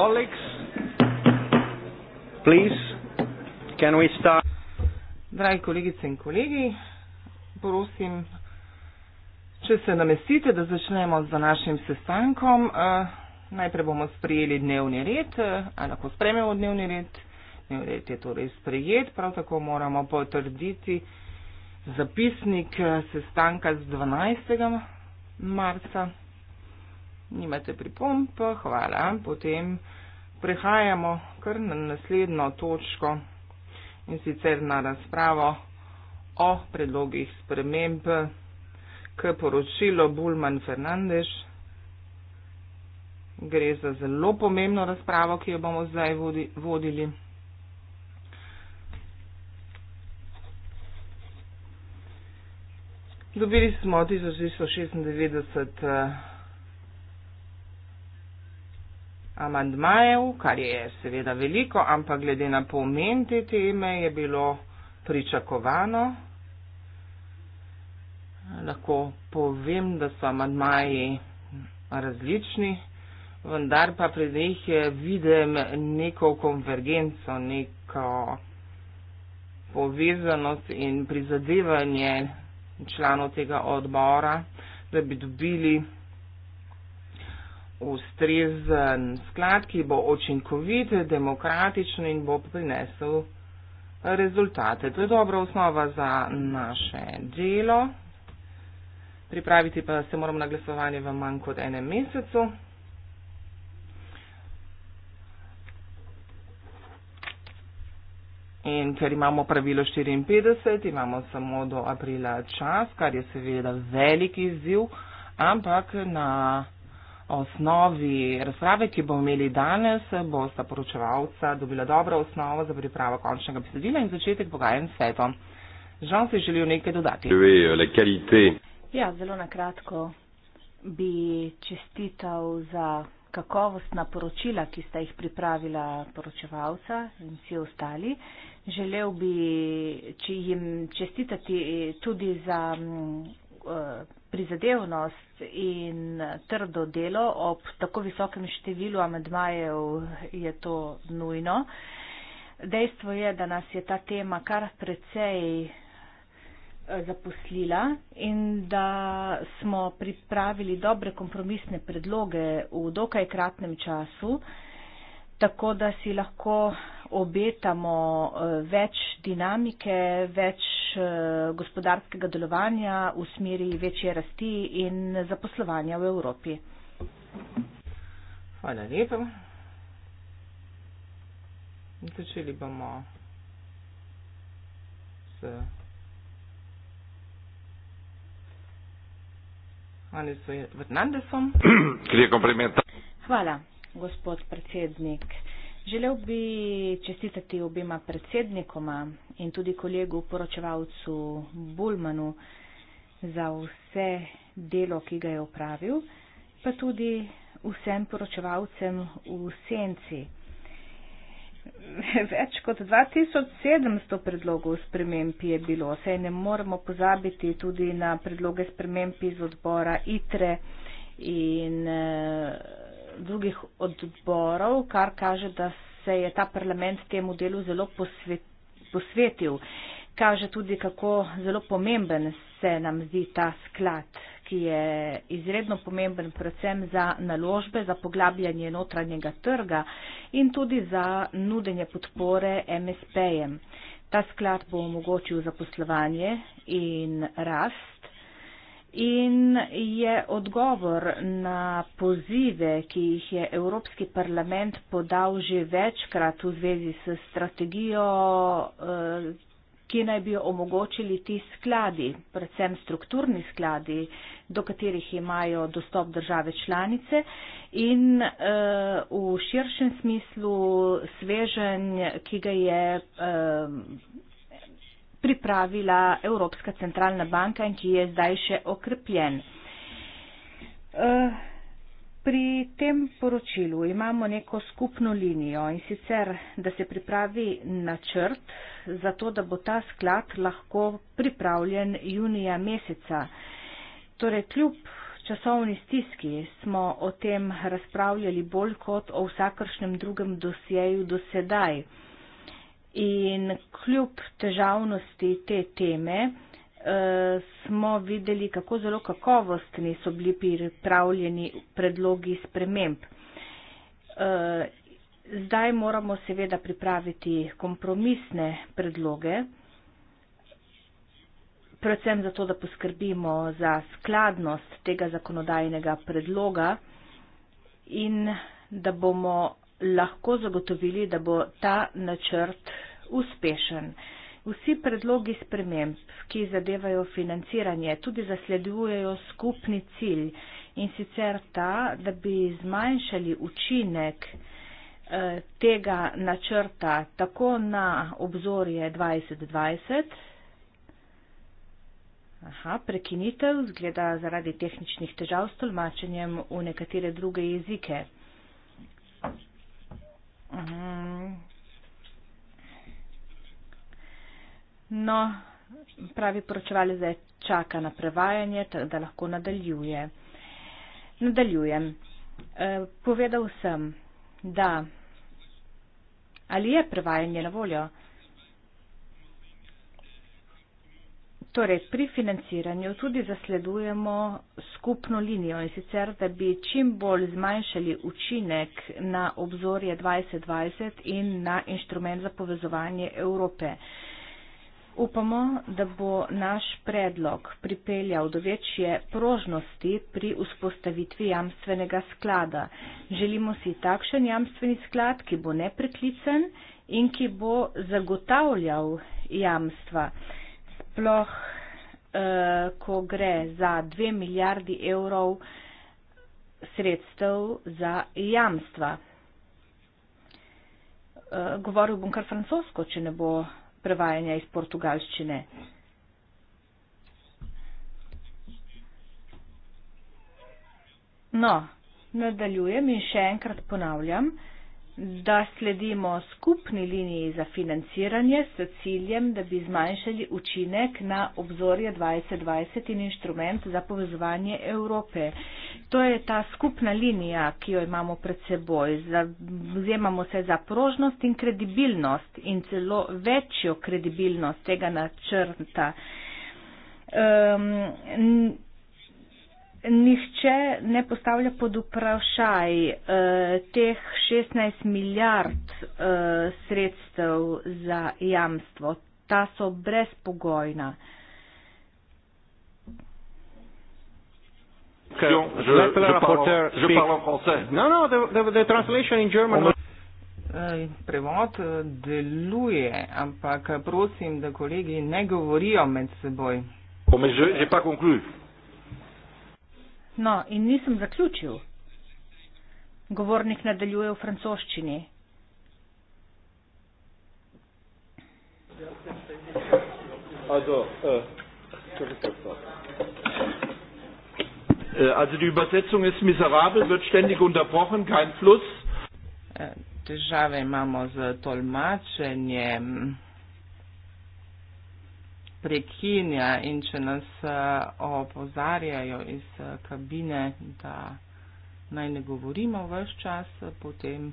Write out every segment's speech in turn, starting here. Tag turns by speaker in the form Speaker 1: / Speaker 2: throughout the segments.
Speaker 1: colleagues,
Speaker 2: please, can we start?
Speaker 3: Dragi kolegice in kolegi, prosim, če se namestite, da začnemo z današnjim sestankom. Eh, najprej bomo sprejeli dnevni red, eh, ali lahko spremljamo dnevni red. Dnevni red je torej sprejet, prav tako moramo potrditi zapisnik eh, sestanka z 12. marca nimate pripomp, hvala. Potem prehajamo kar na naslednjo točko in sicer na razpravo o predlogih sprememb k poročilu Bulman Fernandez. Gre za zelo pomembno razpravo, ki jo bomo zdaj vodili. Dobili smo 1996 amandmajev, kar je seveda veliko, ampak glede na pomen te teme je bilo pričakovano. Lahko povem, da so amandmaji različni, vendar pa pri njih vidim neko konvergenco, neko povezanost in prizadevanje članov tega odbora, da bi dobili ustrezen sklad, ki bo očinkovit, demokratičen in bo prinesel rezultate. To je dobra osnova za naše delo. Pripraviti pa se moramo na glasovanje v manj kot enem mesecu. In ker imamo pravilo 54, imamo samo do aprila čas, kar je seveda velik izziv, ampak na osnovi razprave, ki bo imeli danes, bo sta poročevalca dobila dobro osnovo za pripravo končnega besedila in začetek pogajanj s svetom. Žal se želijo nekaj dodati.
Speaker 2: Ja, zelo na kratko bi čestital za kakovostna poročila, ki sta jih pripravila poročevalca in vsi ostali. Želel bi jim čestitati tudi za mm, eh, prizadevnost in trdo delo ob tako visokem številu amedmajev je to nujno. Dejstvo je, da nas je ta tema kar precej eh, zaposlila in da smo pripravili dobre kompromisne predloge v dokaj kratnem času tako da si lahko obetamo eh, več dinamike, več eh, gospodarskega delovanja v smeri večje rasti in
Speaker 3: zaposlovanja v Evropi. Hvala lepa. Začeli bomo s.
Speaker 2: Hvala gospod predsednik. Želel bi čestitati obima predsednikoma in tudi kolegu poročevalcu Bulmanu za vse delo, ki ga je upravil, pa tudi vsem poročevalcem v senci. Več kot 2700 predlogov sprememb je bilo, saj ne moremo pozabiti tudi na predloge sprememb iz odbora ITRE in eh, drugih odborov, kar kaže, da se je ta parlament temu delu zelo posvetil. Kaže tudi, kako zelo pomemben se nam zdi ta sklad, ki je izredno pomemben predvsem za naložbe, za poglabljanje notranjega trga in tudi za nudenje podpore MSP-jem. Ta sklad bo omogočil zaposlovanje in rast in je odgovor na pozive, ki jih je Evropski parlament podal že večkrat v zvezi s strategijo, eh, ki naj bi omogočili ti skladi, predvsem strukturni skladi, do katerih imajo dostop države članice in eh, v širšem smislu svežen, ki ga je eh, pripravila Evropska centralna banka in ki je zdaj še okrepljen. Eh, pri tem poročilu imamo neko skupno linijo in sicer, da se pripravi načrt za to, da bo ta sklad lahko pripravljen junija meseca. Torej, kljub časovni stiski smo o tem razpravljali bolj kot o vsakršnem drugem dosjeju do sedaj. In kljub težavnosti te teme eh, smo videli, kako zelo kakovostni so bili pripravljeni predlogi sprememb. Eh, zdaj moramo seveda pripraviti kompromisne predloge, predvsem zato, da poskrbimo za skladnost tega zakonodajnega predloga in da bomo lahko zagotovili, da bo ta načrt uspešen. Vsi predlogi sprememb, ki zadevajo financiranje, tudi zasledujejo skupni cilj in sicer ta, da bi zmanjšali učinek eh, tega načrta tako na obzorje 2020. Aha, prekinitev, zgleda zaradi tehničnih težav s tolmačenjem v nekatere druge jezike. Aha. Mhm. No, pravi poročevali, da čaka na prevajanje, da lahko nadaljuje. Nadaljujem. E, povedal sem, da ali je prevajanje na voljo. Torej, pri financiranju tudi zasledujemo skupno linijo in sicer, da bi čim bolj zmanjšali učinek na obzorje 2020 in na inštrument za povezovanje Evrope. Upamo, da bo naš predlog pripeljal do večje prožnosti pri vzpostavitvi jamstvenega sklada. Želimo si takšen jamstveni sklad, ki bo nepreklicen in ki bo zagotavljal jamstva. Sploh, eh, ko gre za dve milijardi evrov sredstev za jamstva. Eh, govoril bom kar francosko, če ne bo prevajanja iz portugalščine. No, nadaljujem in še enkrat ponavljam da sledimo skupni liniji za financiranje s ciljem, da bi zmanjšali učinek na obzorje 2020 in inštrument za povezovanje Evrope. To je ta skupna linija, ki jo imamo pred seboj. Vzemamo se za prožnost in kredibilnost in celo večjo kredibilnost tega načrta. Um, nihče ne postavlja pod vprašaj eh, teh 16 milijard eh, sredstev za jamstvo. Ta so brezpogojna.
Speaker 3: Prevod eh, deluje, ampak eh, prosim, da kolegi ne govorijo med seboj. Oh, No,
Speaker 2: in nisem zaključil. Govornik nadaljuje v francoščini. Äh, äh, äh,
Speaker 3: Težave imamo z tolmačenjem prekinja in če nas eh, opozarjajo iz eh, kabine, da naj ne govorimo vse čas, eh, potem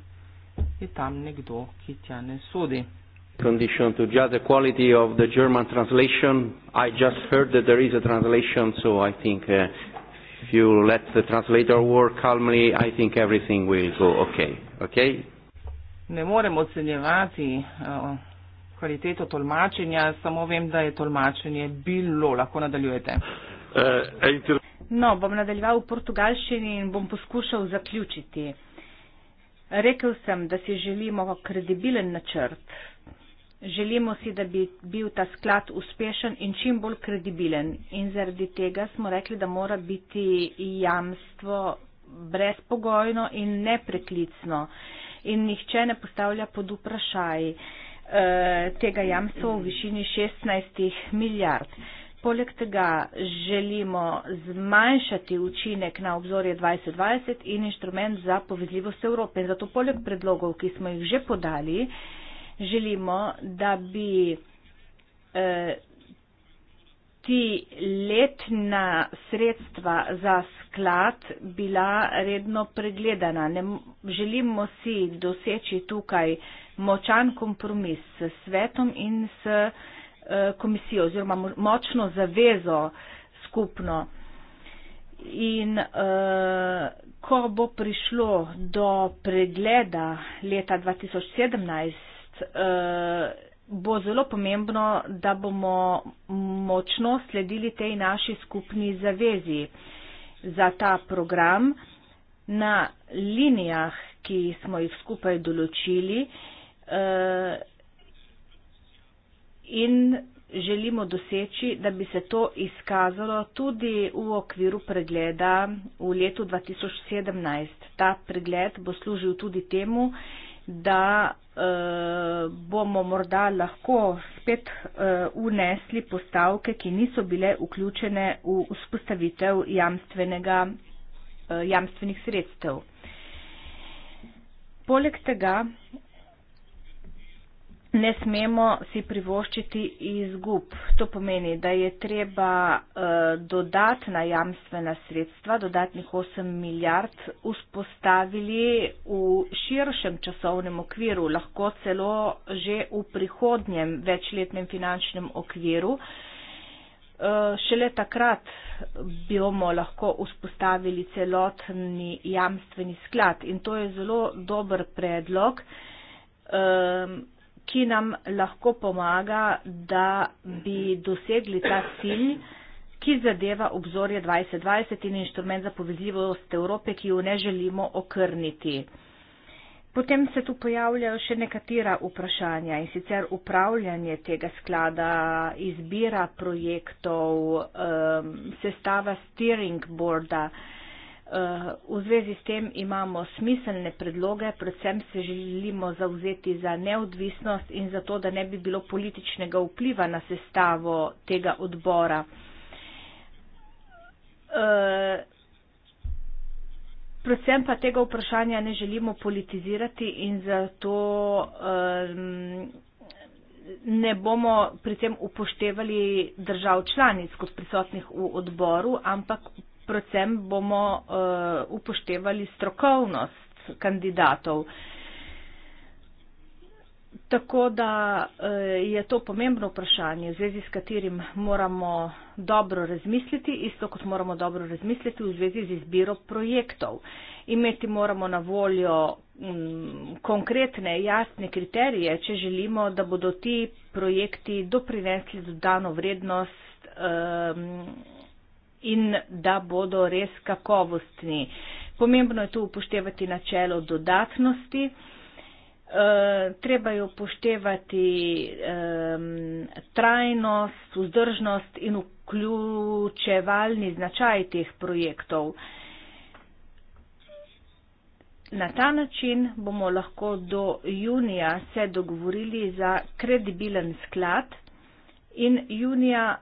Speaker 3: je tam nekdo, ki tja ne sodi.
Speaker 1: Condition to judge the quality of the German translation. I just heard that there is a translation, so I think uh, if you let the translator work calmly, I think everything will go okay. Okay?
Speaker 3: Ne moremo ocenjevati uh, kvaliteto tolmačenja, samo vem, da je tolmačenje bilo, lahko nadaljujete.
Speaker 1: Eh, eh,
Speaker 3: no, bom nadaljeval v
Speaker 2: portugalščini in bom poskušal zaključiti. Rekl sem, da si želimo kredibilen načrt. Želimo si, da bi bil ta sklad uspešen in čim bolj kredibilen. In zaradi tega smo rekli, da mora biti jamstvo brezpogojno in nepreklicno. In nihče ne postavlja pod vprašaj. Uh, Eh, tega jamstva v višini 16 milijard. Poleg tega želimo zmanjšati učinek na obzorje 2020 in inštrument za povezljivost Evrope. Zato poleg predlogov, ki smo jih že podali, želimo, da bi eh, ti letna sredstva za sklad bila redno pregledana. Ne, želimo si doseči tukaj eh, močan kompromis s svetom in s eh, komisijo oziroma močno zavezo skupno. In uh, ko bo prišlo do pregleda leta 2017, uh, eh, bo zelo pomembno, da bomo močno sledili tej naši skupni zavezi za ta program na linijah, ki smo jih skupaj določili. Uh, Eh, in želimo doseči, da bi se to izkazalo tudi v okviru pregleda v letu 2017. Ta pregled bo služil tudi temu, da eh, bomo morda lahko spet eh, unesli postavke, ki niso bile vključene v vzpostavitev jamstvenih sredstev. Poleg tega ne smemo si privoščiti izgub. To pomeni, da je treba uh, dodatna jamstvena sredstva, dodatnih 8 milijard, vzpostaviti v širšem časovnem okviru, lahko celo že v prihodnjem večletnem finančnem okviru. Eh, šele takrat bi bomo lahko vzpostavili celotni jamstveni sklad in to je zelo dober predlog. Eh, ki nam lahko pomaga, da bi dosegli ta cilj, ki zadeva obzorje 2020 in inštrument za povezljivost Evrope, ki jo ne želimo okrniti. Potem se tu pojavljajo še nekatera vprašanja in sicer upravljanje tega sklada, izbira projektov, ehm, sestava steering boarda, Eh, v zvezi s tem imamo smiselne predloge, predvsem se želimo zauzeti za neodvisnost in za to, da ne bi bilo političnega vpliva na sestavo tega odbora. Eh, predvsem pa tega vprašanja ne želimo politizirati in zato eh, ne bomo pri tem upoštevali držav članic kot prisotnih v odboru, ampak predvsem bomo uh, upoštevali strokovnost kandidatov. Tako da uh, je to pomembno vprašanje, v zvezi s katerim moramo dobro razmisliti, isto kot moramo dobro razmisliti v zvezi z izbiro projektov. Imeti moramo na voljo um, konkretne, jasne kriterije, če želimo, da bodo ti projekti doprinesli dodano vrednost. Um, in da bodo res kakovostni. Pomembno je tu upoštevati načelo dodatnosti. Uh, treba je upoštevati um, trajnost, vzdržnost in vključevalni značaj teh projektov. Na ta način bomo lahko do junija se dogovorili za kredibilen sklad in junija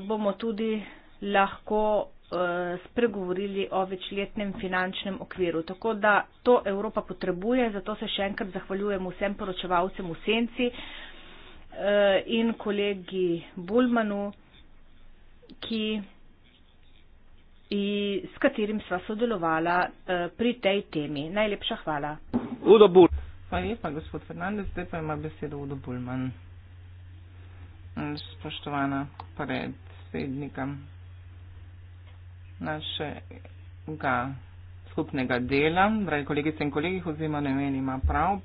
Speaker 2: uh, bomo tudi lahko eh, spregovorili o večletnem finančnem okviru. Tako da to Evropa potrebuje, zato se še enkrat zahvaljujem vsem poročevalcem v senci eh, in kolegi Bulmanu, ki, s katerim sva sodelovala eh, pri tej temi. Najlepša hvala. Udo
Speaker 3: Bul. Pa je pa gospod Fernandez, zdaj pa ima besedo Udo Bulman. Spoštovana predsednika našega skupnega dela, dragi kolegice in kolegi, oziroma ne meni ima prav,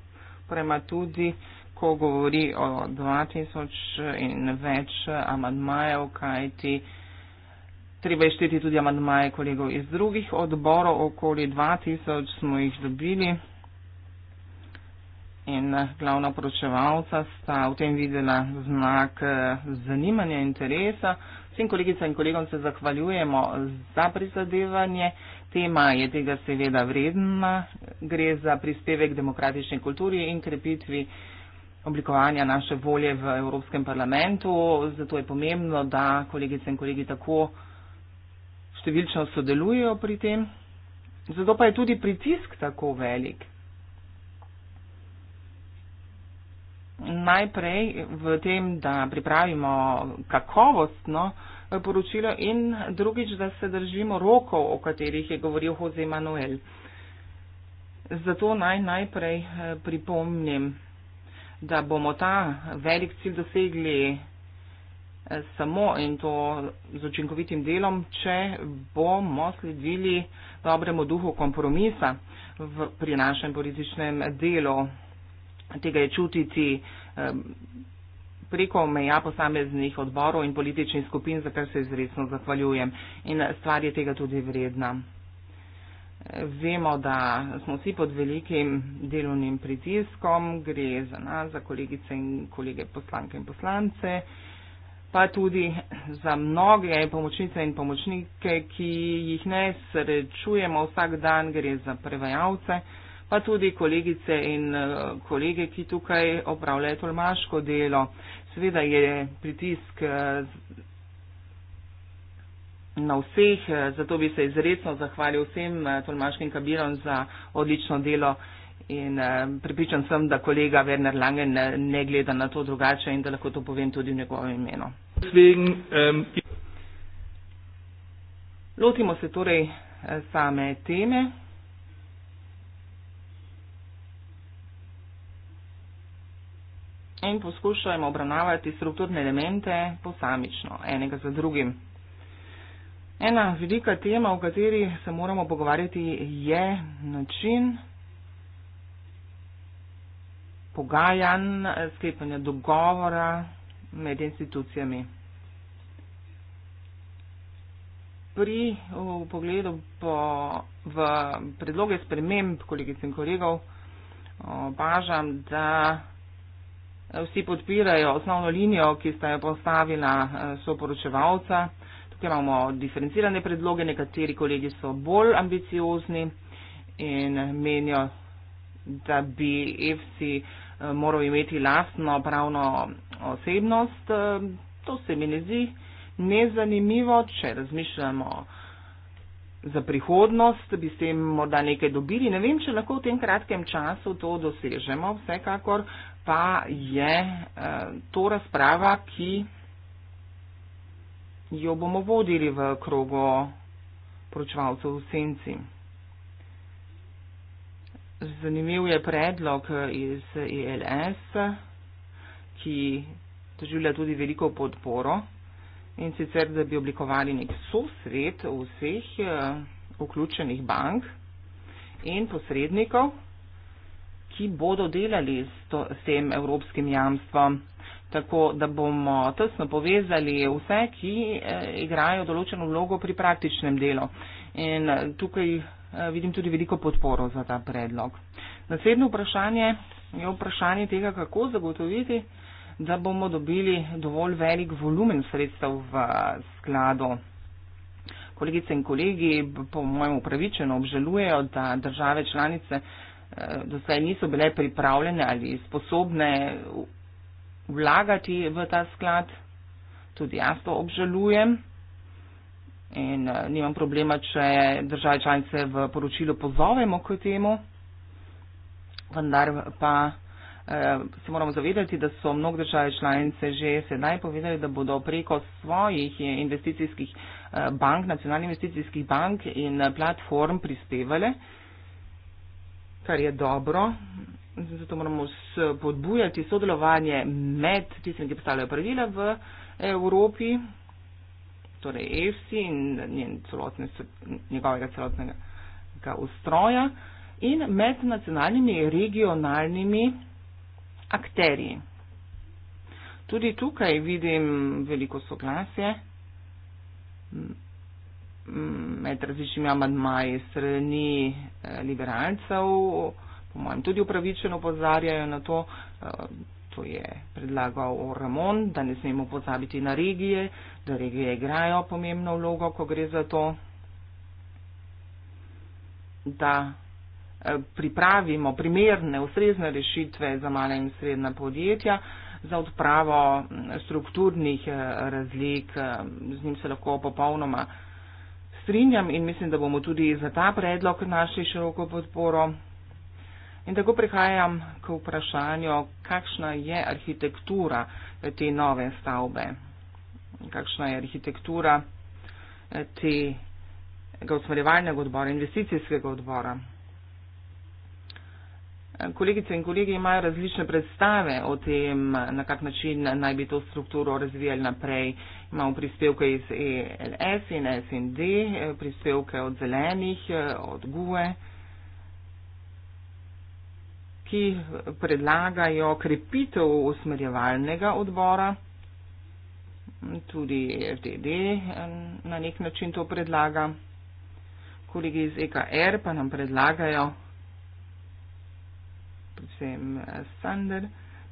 Speaker 3: prema tudi, ko govori o 2000 in več amadmajev, kajti treba išteti tudi amadmaje kolegov iz drugih odborov, okoli 2000 smo jih dobili. In glavna poročevalca sta v tem videla znak eh, zanimanja interesa, vsem kolegicam in kolegom se zahvaljujemo za prizadevanje. Tema je tega seveda vredna. Gre za prispevek demokratični kulturi in krepitvi oblikovanja naše volje v Evropskem parlamentu. Zato je pomembno, da kolegice in kolegi tako številčno sodelujejo pri tem. Zato pa je tudi pritisk tako velik. najprej v tem, da pripravimo kakovostno eh, poročilo in drugič, da se držimo rokov, o katerih je govoril Jose Manuel. Zato naj najprej eh, pripomnim, da bomo ta velik cilj dosegli eh, samo in to z učinkovitim delom, če bomo sledili dobremu duhu kompromisa v, pri našem političnem delu tega je čutiti preko meja posameznih odborov in političnih skupin, za kar se izredno zahvaljujem. In stvar je tega tudi vredna. Vemo, da smo vsi pod velikim delovnim pritiskom, gre za nas, za kolegice in kolege poslanke in poslance, pa tudi za mnoge pomočnice in pomočnike, ki jih ne srečujemo vsak dan, gre za prevajalce pa tudi kolegice in eh, kolege, ki tukaj opravljajo tolmaško delo. Seveda je pritisk eh, na vseh, eh, zato bi se izredno zahvalil vsem tolmaškim kabinom za odlično delo. In pripričan sem, da kolega Werner Langen ne gleda na to drugače in da lahko to povem tudi v njegovem imenu. Ähm, Lotimo se torej same teme. in poskušajmo obravnavati strukturne elemente posamično, enega za drugim. Ena velika tema, o kateri se moramo pogovarjati, je način pogajanj, sklepanja dogovora med institucijami. Pri pogledu po, v predloge sprememb kolegic in kolegov opažam, da vsi podpirajo osnovno linijo, ki sta jo postavila eh, soporočevalca. Tukaj imamo diferencirane predloge, nekateri kolegi so bolj ambiciozni in menijo, da bi EFSI eh, moral imeti lastno pravno eh, osebnost. To se mi ne zdi nezanimivo, če razmišljamo za prihodnost, bi s tem morda nekaj dobili. Ne vem, če lahko v tem kratkem času to dosežemo. Vsekakor pa je eh, to razprava, ki jo bomo vodili v krogo poročevalcev v senci. Zanimiv je predlog iz ELS, ki doživlja tudi veliko podporo in sicer, da bi oblikovali nek sosvet vseh eh, vključenih bank in posrednikov ki bodo delali s, to, s tem evropskim jamstvom, tako da bomo tesno povezali vse, ki eh, igrajo določeno vlogo pri praktičnem delu. In eh, tukaj eh, vidim tudi veliko podporo za ta predlog. Naslednje vprašanje je vprašanje tega, kako zagotoviti, da bomo dobili dovolj velik volumen sredstev v skladu. Kolegice in kolegi, po mojem upravičeno, obžalujejo, da države članice doslej niso bile pripravljene ali sposobne vlagati v ta sklad. Tudi jaz to obžalujem in eh, nimam problema, če države članice v poročilu pozovemo k temu, vendar pa eh, se moramo zavedati, da so mnog države članice že sedaj povedali, da bodo preko svojih investicijskih eh, bank, nacionalnih investicijskih bank in platform prispevali kar je dobro. Zato moramo spodbujati sodelovanje med tistimi, ki postavljajo pravila v Evropi, torej EFSI in celotne, njegovega celotnega ustroja in med nacionalnimi in regionalnimi akterji. Tudi tukaj vidim veliko soglasje med različnimi amadmaji strani eh, liberalcev, po mojem tudi upravičeno pozarjajo na to, eh, to je predlagal Ramon, da ne smemo pozabiti na regije, da regije igrajo pomembno vlogo, ko gre za to, da eh, pripravimo primerne, ustrezne rešitve za mala in srednja podjetja za odpravo mm, strukturnih razlik, z njim se lahko popolnoma strinjam in mislim, da bomo tudi za ta predlog našli široko podporo. In tako prihajam k vprašanju, kakšna je arhitektura te nove stavbe, kakšna je arhitektura eh, tega usmerjevalnega odbora, investicijskega odbora. Kolegice in kolegi imajo različne predstave o tem, na kak način naj bi to strukturo razvijali naprej. Imamo prispevke iz ELS in SND, prispevke od zelenih, od GUE, ki predlagajo krepitev usmerjevalnega odbora. Tudi RTD eh, na nek način to predlaga. Kolegi iz EKR pa nam predlagajo predvsem eh, Sander,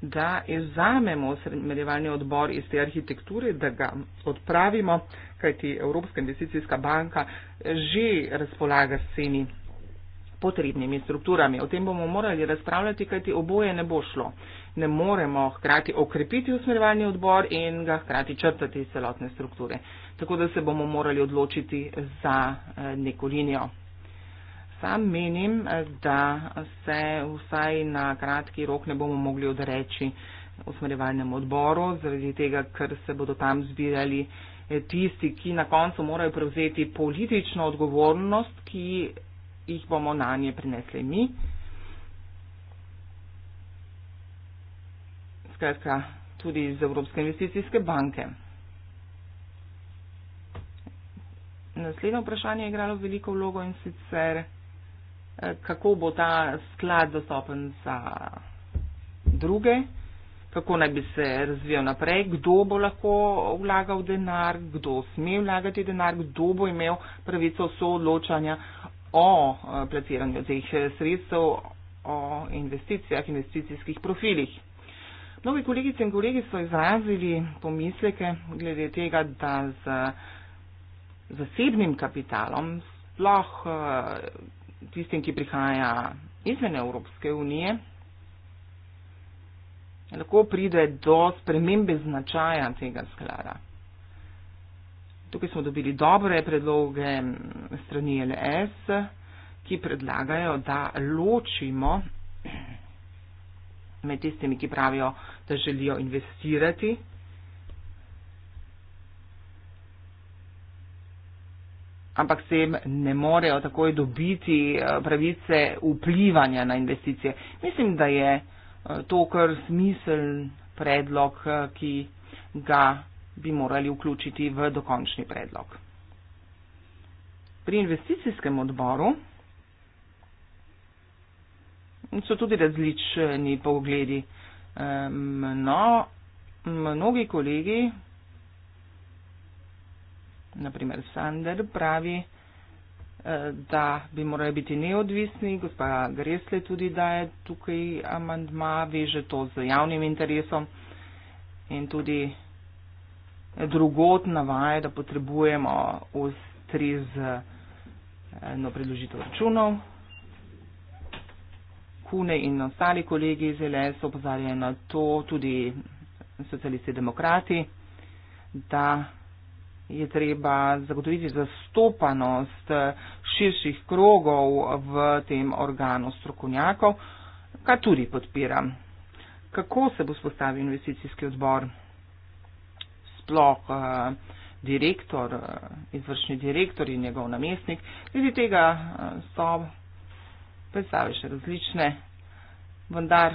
Speaker 3: da izzamemo osremljevalni odbor iz te arhitekture, da ga odpravimo, kajti Evropska investicijska banka že razpolaga s vsemi potrebnimi strukturami. O tem bomo morali razpravljati, kajti oboje ne bo šlo. Ne moremo hkrati okrepiti usmerjevalni odbor in ga hkrati črtati iz celotne strukture. Tako da se bomo morali odločiti za eh, neko linijo. Sam menim, da se vsaj na kratki rok ne bomo mogli odreči usmerjevalnemu odboru, zaradi tega, ker se bodo tam zbirali eh, tisti, ki na koncu morajo prevzeti politično odgovornost, ki jih bomo na nje prinesli mi. Skratka, tudi iz Evropske investicijske banke. Naslednje vprašanje je igralo veliko vlogo in sicer kako bo ta sklad dostopen za druge, kako naj bi se razvijal naprej, kdo bo lahko vlagal denar, kdo sme vlagati denar, kdo bo imel pravico soodločanja o eh, placiranju teh eh, sredstev, o investicijah, investicijskih profilih. Novi kolegice in kolegi so izrazili pomisleke glede tega, da z zasebnim kapitalom sploh eh, tistim, ki prihaja izven Evropske unije, lahko pride do spremembe značaja tega sklada. Tukaj smo dobili dobre predloge strani LS, ki predlagajo, da ločimo med tistimi, ki pravijo, da želijo investirati ampak se jim ne morejo takoj dobiti eh, pravice vplivanja na investicije. Mislim, da je eh, to kar smiseln predlog, eh, ki ga bi morali vključiti v dokončni predlog. Pri investicijskem odboru so tudi različni pogledi. No, mnogi kolegi, naprimer Sander pravi, eh, da bi morali biti neodvisni, gospa Gresle tudi daje tukaj amandma, veže to z javnim interesom in tudi drugot navaja, da potrebujemo ustrez eh, no predložitev računov. Kune in ostali kolegi iz LS opozarjajo na to, tudi socialisti demokrati, da je treba zagotoviti zastopanost širših krogov v tem organu strokovnjakov, kar tudi podpiram. Kako se bo spostavil investicijski odbor? Sploh eh, direktor, eh, izvršni direktor in njegov namestnik, glede tega eh, so predstave še različne, vendar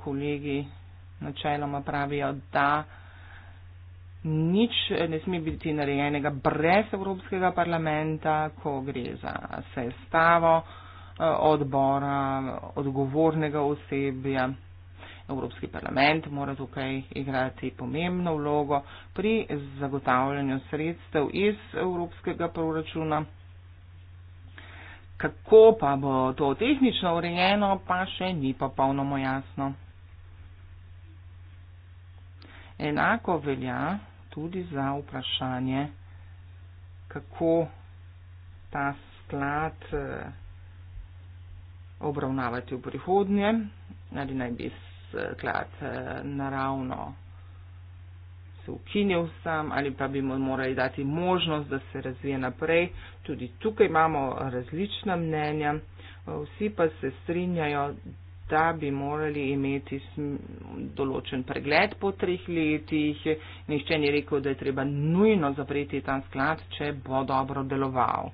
Speaker 3: kolegi načeloma pravijo, da nič ne sme biti narejenega brez Evropskega parlamenta, ko gre za sestavo eh, odbora, odgovornega osebja. Evropski parlament mora tukaj igrati pomembno vlogo pri zagotavljanju sredstev iz evropskega proračuna. Kako pa bo to tehnično urejeno, pa še ni popolnoma jasno. Enako velja tudi za vprašanje, kako ta sklad eh, obravnavati v prihodnje, ali naj bi sklad eh, naravno se ukinil sam, ali pa bi mu morali dati možnost, da se razvije naprej. Tudi tukaj imamo različna mnenja, vsi pa se strinjajo, da bi morali imeti določen pregled po treh letih. Nihče ni rekel, da je treba nujno zapreti ta sklad, če bo dobro deloval.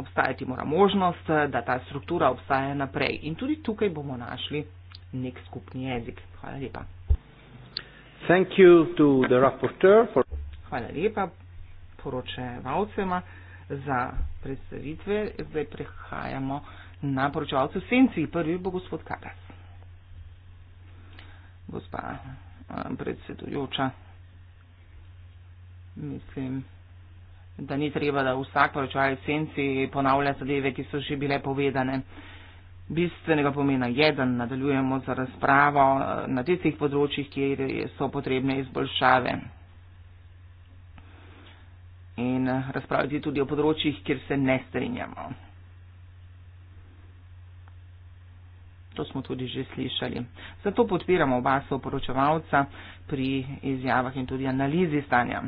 Speaker 3: Obstajati mora možnost, da ta struktura obstaja naprej. In tudi tukaj bomo našli nek skupni jezik. Hvala lepa. Hvala lepa poročevalcema za predstavitve. Zdaj prehajamo na poročevalcu Senci, prvi bo gospod Kagas. Gospa predsedujoča, mislim, da ni treba, da vsak poročevalec Senci ponavlja zadeve, ki so že bile povedane. Bistvenega pomena je, da nadaljujemo za razpravo na tistih področjih, kjer so potrebne izboljšave. In razpravljati tudi o področjih, kjer se ne strinjamo. To smo tudi že slišali. Zato podpiramo oba soporočevalca pri izjavah in tudi analizi stanja.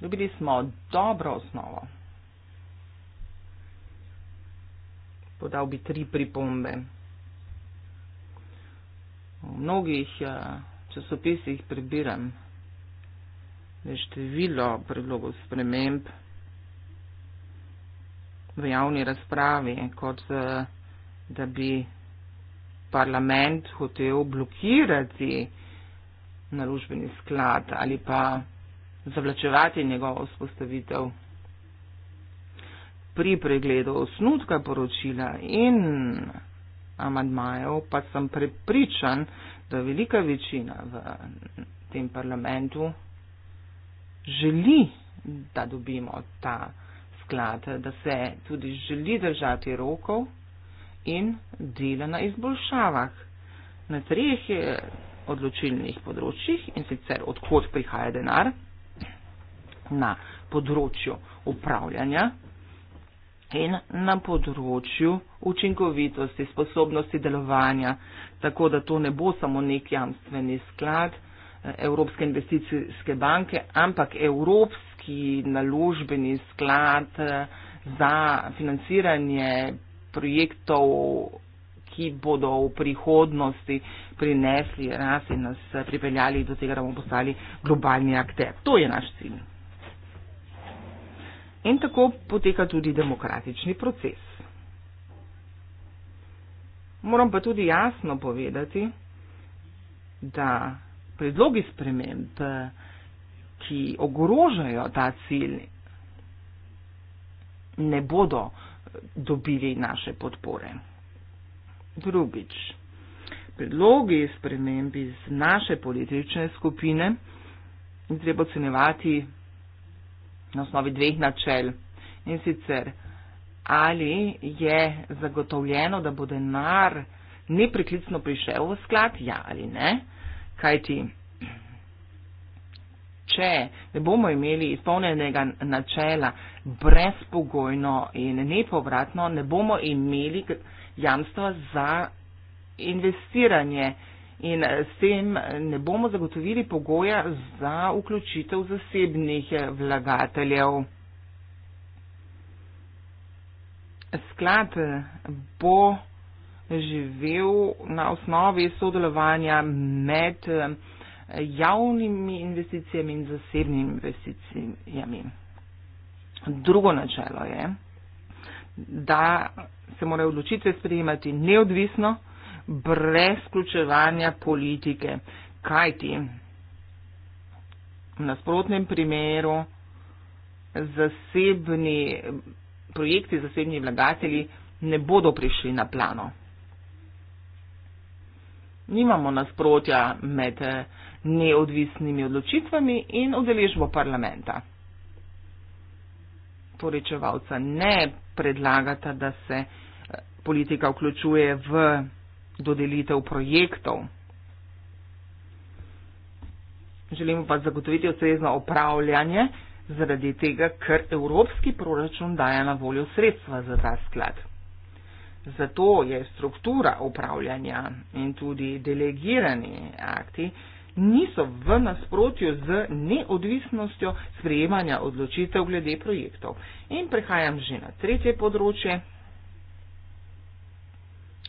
Speaker 3: Dobili smo dobro osnovo. Podal bi tri pripombe. V mnogih eh, časopisih prebiram, da je število predlogov sprememb v javni razpravi, kot eh, da bi parlament hotel blokirati naložbeni sklad ali pa zavlačevati njegovo vzpostavitev. Pri pregledu osnutka poročila in amadmajev pa sem prepričan, da velika večina v tem parlamentu želi, da dobimo ta sklad, da se tudi želi držati rokov in dela na izboljšavah na treh eh, odločilnih področjih in sicer odkot prihaja denar na področju upravljanja in na področju učinkovitosti, sposobnosti delovanja, tako da to ne bo samo nek jamstveni sklad eh, Evropske investicijske banke, ampak Evropske neki naložbeni sklad eh, za financiranje projektov, ki bodo v prihodnosti prinesli rast in nas pripeljali do tega, da bomo postali globalni akter. To je naš cilj. In tako poteka tudi demokratični proces. Moram pa tudi jasno povedati, da predlogi sprememb eh, ki ogrožajo ta cilj, ne bodo dobili naše podpore. Drugič, predlogi spremembi z naše politične skupine je treba ocenjevati na osnovi dveh načel. In sicer, ali je zagotovljeno, da bo denar nepreklicno prišel v sklad, ja ali ne, kajti če ne bomo imeli izpolnenega načela brezpogojno in nepovratno, ne bomo imeli jamstva za investiranje in s tem ne bomo zagotovili pogoja za vključitev zasebnih vlagateljev. Sklad bo živel na osnovi sodelovanja med javnimi investicijami in zasebnimi investicijami. Drugo načelo je, da se morajo odločitve sprejemati neodvisno, brez vključevanja politike. Kaj ti? V nasprotnem primeru zasebni projekti, zasebni vlagatelji ne bodo prišli na plano. Nimamo nasprotja med neodvisnimi odločitvami in udeležbo parlamenta. Torečevalca ne predlagata, da se eh, politika vključuje v dodelitev projektov. Želimo pa zagotoviti ustrezno upravljanje zaradi tega, ker evropski proračun daje na voljo sredstva za ta sklad. Zato je struktura upravljanja in tudi delegirani akti eh, niso v nasprotju z neodvisnostjo sprejemanja odločitev glede projektov. In prehajam že na tretje področje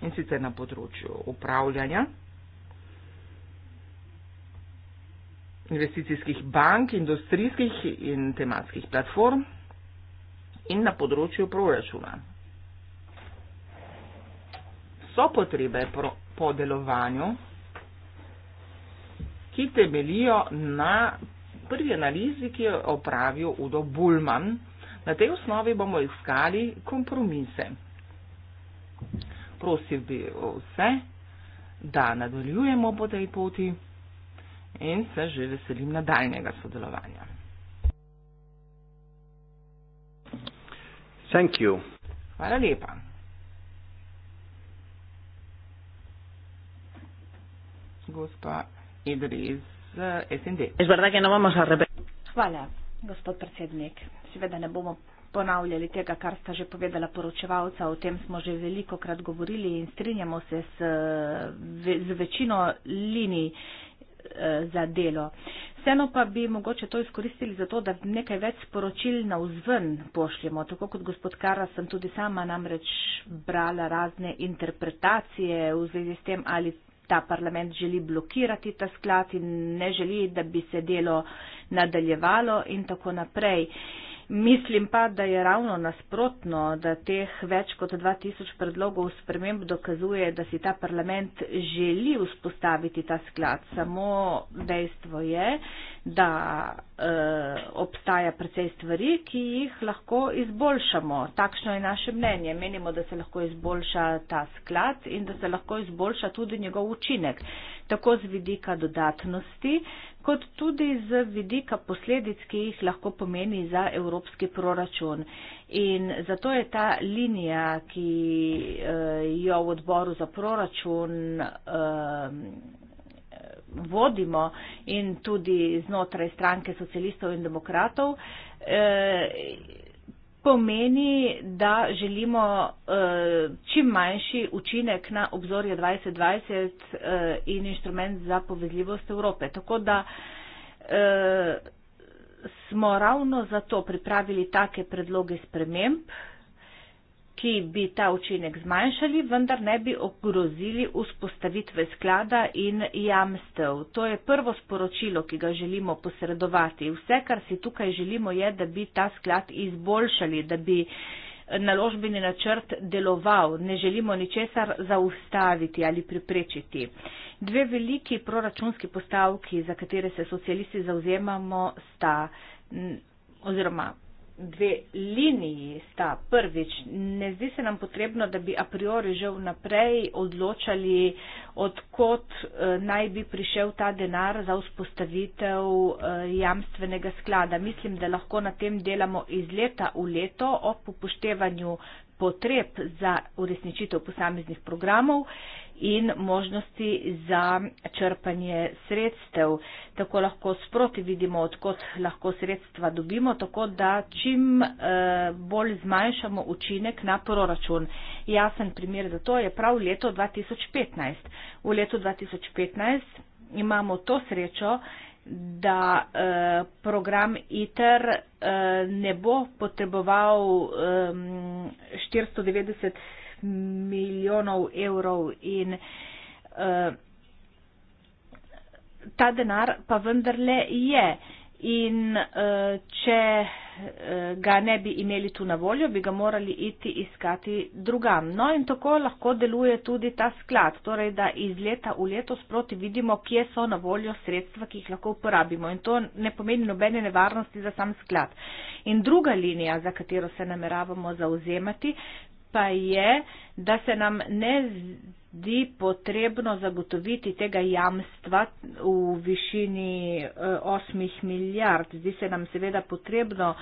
Speaker 3: in sicer na področju upravljanja investicijskih bank, industrijskih in tematskih platform in na področju proračuna. So potrebe pro, po delovanju ki temelijo na prvi analizi, ki jo opravil Udo Bulman. Na tej osnovi bomo iskali kompromise. Prosil bi vse, da nadaljujemo po tej poti in se že veselim nadaljnega sodelovanja. Thank you. Hvala lepa. Gospa Idris eh, SND. No
Speaker 2: Hvala, gospod predsednik. Seveda ne bomo ponavljali tega, kar sta že povedala poročevalca. O tem smo že veliko krat govorili in strinjamo se s, z večino linij eh, za delo. Vseeno pa bi mogoče to izkoristili za to, da nekaj več sporočil na vzven pošljemo. Tako kot gospod Kara sem tudi sama namreč brala razne interpretacije v zvezi s tem, ali ta parlament želi blokirati ta sklad in ne želi, da bi se delo nadaljevalo in tako naprej. Mislim pa, da je ravno nasprotno, da teh več kot 2000 predlogov sprememb dokazuje, da si ta parlament želi vzpostaviti ta sklad. Samo dejstvo je, da Eh, obstaja precej stvari, ki jih lahko izboljšamo. Takšno je naše mnenje. Menimo, da se lahko izboljša ta sklad in da se lahko izboljša tudi njegov učinek, tako z vidika dodatnosti, kot tudi z vidika posledic, ki jih lahko pomeni za evropski proračun. In zato je ta linija, ki eh, jo v odboru za proračun. Uh, vodimo in tudi znotraj stranke socialistov in demokratov, eh, pomeni, da želimo eh, čim manjši učinek na obzorje 2020 eh, in inštrument za povezljivost Evrope. Tako da smo ravno zato pripravili take predloge sprememb ki bi ta učinek zmanjšali, vendar ne bi ogrozili vzpostavitve sklada in jamstev. To je prvo sporočilo, ki ga želimo posredovati. Vse, kar si tukaj želimo, je, da bi ta sklad izboljšali, da bi naložbeni načrt deloval. Ne želimo ničesar zaustaviti ali priprečiti. Dve veliki proračunski postavki, za katere se socialisti zauzemamo, sta oziroma dve liniji sta. Prvič, ne zdi se nam potrebno, da bi a priori že vnaprej odločali, odkot eh, naj bi prišel ta denar za vzpostavitev eh, jamstvenega sklada. Mislim, da lahko na tem delamo iz leta v leto ob upoštevanju potreb za uresničitev posameznih programov in možnosti za črpanje sredstev. Tako lahko sproti vidimo, odkot lahko sredstva dobimo, tako da čim eh, bolj zmanjšamo učinek na proračun. Jasen primer za to je prav leto 2015. V letu 2015 imamo to srečo, da eh, program ITER eh, ne bo potreboval 490 milijonov evrov in uh, ta denar pa vendarle je. In uh, če uh, ga ne bi imeli tu na voljo, bi ga morali iti iskati drugam. No in tako lahko deluje tudi ta sklad, torej da iz leta v leto sproti vidimo, kje so na voljo sredstva, ki jih lahko uporabimo. In to ne pomeni nobene nevarnosti za sam sklad. In druga linija, za katero se nameravamo zauzemati, pa je, da se nam ne zdi potrebno zagotoviti tega jamstva v višini 8 eh, milijard. Zdi se nam seveda potrebno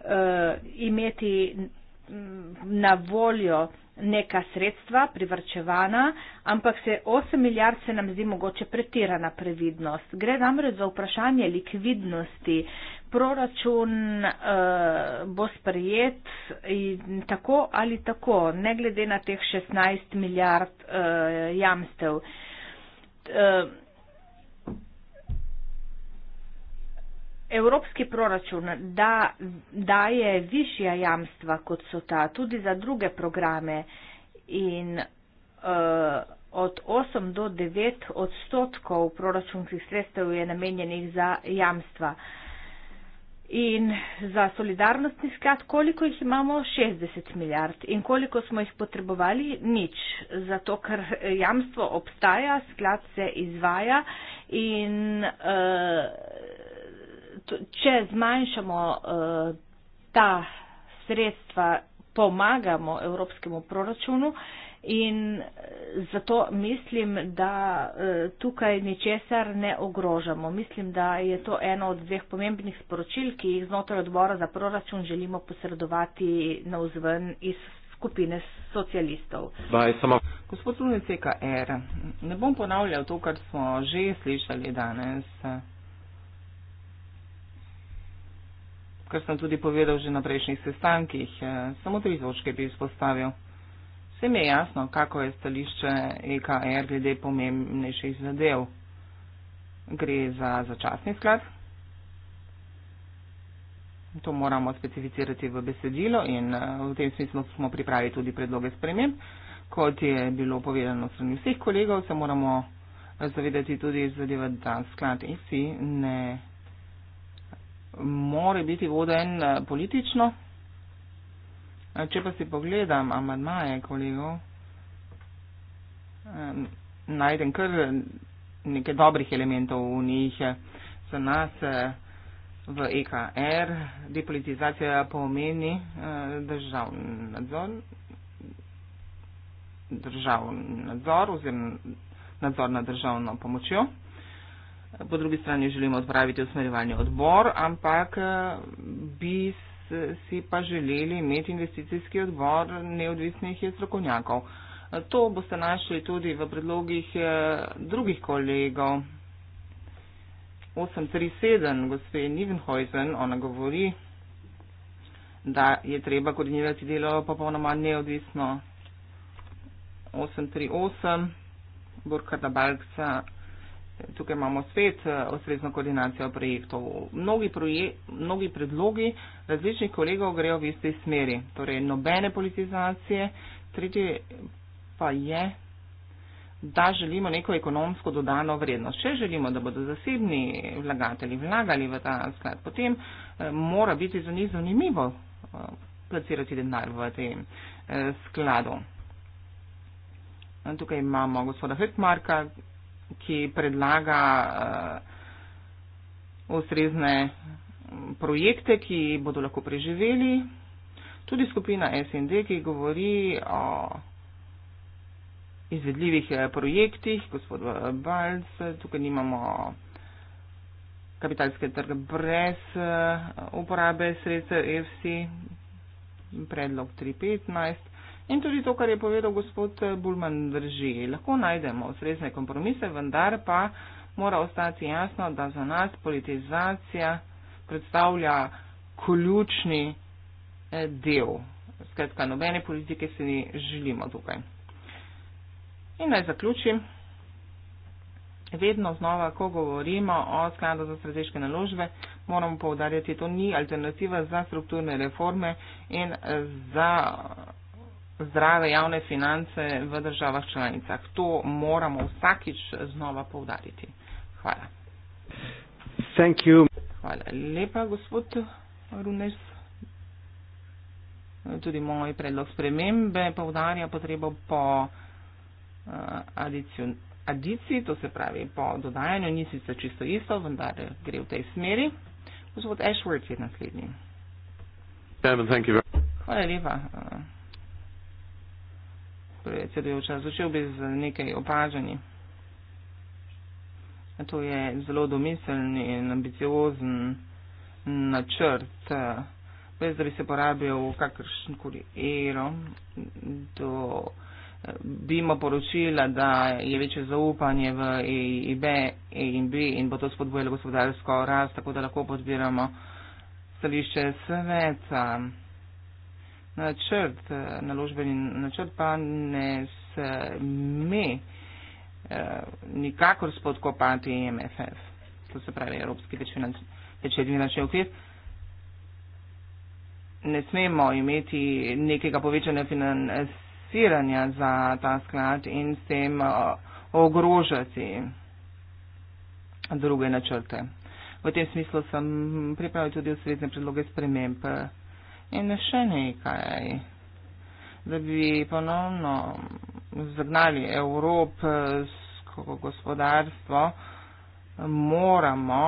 Speaker 2: eh, imeti mm, na voljo neka sredstva privrčevana, ampak se 8 milijard se nam zdi mogoče pretirana previdnost. Gre namreč za vprašanje likvidnosti. Proračun uh, bo sprejet in tako ali tako, ne glede na teh 16 milijard uh, jamstev. Uh, Evropski proračun da, daje višja jamstva kot so ta tudi za druge programe in uh, od 8 do 9 odstotkov proračunskih sredstev je namenjenih za jamstva. In za solidarnostni sklad, koliko jih imamo? 60 milijard. In koliko smo jih potrebovali? Nič. Zato, ker jamstvo obstaja, sklad se izvaja in. Uh, če zmanjšamo eh, ta sredstva, pomagamo evropskemu proračunu in eh, zato mislim, da eh, tukaj ničesar ne ogrožamo. Mislim, da je to eno od dveh pomembnih sporočil, ki jih znotraj odbora za proračun želimo posredovati
Speaker 3: na vzven iz skupine socialistov. Gospod Lunice KR, ne bom ponavljal to, kar smo že slišali danes. kar sem tudi povedal že na prejšnjih sestankih, eh, samo tri točke bi izpostavil. Vse mi je jasno, kako je stališče EKR glede pomembnejših zadev. Gre za začasni sklad. To moramo specificirati v besedilo in eh, v tem smislu smo pripravili tudi predloge sprememb. Kot je bilo povedano strani vseh kolegov, se moramo zavedati tudi zadeva, da sklad EFI ne more biti voden eh, politično. Eh, če pa si pogledam amadmaje kolegov, eh, najdem kar nekaj dobrih elementov v njih za nas v EKR. Depolitizacija pomeni državni nadzor, državni nadzor oziroma nadzor nad državno pomočjo po drugi strani želimo odpraviti usmerjevanje odbor, ampak eh, bi si pa želeli imeti investicijski odbor neodvisnih strokovnjakov. To boste našli tudi v predlogih eh, drugih kolegov. 837 gospe Nivenhojzen, ona govori, da je treba koordinirati delo popolnoma neodvisno. 838 Burkarda Balkca tukaj imamo spet osrednjo eh, koordinacijo projektov. Mnogi, proje, mnogi predlogi različnih kolegov grejo v isti smeri, torej nobene politizacije, tretje pa je, da želimo neko ekonomsko dodano vrednost. Če želimo, da bodo zasebni vlagatelji vlagali v ta sklad, potem eh, mora biti za njih zanimivo eh, placirati denar v tem skladu. Tukaj imamo gospoda Hrtmarka, ki predlaga eh, ustrezne projekte, ki bodo lahko preživeli. Tudi skupina SND, ki govori o izvedljivih eh, projektih, gospod eh, Balc, tukaj nimamo kapitalske trge brez uporabe sredstev EFSI, predlog 315, In tudi to, kar je povedal gospod Bulman, drži. Lahko najdemo ustrezne kompromise, vendar pa mora ostati jasno, da za nas politizacija predstavlja ključni eh, del. Skratka, nobene politike si ne želimo tukaj. In naj zaključim. Vedno znova, ko govorimo o skladu za strateške naložbe, moramo povdarjati, da to ni alternativa za strukturne reforme in eh, za zdrave javne finance v državah članicah. To moramo vsakič znova povdariti. Hvala. Thank you. Hvala lepa, gospod Runes. Tudi moj predlog spremembe povdarja potrebo po eh, adiciji, to se pravi po dodajanju, ni sicer čisto isto, vendar gre v tej smeri. Gospod Ashworth je naslednji. Hvala lepa. Eh, predsedujoča, začel bi z nekaj opažanji. To je zelo domiseln in ambiciozen načrt. Brez da bi se porabil kakršen koli ero, eh, bi ima poročila, da je večje zaupanje v EIB e in B in bo to spodbojalo gospodarsko rast, tako da lahko podpiramo stališče sveta načrt, naložbeni načrt pa ne sme eh, nikakor spodkopati MFF, to se pravi Evropski večerni načrt okvir. Ne smemo imeti nekega povečanja financiranja za ta sklad in s tem eh, ogrožati druge načrte. V tem smislu sem pripravil tudi ustrezne predloge sprememb eh, In še nekaj, da bi ponovno zagnali evropsko gospodarstvo, moramo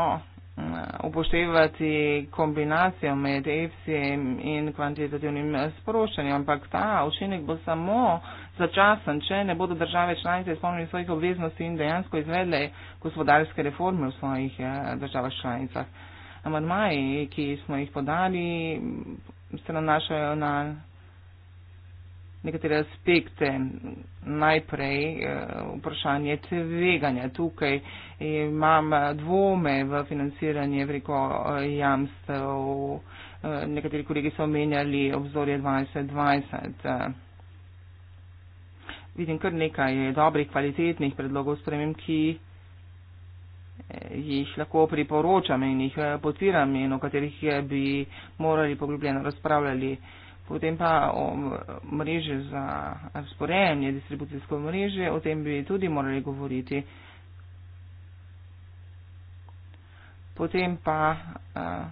Speaker 3: mm, upoštevati kombinacijo med EFSI-jem in kvantitativnim sproščanjem, ampak ta učinek bo samo začasen, če ne bodo države članice izpolnili svojih obveznosti in dejansko izvedle gospodarske reforme v svojih eh, državah članicah. Amadmaji, ki smo jih podali, se nanašajo na nekatere aspekte. Najprej eh, vprašanje tveganja. Tukaj imam dvome v financiranje preko eh, jamstev. Eh, nekateri kolegi so omenjali obzorje 2020. Vidim kar nekaj dobrih, kvalitetnih predlogov sprememb, ki jih lahko priporočam in jih eh, podpiram in o katerih eh, bi morali poglobljeno razpravljali. Potem pa o mreže za sporejanje, distribucijsko mreže, o tem bi tudi morali govoriti. Potem pa eh,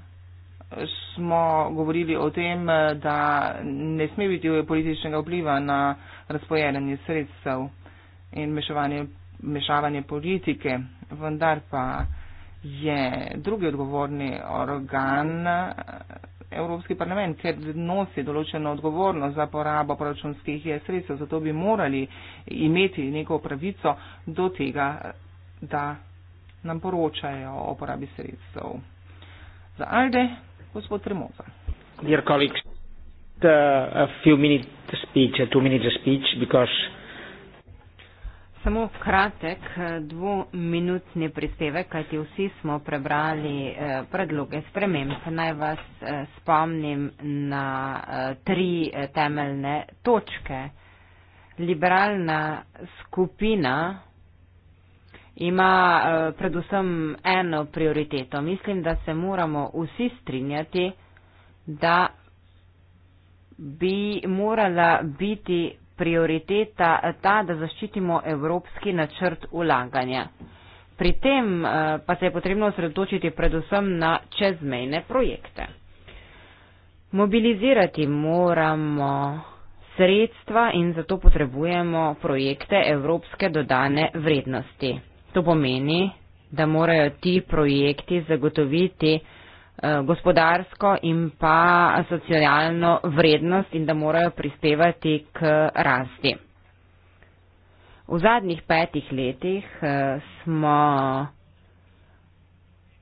Speaker 3: smo govorili o tem, da ne sme biti političnega vpliva na razpojenje sredstev in mešovanje mešavanje politike, vendar pa je drugi odgovorni organ eh, Evropski parlament, ker nosi določeno odgovornost za porabo proračunskih sredstev, zato bi morali imeti neko pravico do tega, da nam poročajo o porabi sredstev. Za Alde, gospod Tremoza. Dear colleagues, a few minutes speech, a two minutes speech, because Samo
Speaker 1: kratek eh, dvominutni prispevek, kajti vsi smo prebrali eh, predloge sprememb. Naj vas eh, spomnim na tri temeljne točke. Liberalna skupina ima predvsem eno prioriteto. Mislim, da se moramo vsi strinjati, da bi morala biti prioriteta eh, ta, da zaščitimo evropski načrt ulaganja. Pri tem eh, pa se je potrebno osredotočiti predvsem na čezmejne projekte. Mobilizirati moramo sredstva in zato potrebujemo projekte evropske dodane vrednosti. To pomeni, da morajo ti projekti zagotoviti Eh, gospodarsko in pa socialno vrednost in da morajo prispevati k rasti. V zadnjih petih letih eh, smo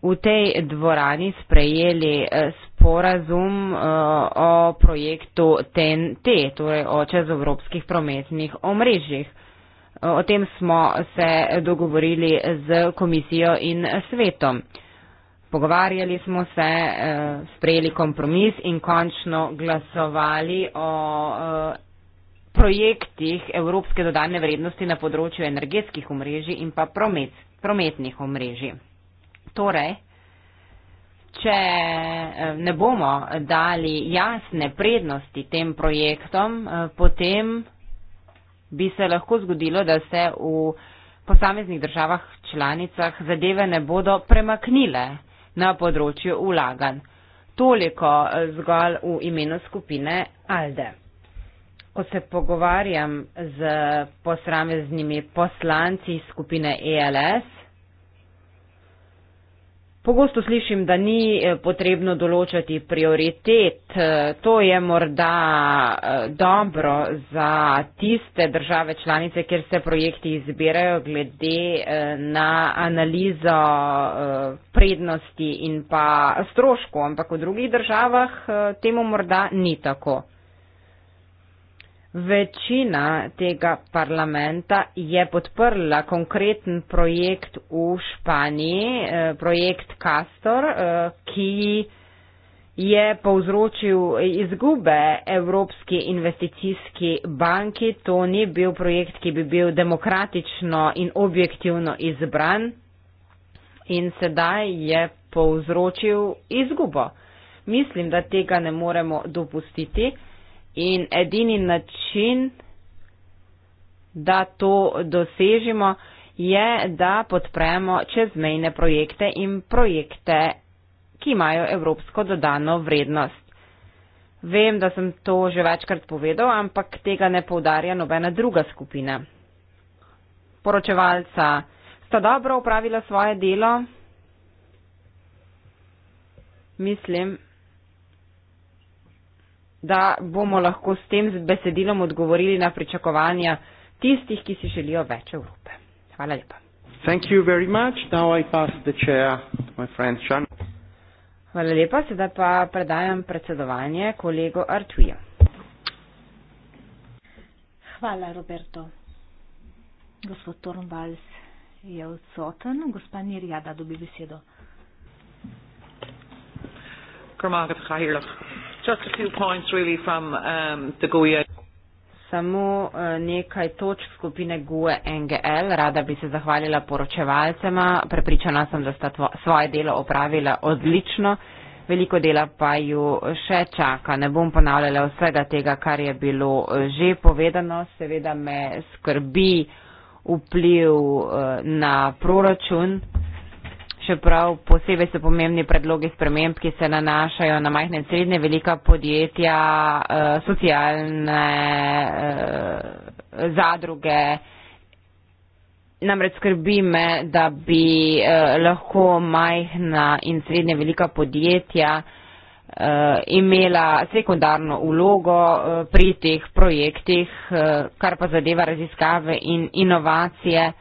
Speaker 1: v tej dvorani sprejeli eh, sporazum o projektu TNT, torej o čezevropskih prometnih omrežjih. O tem smo se dogovorili z komisijo in svetom pogovarjali smo se, eh, sprejeli kompromis in končno glasovali o eh, projektih Evropske dodane vrednosti na področju energetskih omrežij in pa promet, prometnih omrežij. Torej, če eh, ne bomo dali jasne prednosti tem projektom, potem bi se lahko zgodilo, da se v posameznih državah članicah zadeve ne bodo premaknile na področju ulagan. Toliko eh, zgolj v imenu skupine Alde. Ko se pogovarjam z posameznimi poslanci skupine ELS, Pogosto slišim, da ni eh, potrebno določati prioritet. Eh, to je morda eh, dobro za tiste države članice, kjer se projekti izbirajo glede na analizo prednosti in pa stroškov, ampak v drugih državah temu morda ni tako. Večina tega parlamenta je podprla konkreten projekt v Španiji, eh, projekt Castor, eh, ki je povzročil izgube Evropski investicijski banki. To ni bil projekt, ki bi bil demokratično in objektivno izbran in sedaj je povzročil izgubo. Mislim, da tega ne moremo dopustiti. In edini način, da to dosežemo, je, da podpremo čezmejne projekte in projekte, ki imajo evropsko dodano vrednost. Vem, da sem to že večkrat povedal, ampak tega ne povdarja nobena druga skupina. Poročevalca sta dobro upravila svoje delo. Mislim, da bomo lahko s tem besedilom odgovorili na pričakovanja tistih, ki si želijo več Evrope. Hvala lepa. Hvala lepa, sedaj pa predajam predsedovanje kolego Artuija.
Speaker 2: Hvala, Roberto. Gospod Tornvals je odsoten, gospa Nirjada dobi besedo.
Speaker 3: Kromagat Hajrlah. Just a few points really from um, the GUE.
Speaker 1: Samo eh, nekaj točk skupine GUE NGL. Rada bi se zahvalila poročevalcema. Prepričana sem, da sta svoje delo opravila odlično. Veliko dela pa ju še čaka. Ne bom ponavljala vsega tega, kar je bilo eh, že povedano. Seveda me skrbi vpliv eh, na proračun čeprav posebej so pomembni predlogi sprememb, ki se nanašajo na majhne in srednje velika podjetja, eh, socialne eh, zadruge. Namreč skrbi me, da bi eh, lahko majhna in srednje velika podjetja imela sekundarno ulogo pri teh projektih, kar pa zadeva raziskave in inovacije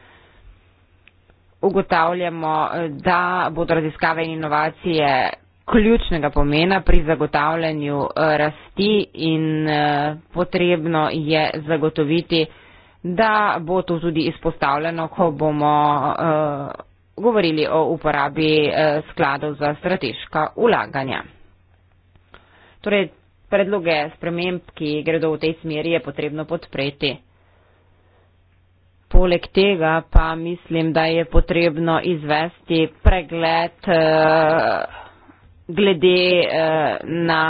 Speaker 1: ugotavljamo, eh, da bodo raziskave in inovacije ključnega pomena pri zagotavljanju eh, rasti in eh, potrebno je zagotoviti, da bo to tudi izpostavljeno, ko bomo govorili o uporabi skladov za strateška ulaganja. Torej, predloge sprememb, ki gredo v tej smeri, je potrebno podpreti poleg tega pa mislim, da je potrebno izvesti pregled eh, glede eh, na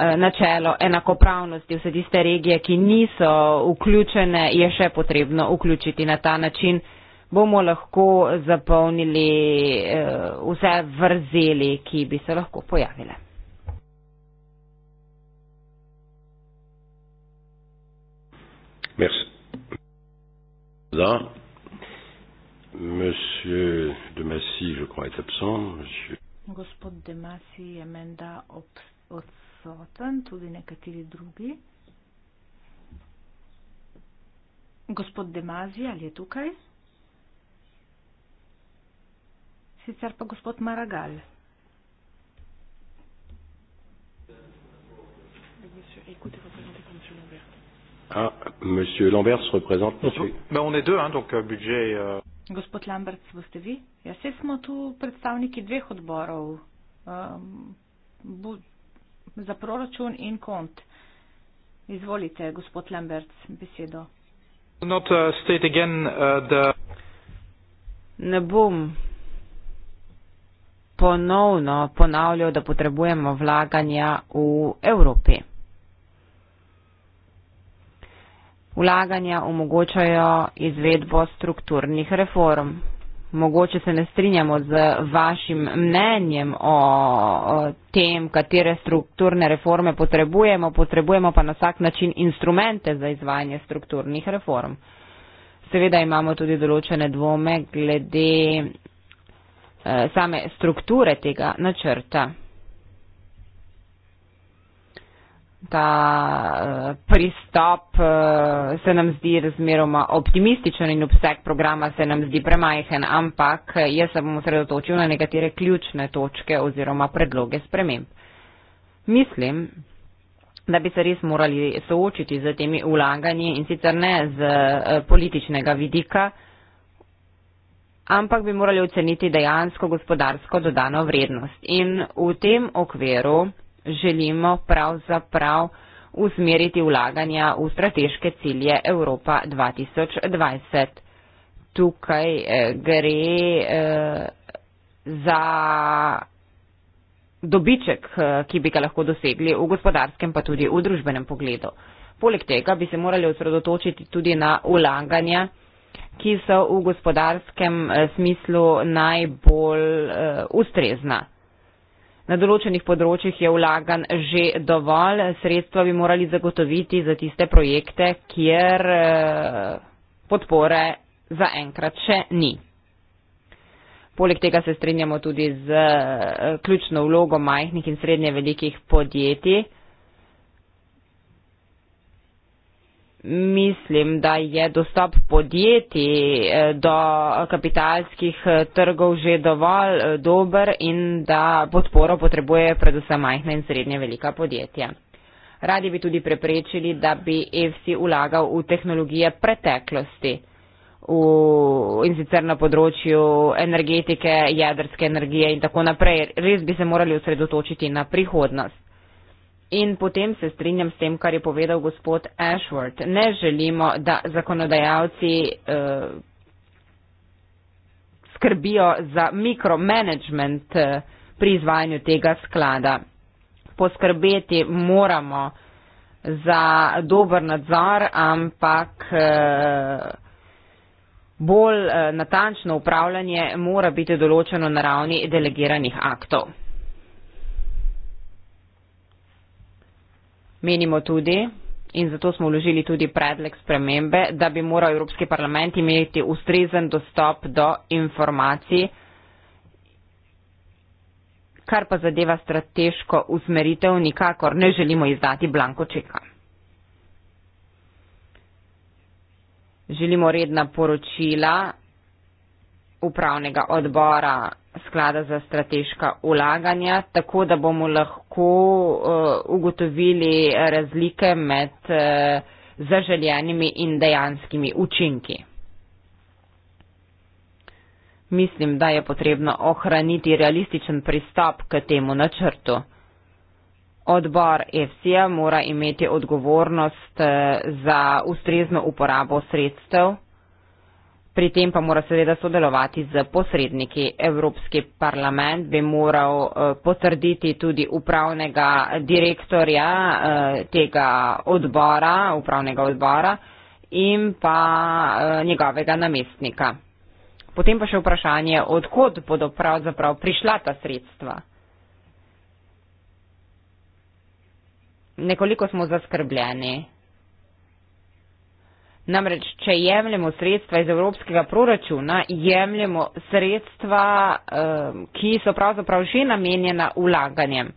Speaker 1: eh, načelo enakopravnosti. Vse tiste regije, ki niso vključene, je še potrebno vključiti na ta način. Bomo lahko zapolnili vse vrzeli, ki bi se lahko pojavile.
Speaker 3: Merci. Président,
Speaker 2: Monsieur de Massy, je crois, est absent. Monsieur. Gospod de Massy est menda odsoten, tudi nekateri drugi. Gospod de Massy, ali je tukaj? Sicer pa gospod Maragall.
Speaker 1: Ah, monsieur Lambert se représente. Monsieur.
Speaker 2: Mais on est deux, hein, donc euh, budget. Euh... Gospod Lambert, vous êtes vous Ja, vsi smo tu predstavniki dveh odborov, um, za proračun in kont. Izvolite, gospod Lambert, besedo. Not, uh, again, uh, the...
Speaker 1: Ne bom ponovno ponavljal, da potrebujemo vlaganja v Evropi. Vlaganja omogočajo izvedbo strukturnih reform. Mogoče se ne strinjamo z vašim mnenjem o tem, katere strukturne reforme potrebujemo, potrebujemo pa na vsak način instrumente za izvajanje strukturnih reform. Seveda imamo tudi določene dvome glede eh, same strukture tega načrta. ta eh, pristop eh, se nam zdi razmeroma optimističen in obseg programa se nam zdi premajhen, ampak jaz se bom osredotočil na nekatere ključne točke oziroma predloge sprememb. Mislim, da bi se res morali soočiti z temi ulaganji in sicer ne z eh, političnega vidika, ampak bi morali oceniti dejansko gospodarsko dodano vrednost. In v tem okviru želimo pravzaprav usmeriti vlaganja v strateške cilje Evropa 2020. Tukaj eh, gre eh, za dobiček, eh, ki bi ga lahko dosegli v gospodarskem pa tudi v družbenem pogledu. Poleg tega bi se morali osredotočiti tudi na vlaganja, ki so v gospodarskem eh, smislu najbolj eh, ustrezna. Na določenih področjih je vlagan že dovolj, sredstva bi morali zagotoviti za tiste projekte, kjer eh, podpore zaenkrat še ni. Poleg tega se strinjamo tudi z eh, ključno vlogo majhnih in srednje velikih podjetij. mislim, da je dostop podjetij eh, do kapitalskih eh, trgov že dovolj eh, dober in da podporo potrebuje predvsem majhna in srednje velika podjetja. Radi bi tudi preprečili, da bi EFC ulagal v tehnologije preteklosti v, in sicer na področju energetike, jedrske energije in tako naprej. Res bi se morali osredotočiti na prihodnost. In potem se strinjam s tem, kar je povedal gospod Ashworth. Ne želimo, da zakonodajalci uh, skrbijo za mikromanagement uh, pri izvajanju tega sklada. Poskrbeti moramo za dober nadzor, ampak eh, bolj natančno upravljanje mora biti določeno na ravni delegiranih aktov. Menimo tudi in zato smo vložili tudi predlog spremembe, da bi moral Evropski parlament imeti ustrezen dostop do informacij, kar pa zadeva strateško usmeritev, nikakor ne želimo izdati blanko čeka. Želimo redna poročila upravnega odbora sklada za strateška ulaganja, tako da bomo lahko eh, ugotovili razlike med eh, zaželjenimi in dejanskimi učinki. Mislim, da je potrebno ohraniti realističen pristop k temu načrtu. Odbor EFSI-ja mora imeti odgovornost eh, za ustrezno uporabo sredstev pri tem pa mora seveda sodelovati z posredniki. Evropski parlament bi moral eh, potrditi tudi upravnega direktorja eh, tega odbora, upravnega odbora in pa eh, njegovega namestnika. Potem pa še vprašanje, odkot bodo pravzaprav prišla ta sredstva. Nekoliko smo zaskrbljeni. Namreč, če jemljemo sredstva iz evropskega proračuna, jemljemo sredstva, ki so pravzaprav že namenjena ulaganjem.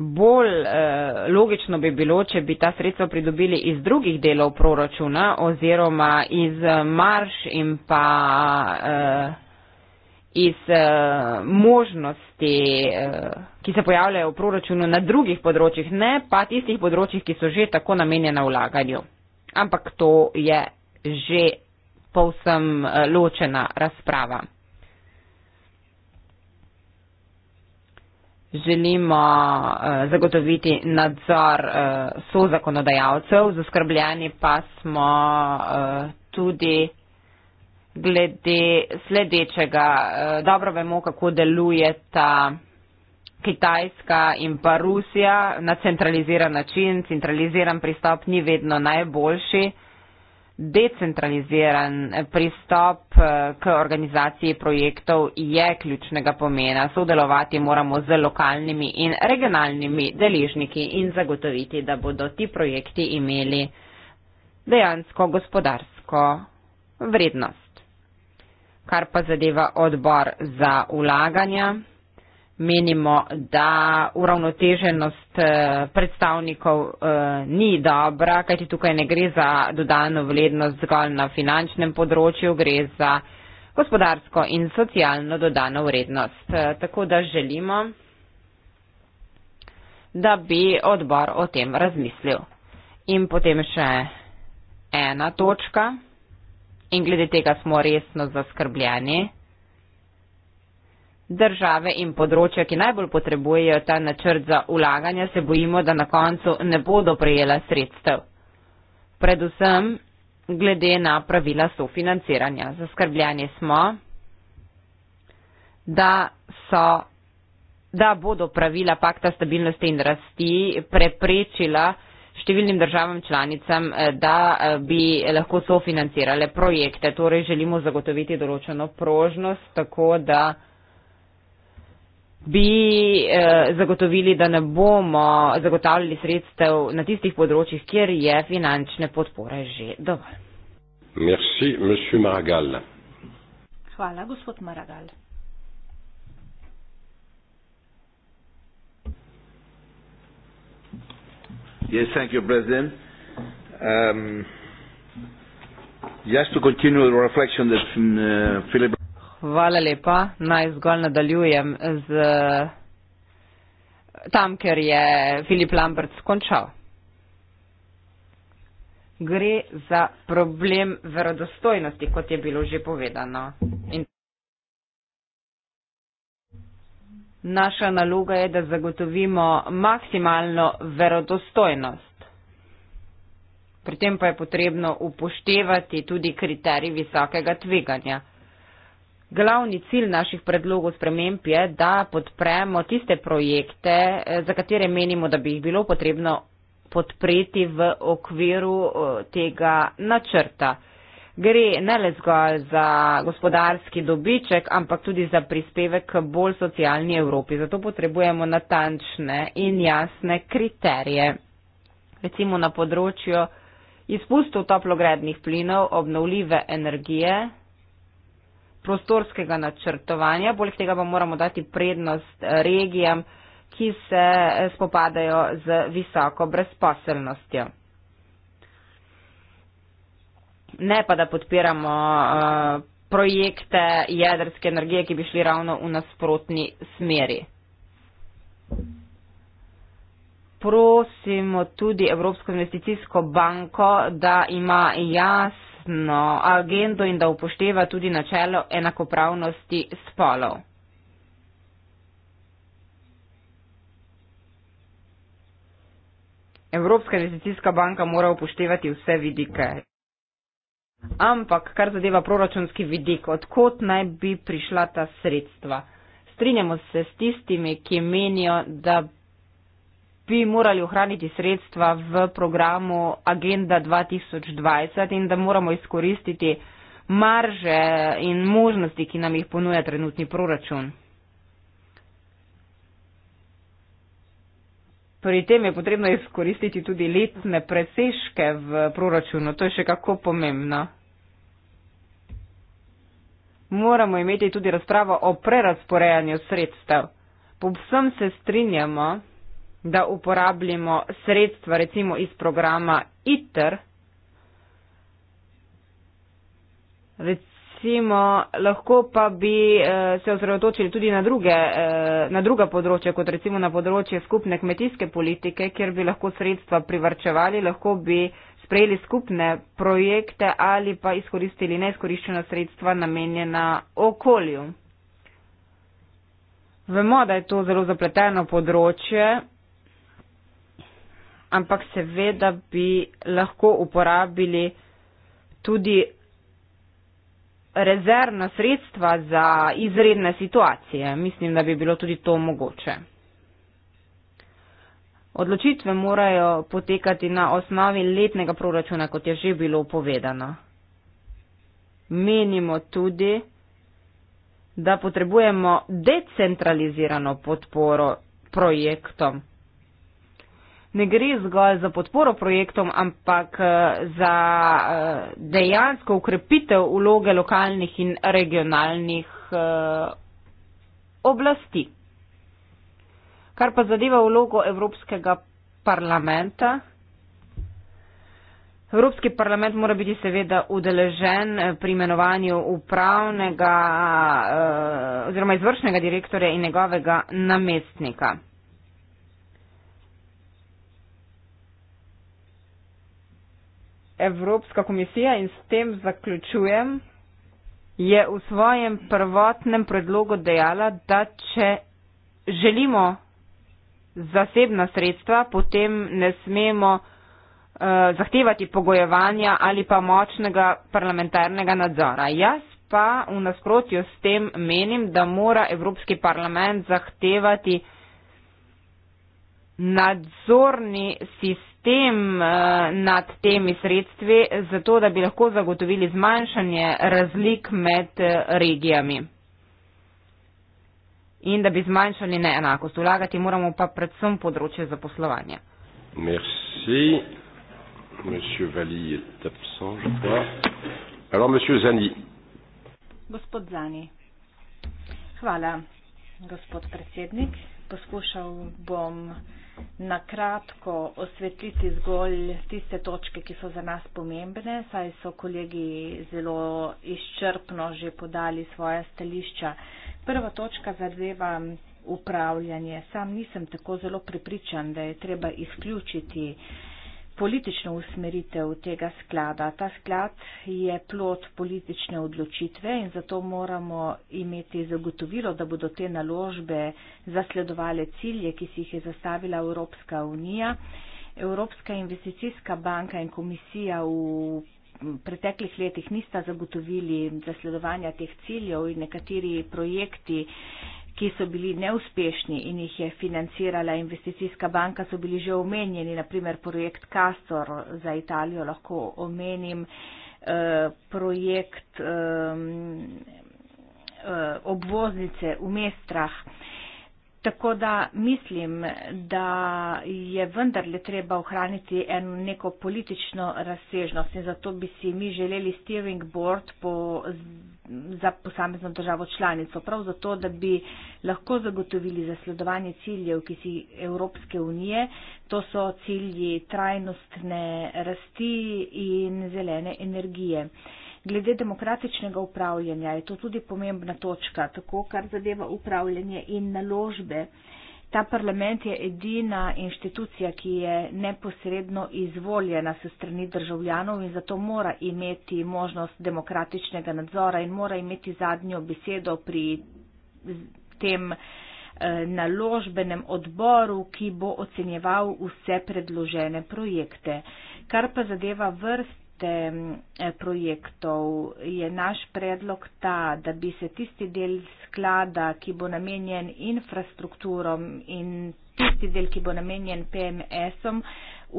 Speaker 1: Bolj eh, logično bi bilo, če bi ta sredstva pridobili iz drugih delov proračuna oziroma iz eh, marš in pa eh, iz uh, možnosti, uh, ki se pojavljajo v proračunu na drugih področjih, ne pa tistih področjih, ki so že tako namenjena vlaganju. Ampak to je že povsem uh, ločena razprava. Želimo uh, zagotoviti nadzor uh, sozakonodajalcev, zaskrbljeni pa smo uh, tudi glede sledečega. E, dobro vemo, kako deluje ta Kitajska in pa Rusija na centraliziran način. Centraliziran pristop ni vedno najboljši. Decentraliziran pristop e, k organizaciji projektov je ključnega pomena. Sodelovati moramo z lokalnimi in regionalnimi deležniki in zagotoviti, da bodo ti projekti imeli dejansko gospodarsko vrednost. Kar pa zadeva odbor za ulaganja, menimo, da uravnoteženost eh, predstavnikov eh, ni dobra, kajti tukaj ne gre za dodano vrednost zgolj na finančnem področju, gre za gospodarsko in socialno dodano vrednost. Eh, tako da želimo, da bi odbor o tem razmislil. In potem še ena točka in glede tega smo resno zaskrbljeni. Države in področja, ki najbolj potrebujejo ta načrt za ulaganja, se bojimo, da na koncu ne bodo prejela sredstev. Predvsem glede na pravila sofinanciranja. Zaskrbljeni smo, da, so, da bodo pravila pakta stabilnosti in rasti preprečila, številnim državam članicam, eh, da eh, bi lahko sofinancirale projekte. Torej želimo zagotoviti določeno prožnost, tako da bi eh, zagotovili, da ne bomo zagotavljali sredstev na tistih področjih, kjer je finančne podpore že dovolj.
Speaker 2: Merci, Hvala, gospod Maragal. Yes, thank you, President. Um, just to continue the reflection that uh, Philip.
Speaker 1: Hvala lepa. Naj zgolj nadaljujem z tam, ker je Filip Lambert skončal. Gre za problem verodostojnosti, kot je bilo že povedano. In Naša naloga je, da zagotovimo maksimalno verodostojnost. Pri tem pa je potrebno upoštevati tudi kriterij visokega tveganja. Glavni cilj naših predlogov sprememb je, da podpremo tiste projekte, eh, za katere menimo, da bi jih bilo potrebno podpreti v okviru eh, tega načrta gre ne le zgolj za gospodarski dobiček, ampak tudi za prispevek k bolj socialni Evropi. Zato potrebujemo natančne in jasne kriterije. Recimo na področju izpustov toplogrednih plinov, obnovljive energije, prostorskega načrtovanja. Poleg tega pa moramo dati prednost eh, regijam, ki se eh, spopadajo z visoko brezposelnostjo ne pa da podpiramo uh, projekte jedrske energije, ki bi šli ravno v nasprotni smeri. Prosimo tudi Evropsko investicijsko banko, da ima jasno agendo in da upošteva tudi načelo enakopravnosti spolov. Evropska investicijska banka mora upoštevati vse vidike. Ampak, kar zadeva proračunski vidik, odkot naj bi prišla ta sredstva? Strinjamo se s tistimi, ki menijo, da bi morali ohraniti sredstva v programu Agenda 2020 in da moramo izkoristiti marže in možnosti, ki nam jih ponuja trenutni proračun. Pri tem je potrebno izkoristiti tudi letne presežke v proračunu, to je še kako pomembno. Moramo imeti tudi razpravo o prerasporejanju sredstev. Povsem se strinjamo, da uporabljamo sredstva recimo iz programa ITER, recimo, lahko pa bi uh, se osredotočili tudi na, druge, uh, na druga področja, kot recimo na področje skupne kmetijske politike, kjer bi lahko sredstva privrčevali, lahko bi sprejeli skupne projekte ali pa izkoristili neizkoriščena sredstva namenjena okolju. Vemo, da je to zelo zapleteno področje, ampak seveda bi lahko uporabili tudi rezervna sredstva za izredne situacije. Mislim, da bi bilo tudi to mogoče. Odločitve morajo potekati na osnovi letnega proračuna, kot je že bilo povedano. Menimo tudi, da potrebujemo decentralizirano podporo projektom ne gre zgolj za podporo projektom, ampak eh, za eh, dejansko ukrepitev uloge lokalnih in regionalnih eh, oblasti. Kar pa zadeva vlogo Evropskega parlamenta. Evropski parlament mora biti seveda udeležen pri imenovanju upravnega oziroma izvršnega direktorja in njegovega namestnika. Evropska komisija in s tem zaključujem, je v svojem prvotnem predlogu dejala, da če želimo zasebna sredstva, potem ne smemo uh, zahtevati pogojevanja ali pa močnega parlamentarnega nadzora. Jaz pa v nasprotju s tem menim, da mora Evropski parlament zahtevati nadzorni sistem, tem, eh, nad temi sredstvi, zato da bi lahko zagotovili zmanjšanje razlik med eh, regijami in da bi zmanjšali neenakost. Vlagati moramo pa predvsem področje zaposlovanja.
Speaker 2: Merci. Monsieur Vali je absent, je crois. Alors, monsieur Zani. Gospod Zani. Hvala, gospod predsednik. Poskušal bom na kratko osvetliti zgolj tiste točke, ki so za nas pomembne, saj so kolegi zelo izčrpno že podali svoje stališča. Prva točka zadeva upravljanje. Sam nisem tako zelo pripričan, da je treba izključiti uh, politično usmeritev tega sklada. Ta sklad je plot politične odločitve in zato moramo imeti zagotovilo, da bodo te naložbe zasledovale cilje, ki si jih je zastavila Evropska unija. Evropska investicijska banka in komisija v preteklih letih nista zagotovili zasledovanja teh ciljev in nekateri projekti eh, ki so bili neuspešni in jih je financirala investicijska banka, so bili že omenjeni, naprimer projekt Castor za Italijo, lahko omenim eh, projekt ehm, eh, obvoznice v Mestrah. Tako da mislim, da je vendarle treba ohraniti eno neko politično razsežnost in zato bi si mi želeli steering board po, za posamezno državo članico. Prav zato, da bi lahko zagotovili zasledovanje ciljev, ki si Evropske unije, to so cilji trajnostne rasti in zelene energije. Uh, Glede demokratičnega upravljanja je to tudi pomembna točka, tako kar zadeva upravljanje in naložbe. Ta parlament je edina inštitucija, ki je neposredno izvoljena se strani državljanov in zato mora imeti možnost demokratičnega nadzora in mora imeti zadnjo besedo pri tem eh, naložbenem odboru, ki bo ocenjeval vse predložene projekte. Kar pa zadeva vrst te eh, projektov je naš predlog ta, da bi se tisti del sklada, ki bo namenjen infrastrukturom in tisti del, ki bo namenjen PMS-om,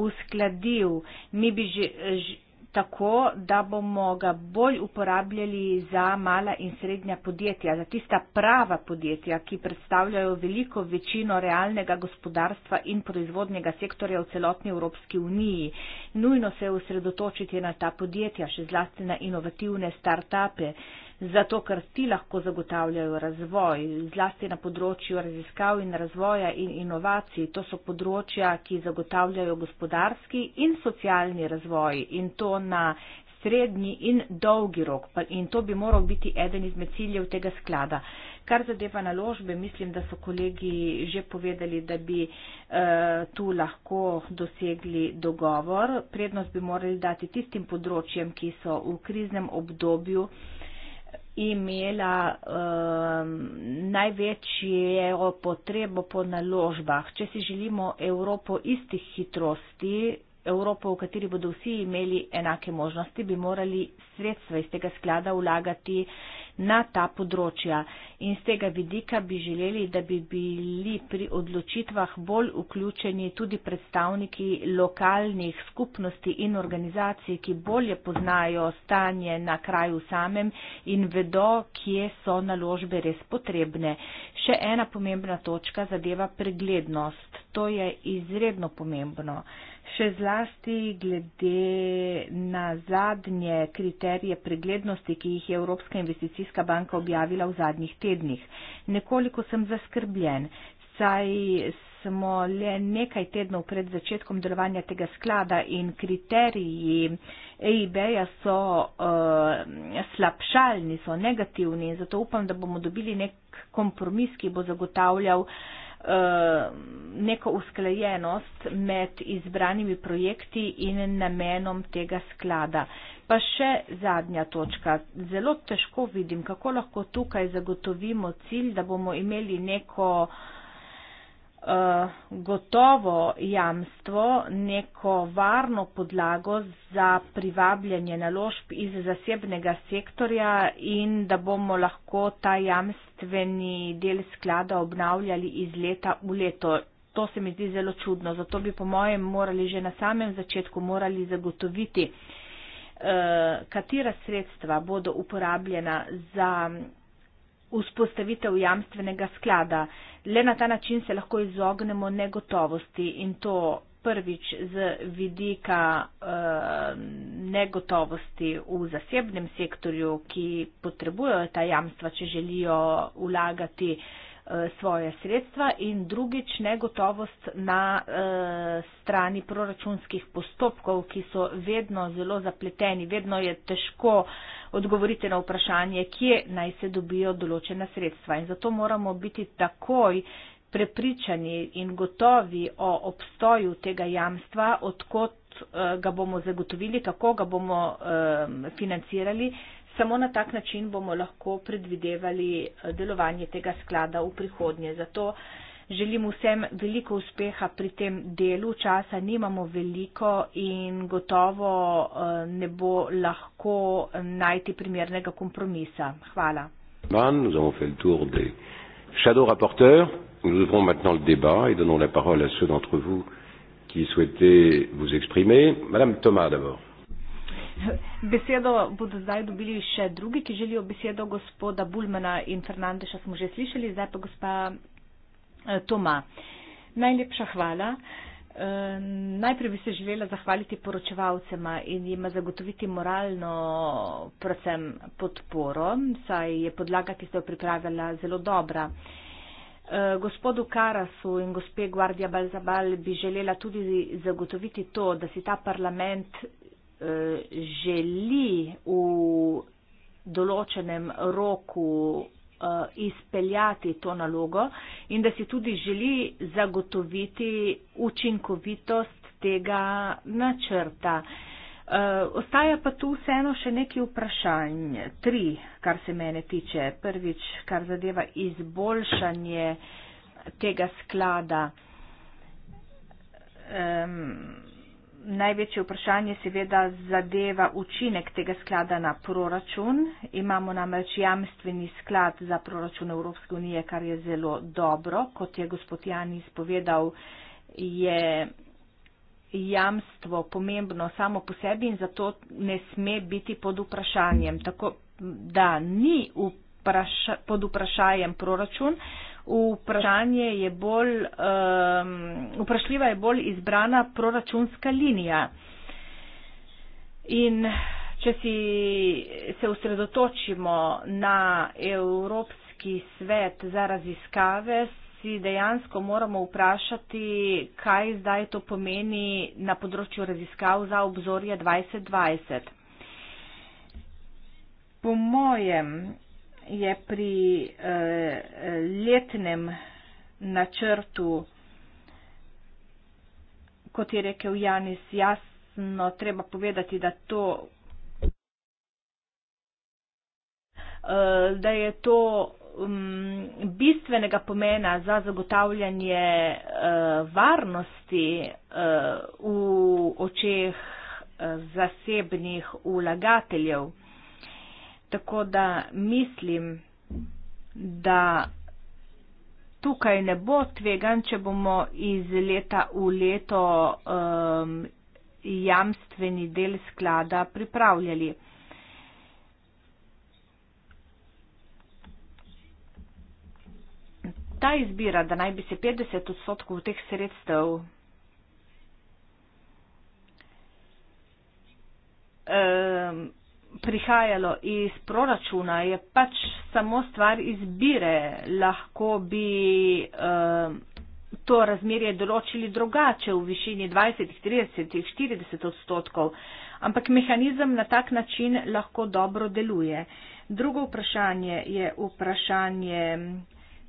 Speaker 2: uskladil. Mi bi že, eh, tako, da bomo ga bolj uporabljali za mala in srednja podjetja, za tista prava podjetja, ki predstavljajo veliko večino realnega gospodarstva in proizvodnega sektorja v celotni Evropski uniji. Nujno se je osredotočiti na ta podjetja, še zlasti na inovativne start-upe zato ker ti lahko zagotavljajo razvoj, zlasti na področju raziskav in razvoja in inovacij. To so področja, ki zagotavljajo gospodarski in socialni razvoj in to na srednji in dolgi rok. In to bi moral biti eden izmed ciljev tega sklada. Kar zadeva naložbe, mislim, da so kolegi že povedali, da bi eh, tu lahko dosegli dogovor. Prednost bi morali dati tistim področjem, ki so v kriznem obdobju eh, imela um, največje potrebo po naložbah. Če si želimo Evropo istih hitrosti, Evropo, v kateri bodo vsi imeli enake možnosti, bi morali sredstva iz tega sklada vlagati na ta področja in z tega vidika bi želeli, da bi bili pri odločitvah bolj vključeni tudi predstavniki lokalnih skupnosti in organizacij, ki bolje poznajo stanje na kraju samem in vedo, kje so naložbe res potrebne. Še ena pomembna točka zadeva preglednost. To je izredno pomembno še zlasti glede na zadnje kriterije preglednosti, ki jih je Evropska investicijska banka objavila v zadnjih tednih. Nekoliko sem zaskrbljen, saj smo le nekaj tednov pred začetkom delovanja tega sklada in kriteriji EIB-ja so uh, slabšalni, so negativni in zato upam, da bomo dobili nek kompromis, ki bo zagotavljal uh, Eh, neko usklajenost med izbranimi projekti in namenom tega sklada. Pa še zadnja točka. Zelo težko vidim, kako lahko tukaj zagotovimo cilj, da bomo imeli neko uh, Eh, gotovo jamstvo, neko varno podlago za privabljanje naložb iz zasebnega sektorja in da bomo lahko ta jamstveni del sklada obnavljali iz leta v leto. To se mi zdi zelo čudno, zato bi po mojem morali že na samem začetku morali zagotoviti, eh, katera sredstva bodo uporabljena za vzpostavitev jamstvenega sklada. Le na ta način se lahko izognemo negotovosti in to prvič z vidika e, negotovosti v zasebnem sektorju, ki potrebujejo ta jamstva, če želijo vlagati. Eh, svoje sredstva in drugič negotovost na eh, strani proračunskih postopkov, ki so vedno zelo zapleteni, vedno je težko odgovoriti na vprašanje, kje naj se dobijo določena sredstva. In zato moramo biti takoj prepričani in gotovi o obstoju tega jamstva, odkot eh, ga bomo zagotovili, kako ga bomo financirali, Samo na tak način bomo lahko predvidevali eh, delovanje tega sklada v prihodnje. Zato želim vsem veliko uspeha pri tem delu. Časa nimamo veliko in gotovo eh, ne bo lahko najti primernega kompromisa. Hvala.
Speaker 1: Shadow rapporteur,
Speaker 2: nous ouvrons maintenant le débat et donnons la parole à ceux d'entre vous qui souhaitaient vous exprimer. Madame Thomas d'abord. Besedo bodo zdaj dobili še drugi, ki želijo besedo gospoda Bulmana in Fernandeša, smo že slišali, zdaj pa gospa eh, Toma. Najlepša hvala. Najprej bi se želela zahvaliti poročevalcema in jima zagotoviti moralno predvsem podporo, saj je podlaga, ki ste jo pripravila, zelo dobra. Eh, gospodu Karasu in gospe Guardia Balzabal bi želela tudi zagotoviti to, da si ta parlament Eh, želi v določenem roku eh, izpeljati to nalogo in da si tudi želi zagotoviti učinkovitost tega načrta. Eh, ostaja pa tu vseeno še neki vprašanj, tri, kar se mene tiče. Prvič, kar zadeva izboljšanje tega sklada. Um, največje vprašanje seveda zadeva učinek tega sklada na proračun. Imamo namreč jamstveni sklad za proračun Evropske unije, kar je zelo dobro. Kot je gospod Jan izpovedal, je jamstvo pomembno samo po sebi in zato ne sme biti pod vprašanjem. Tako da ni vprašanje vpraša, pod vprašanjem proračun. Vprašanje je bolj, um, vprašljiva je bolj izbrana proračunska linija. In če si se usredotočimo na Evropski svet za raziskave, si dejansko moramo vprašati, kaj zdaj to pomeni na področju raziskav za obzorje 2020. Po mojem je pri eh, letnem načrtu, kot je rekel Janis, jasno treba povedati, da to. Eh, da je to um, bistvenega pomena za zagotavljanje uh, varnosti uh, v očeh uh, zasebnih vlagateljev. Tako da mislim, da tukaj ne bo tvegan, če bomo iz leta v leto um, jamstveni del sklada pripravljali. Ta izbira, da naj bi se 50 odstotkov teh sredstev um, prihajalo iz proračuna, je pač samo stvar izbire. Lahko bi eh, to razmerje določili drugače v višini 20, 30, 40 odstotkov, ampak mehanizem na tak način lahko dobro deluje. Drugo vprašanje je vprašanje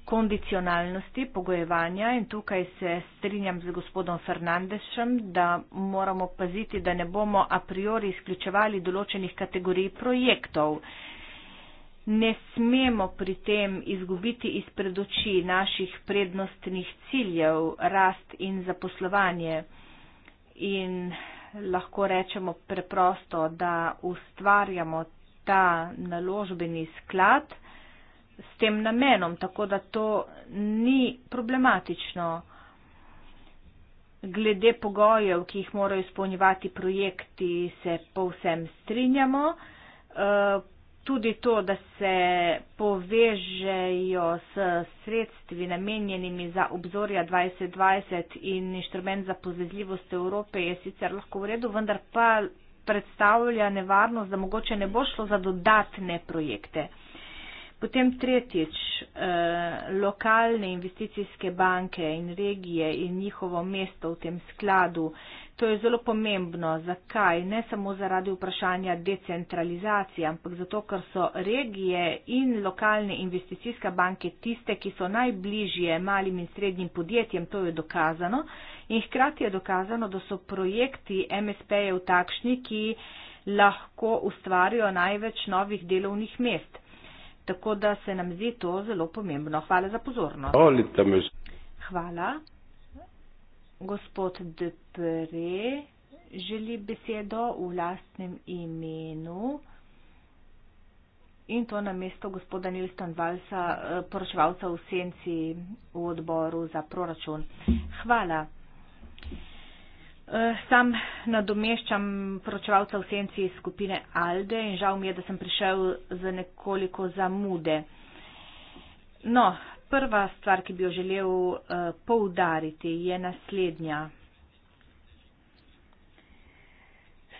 Speaker 2: kondicionalnosti pogojevanja in tukaj se strinjam z gospodom Fernandešem, da moramo paziti, da ne bomo a priori izključevali določenih kategorij projektov. Ne smemo pri tem izgubiti iz predoči naših prednostnih ciljev, rast in zaposlovanje. In lahko rečemo preprosto, da ustvarjamo ta naložbeni sklad, s tem namenom, tako da to ni problematično. Glede pogojev, ki jih morajo izpolnjevati projekti, se povsem strinjamo. E, tudi to, da se povežejo s sredstvi namenjenimi za obzorja 2020 in inštrument za povezljivost Evrope je sicer lahko v redu, vendar pa predstavlja nevarnost, da mogoče ne bo šlo za dodatne projekte. Potem tretjič, eh, lokalne investicijske banke in regije in njihovo mesto v tem skladu. To je zelo pomembno. Zakaj? Ne samo zaradi vprašanja decentralizacije, ampak zato, ker so regije in lokalne investicijske banke tiste, ki so najbližje malim in srednjim podjetjem. To je dokazano. In hkrati je dokazano, da so projekti MSP-jev takšni, ki lahko ustvarijo največ novih delovnih mest. Tako da se nam zdi to zelo pomembno. Hvala za pozornost. Hvala. Hvala. Gospod Depre želi besedo v lastnem imenu in to na mesto gospoda Nilston Valsa, eh, poročevalca v Senci v odboru za proračun. Hvala. Eh, sam nadomeščam poročevalca v senci skupine Alde in žal mi je, da sem prišel za nekoliko zamude. No, prva stvar, ki bi jo želel eh, poudariti, je naslednja.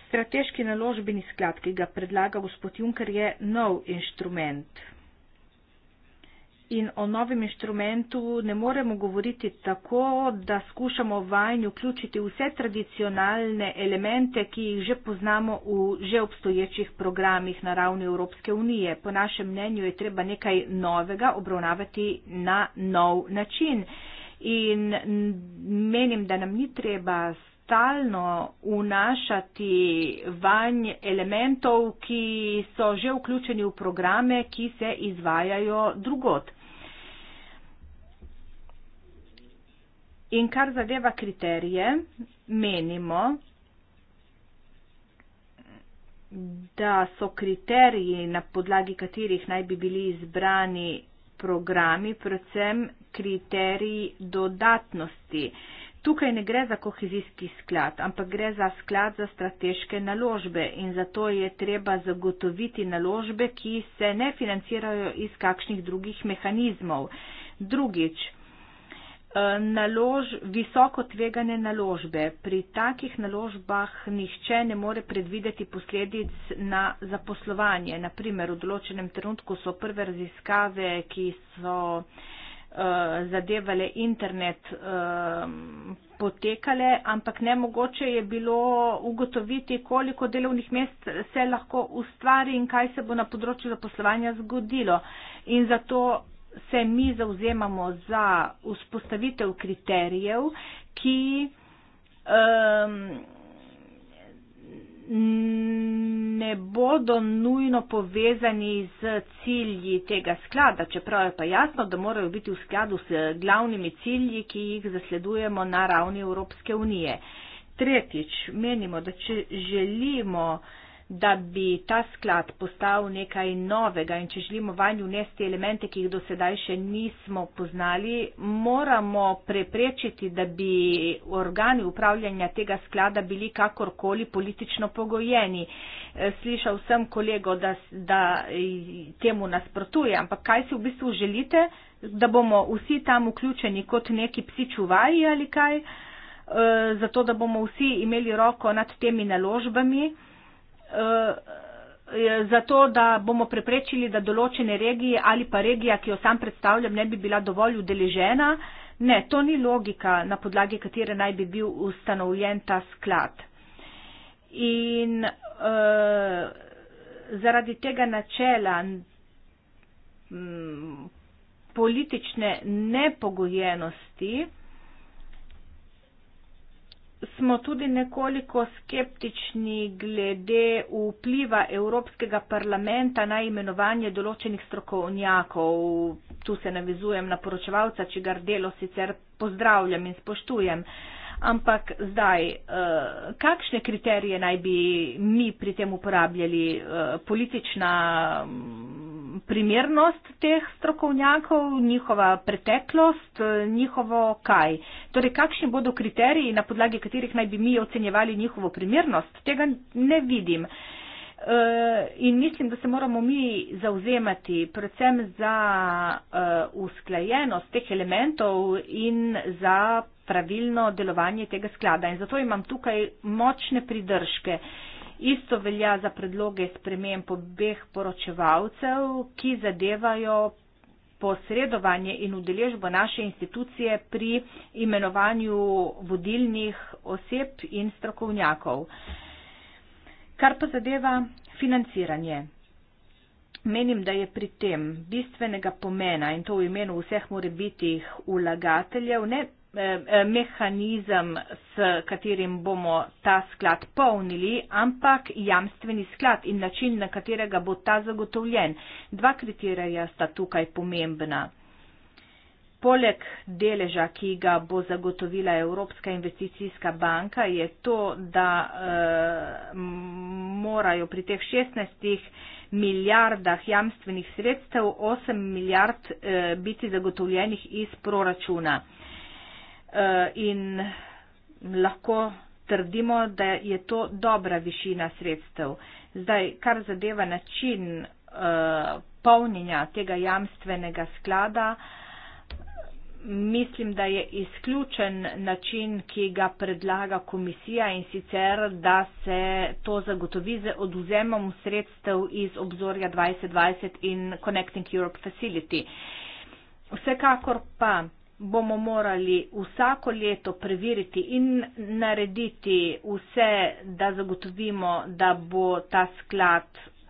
Speaker 2: Strateški naložbeni sklad, ki ga predlaga gospod Juncker, je nov inštrument in o novem inštrumentu ne moremo govoriti tako, da skušamo vanj vključiti vse tradicionalne elemente, ki jih že poznamo v že obstoječih programih na ravni Evropske unije. Po našem mnenju je treba nekaj novega obravnavati na nov način. In menim, da nam ni treba stalno unašati vanj elementov, ki so že vključeni v programe, ki se izvajajo drugot. In kar zadeva kriterije, menimo, da so kriteriji, na podlagi katerih naj bi bili izbrani programi, predvsem kriteriji dodatnosti. Tukaj ne gre za kohezijski sklad, ampak gre za sklad za strateške naložbe in zato je treba zagotoviti naložbe, ki se ne financirajo iz kakšnih drugih mehanizmov. Drugič, Eh, nalož, visoko tvegane naložbe. Pri takih naložbah nihče ne more predvideti posledic na zaposlovanje. Naprimer, v določenem trenutku so prve raziskave, ki so eh, zadevale internet, eh, potekale, ampak nemogoče je bilo ugotoviti, koliko delovnih mest se lahko ustvari in kaj se bo na področju zaposlovanja zgodilo. In zato se mi zauzemamo za vzpostavitev kriterijev, ki um, ne bodo nujno povezani z cilji tega sklada, čeprav je pa jasno, da morajo biti v skladu s glavnimi cilji, ki jih zasledujemo na ravni Evropske unije. Tretjič, menimo, da če želimo uh, da bi ta sklad postal nekaj novega in če želimo vanj unesti elemente, ki jih do sedaj še nismo poznali, moramo preprečiti, da bi organi upravljanja tega sklada bili kakorkoli politično pogojeni. E, slišal sem kolego, da, da e, temu nasprotuje, ampak kaj si v bistvu želite, da bomo vsi tam vključeni kot neki psi čuvaji ali kaj, e, zato da bomo vsi imeli roko nad temi naložbami. Eh, zato, da bomo preprečili, da določene regije ali pa regija, ki jo sam predstavljam, ne bi bila dovolj udeležena. Ne, to ni logika, na podlagi katere naj bi bil ustanovljen ta sklad. In uh, zaradi tega načela m, mm, politične nepogojenosti, smo tudi nekoliko skeptični glede vpliva Evropskega parlamenta na imenovanje določenih strokovnjakov. Tu se navizujem na poročevalca, čigar delo sicer pozdravljam in spoštujem. Uh, ampak zdaj, uh, kakšne kriterije naj bi mi pri tem uporabljali? Uh, politična mm, primernost teh strokovnjakov, njihova preteklost, eh, njihovo kaj. Torej, kakšni bodo kriteriji, na podlagi katerih naj bi mi ocenjevali njihovo primernost, tega ne vidim. Uh, Eh, in mislim, da se moramo mi zauzemati predvsem za eh, usklajenost teh elementov in za pravilno delovanje tega sklada. In zato imam tukaj močne pridržke. Isto velja za predloge spremem pobeh poročevalcev, ki zadevajo posredovanje in udeležbo naše institucije pri imenovanju vodilnih oseb in strokovnjakov. Uh, Kar pa zadeva financiranje. Menim, da je pri tem bistvenega pomena in to v imenu vseh morebitih ulagateljev ne eh, eh, mehanizem, s katerim bomo ta sklad polnili, ampak jamstveni sklad in način, na katerega bo ta zagotovljen. Dva kriterija sta tukaj pomembna. Poleg deleža, ki ga bo zagotovila Evropska investicijska banka, je to, da e, morajo pri teh 16 milijardah jamstvenih sredstev 8 milijard e, biti zagotovljenih iz proračuna. E, in lahko trdimo, da je to dobra višina sredstev. Zdaj, kar zadeva način e, polnjenja tega jamstvenega sklada, mislim, da je izključen način, ki ga predlaga komisija in sicer, da se to zagotovi z oduzemom sredstev iz obzorja 2020 in Connecting Europe Facility. Vsekakor pa bomo morali vsako leto preveriti in narediti vse, da zagotovimo, da bo ta sklad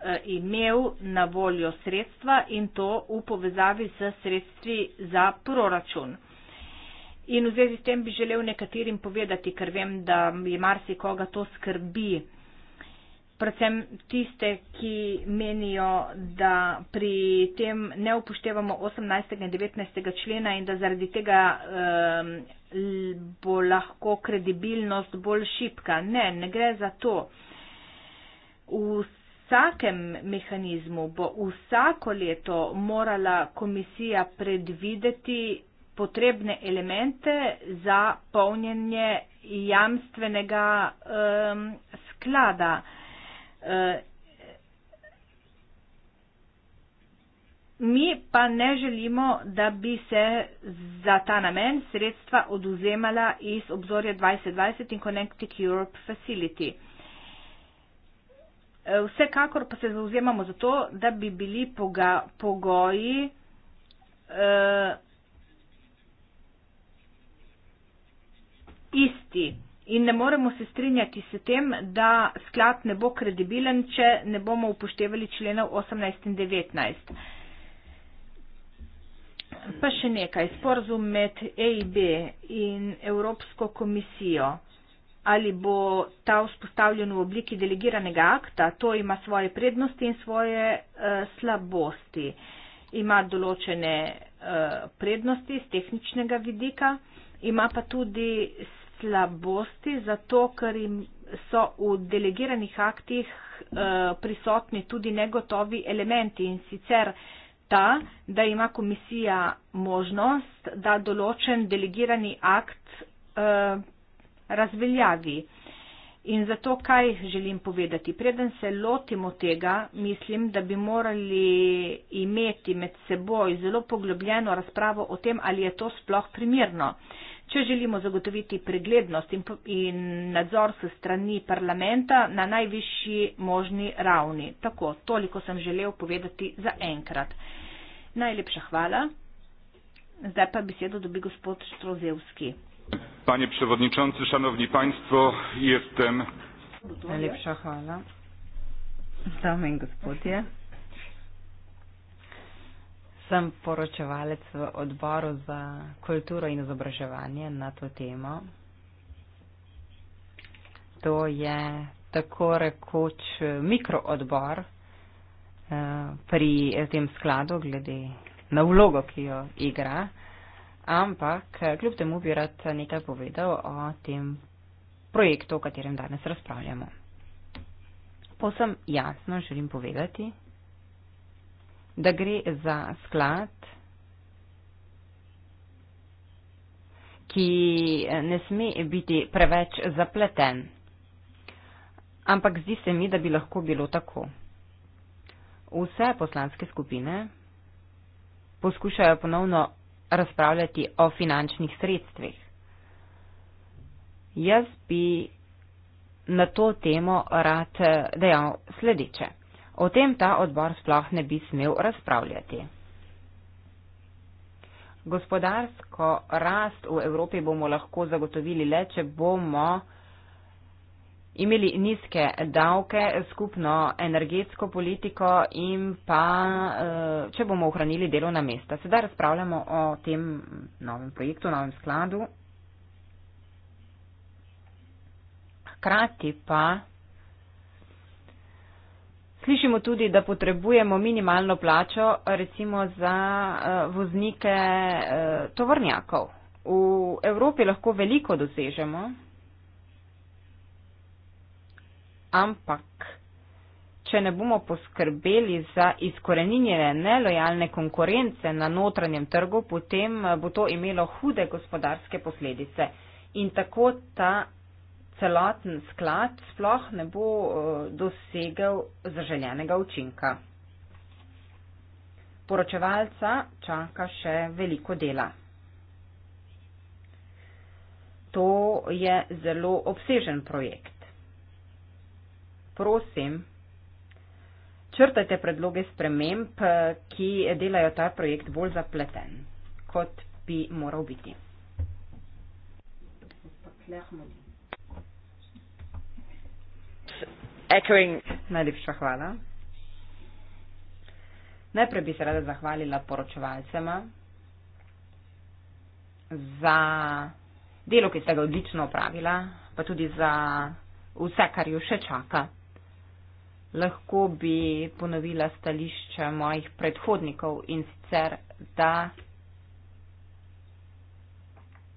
Speaker 2: Eh, imel na voljo sredstva in to v povezavi s sredstvi za proračun. In v zvezi s tem bi želel nekaterim povedati, ker vem, da je marsikoga to skrbi, predvsem tiste, ki menijo, da pri tem ne upoštevamo 18. in 19. člena in da zaradi tega eh, bo lahko kredibilnost bolj šipka. Ne, ne gre za to. Vse takem mehanizmu bo vsako leto morala komisija predvideti potrebne elemente za polnjenje jamstvenega um, sklada. Uh, mi pa ne želimo, da bi se za ta namen sredstva oduzemala iz obzorja 2020 in Connecting Europe Facility. Vsekakor pa se zauzemamo za to, da bi bili poga, pogoji eh, isti. In ne moremo se strinjati s tem, da sklad ne bo kredibilen, če ne bomo upoštevali členov 18 in 19. Pa še nekaj. Sporazum med EIB in Evropsko komisijo ali bo ta vzpostavljen v obliki delegiranega akta, to ima svoje prednosti in svoje uh, slabosti. Ima določene uh, prednosti z tehničnega vidika, ima pa tudi slabosti, zato ker so v delegiranih aktih uh, prisotni tudi negotovi elementi in sicer ta, da ima komisija možnost, da določen delegirani akt uh, razveljavi. In zato, kaj želim povedati? Preden se lotimo tega, mislim, da bi morali imeti med seboj zelo poglobljeno razpravo o tem, ali je to sploh primirno. Če želimo zagotoviti preglednost in, in nadzor se strani parlamenta na najvišji možni ravni. Tako, toliko sem želel povedati za enkrat. Najlepša hvala. Zdaj pa besedo dobi gospod Štrozevski. Panie Przewodniczący, Szanowni Państwo, jestem.
Speaker 1: Sem poročevalec v odboru za kulturo in izobraževanje na to temo. To je tako rekoč mikroodbor eh, pri tem skladu, glede na vlogo, ki jo igra. Ampak, kljub temu bi rad nekaj povedal o tem projektu, o katerem danes razpravljamo. Posem jasno želim povedati, da gre za sklad, ki ne sme biti preveč zapleten. Ampak zdi se mi, da bi lahko bilo tako. Vse poslanske skupine poskušajo ponovno razpravljati o finančnih sredstvih. Jaz bi na to temo rad eh, dejal sledeče. O tem ta odbor sploh ne bi smel razpravljati. Gospodarsko rast v Evropi bomo lahko zagotovili le, če bomo imeli nizke davke, skupno energetsko politiko in pa, eh, če bomo ohranili delovna mesta. Sedaj razpravljamo o tem novem projektu, novem skladu. Hkrati pa slišimo tudi, da potrebujemo minimalno plačo, recimo za eh, voznike eh, tovrnjakov. V Evropi lahko veliko dosežemo ampak, če ne bomo poskrbeli za izkoreninjene nelojalne konkurence na notranjem trgu, potem eh, bo to imelo hude gospodarske posledice in tako ta celoten sklad sploh ne bo eh, dosegel zaželjenega učinka. Poročevalca čaka še veliko dela. To je zelo obsežen projekt prosim, črtajte predloge sprememb, ki delajo ta projekt bolj zapleten, kot bi moral biti. Najlepša hvala. Najprej bi se rada zahvalila poročevalcema za delo, ki ste ga odlično opravila, pa tudi za vse, kar jo še čaka lahko bi ponovila stališče mojih predhodnikov in sicer, da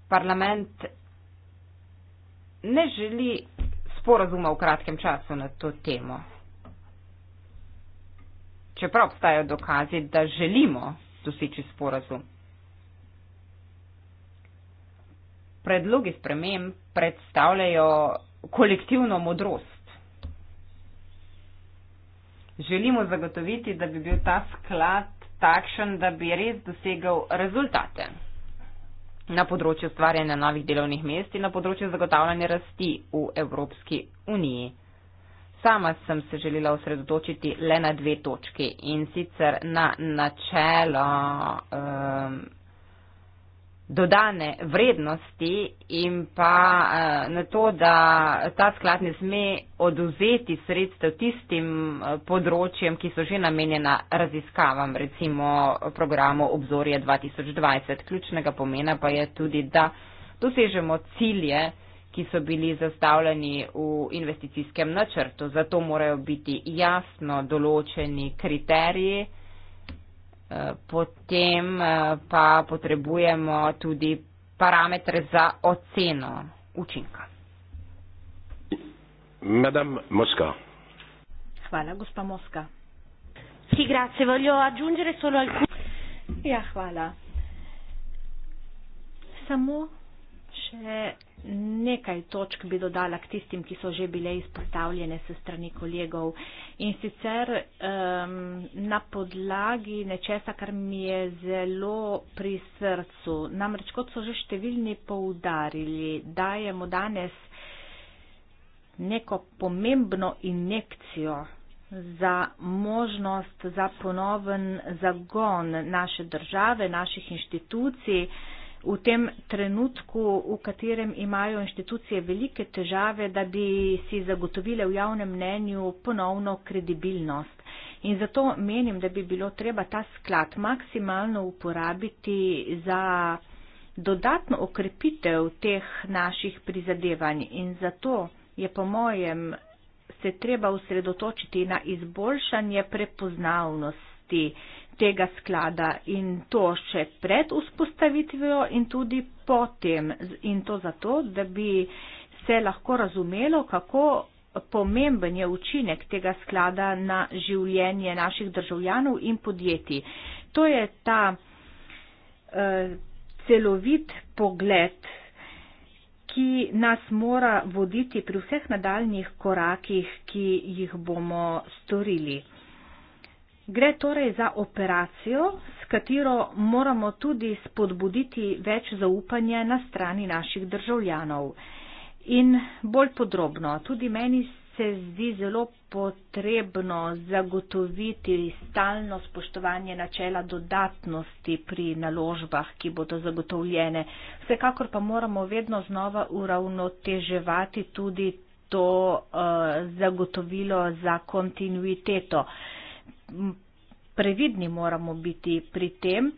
Speaker 1: parlament ne želi sporazuma v kratkem času na to temo. Čeprav obstajajo dokazi, da želimo doseči sporazum. Predlogi sprememb predstavljajo kolektivno modrost želimo zagotoviti, da bi bil ta sklad takšen, da bi res dosegal rezultate na področju stvarjanja novih delovnih mest in na področju zagotavljanja rasti v Evropski uniji. Sama sem se želela osredotočiti le na dve točki in sicer na načelo. Um, dodane vrednosti in pa eh, na to, da ta sklad ne sme oduzeti sredstev tistim eh, področjem, ki so že namenjena raziskavam, recimo programu obzorje 2020. Ključnega pomena pa je tudi, da dosežemo cilje, ki so bili zastavljeni v investicijskem načrtu. Zato morajo biti jasno določeni kriteriji, Potem eh, pa potrebujemo tudi parametre za oceno učinka.
Speaker 2: Madame Mosca. Hvala, gospa Mosca. Si, grazie, voglio aggiungere solo alcune. Ja, hvala. Samo Še nekaj točk bi dodala k tistim, ki so že bile izpostavljene se strani kolegov. In sicer um, na podlagi nečesa, kar mi je zelo pri srcu. Namreč, kot so že številni poudarili, dajemo danes neko pomembno injekcijo za možnost, za ponoven zagon naše države, naših inštitucij v tem trenutku, v katerem imajo inštitucije velike težave, da bi si zagotovile v javnem mnenju ponovno kredibilnost. In zato menim, da bi bilo treba ta sklad maksimalno uporabiti za dodatno okrepitev teh naših prizadevanj. In zato je po mojem se treba usredotočiti na izboljšanje prepoznavnosti tega sklada in to še pred vzpostavitvijo in tudi potem. In to zato, da bi se lahko razumelo, kako pomemben je učinek tega sklada na življenje naših državljanov in podjetij. To je ta eh, celovit pogled, ki nas mora voditi pri vseh nadaljnih korakih, ki jih bomo storili. Gre torej za operacijo, s katero moramo tudi spodbuditi več zaupanja na strani naših državljanov. In bolj podrobno, tudi meni se zdi zelo potrebno zagotoviti stalno spoštovanje načela dodatnosti pri naložbah, ki bodo zagotovljene. Vsekakor pa moramo vedno znova uravnoteževati tudi to uh, zagotovilo za kontinuiteto. Uh, previdni moramo biti pri tem,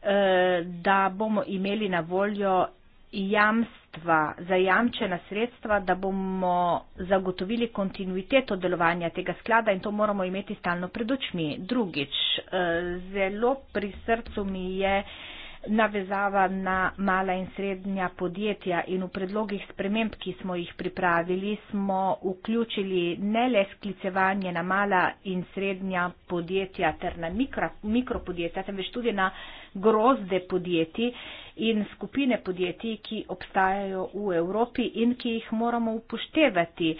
Speaker 2: eh, da bomo imeli na voljo jamstva, zajamčena sredstva, da bomo zagotovili kontinuiteto delovanja tega sklada in to moramo imeti stalno pred očmi. Drugič, eh, zelo pri srcu mi je, navezava na mala in srednja podjetja in v predlogih sprememb, ki smo jih pripravili, smo vključili ne le sklicevanje na mala in srednja podjetja ter na mikro, mikropodjetja, temveč tudi na grozde podjetij in skupine podjetij, ki obstajajo v Evropi in ki jih moramo upoštevati.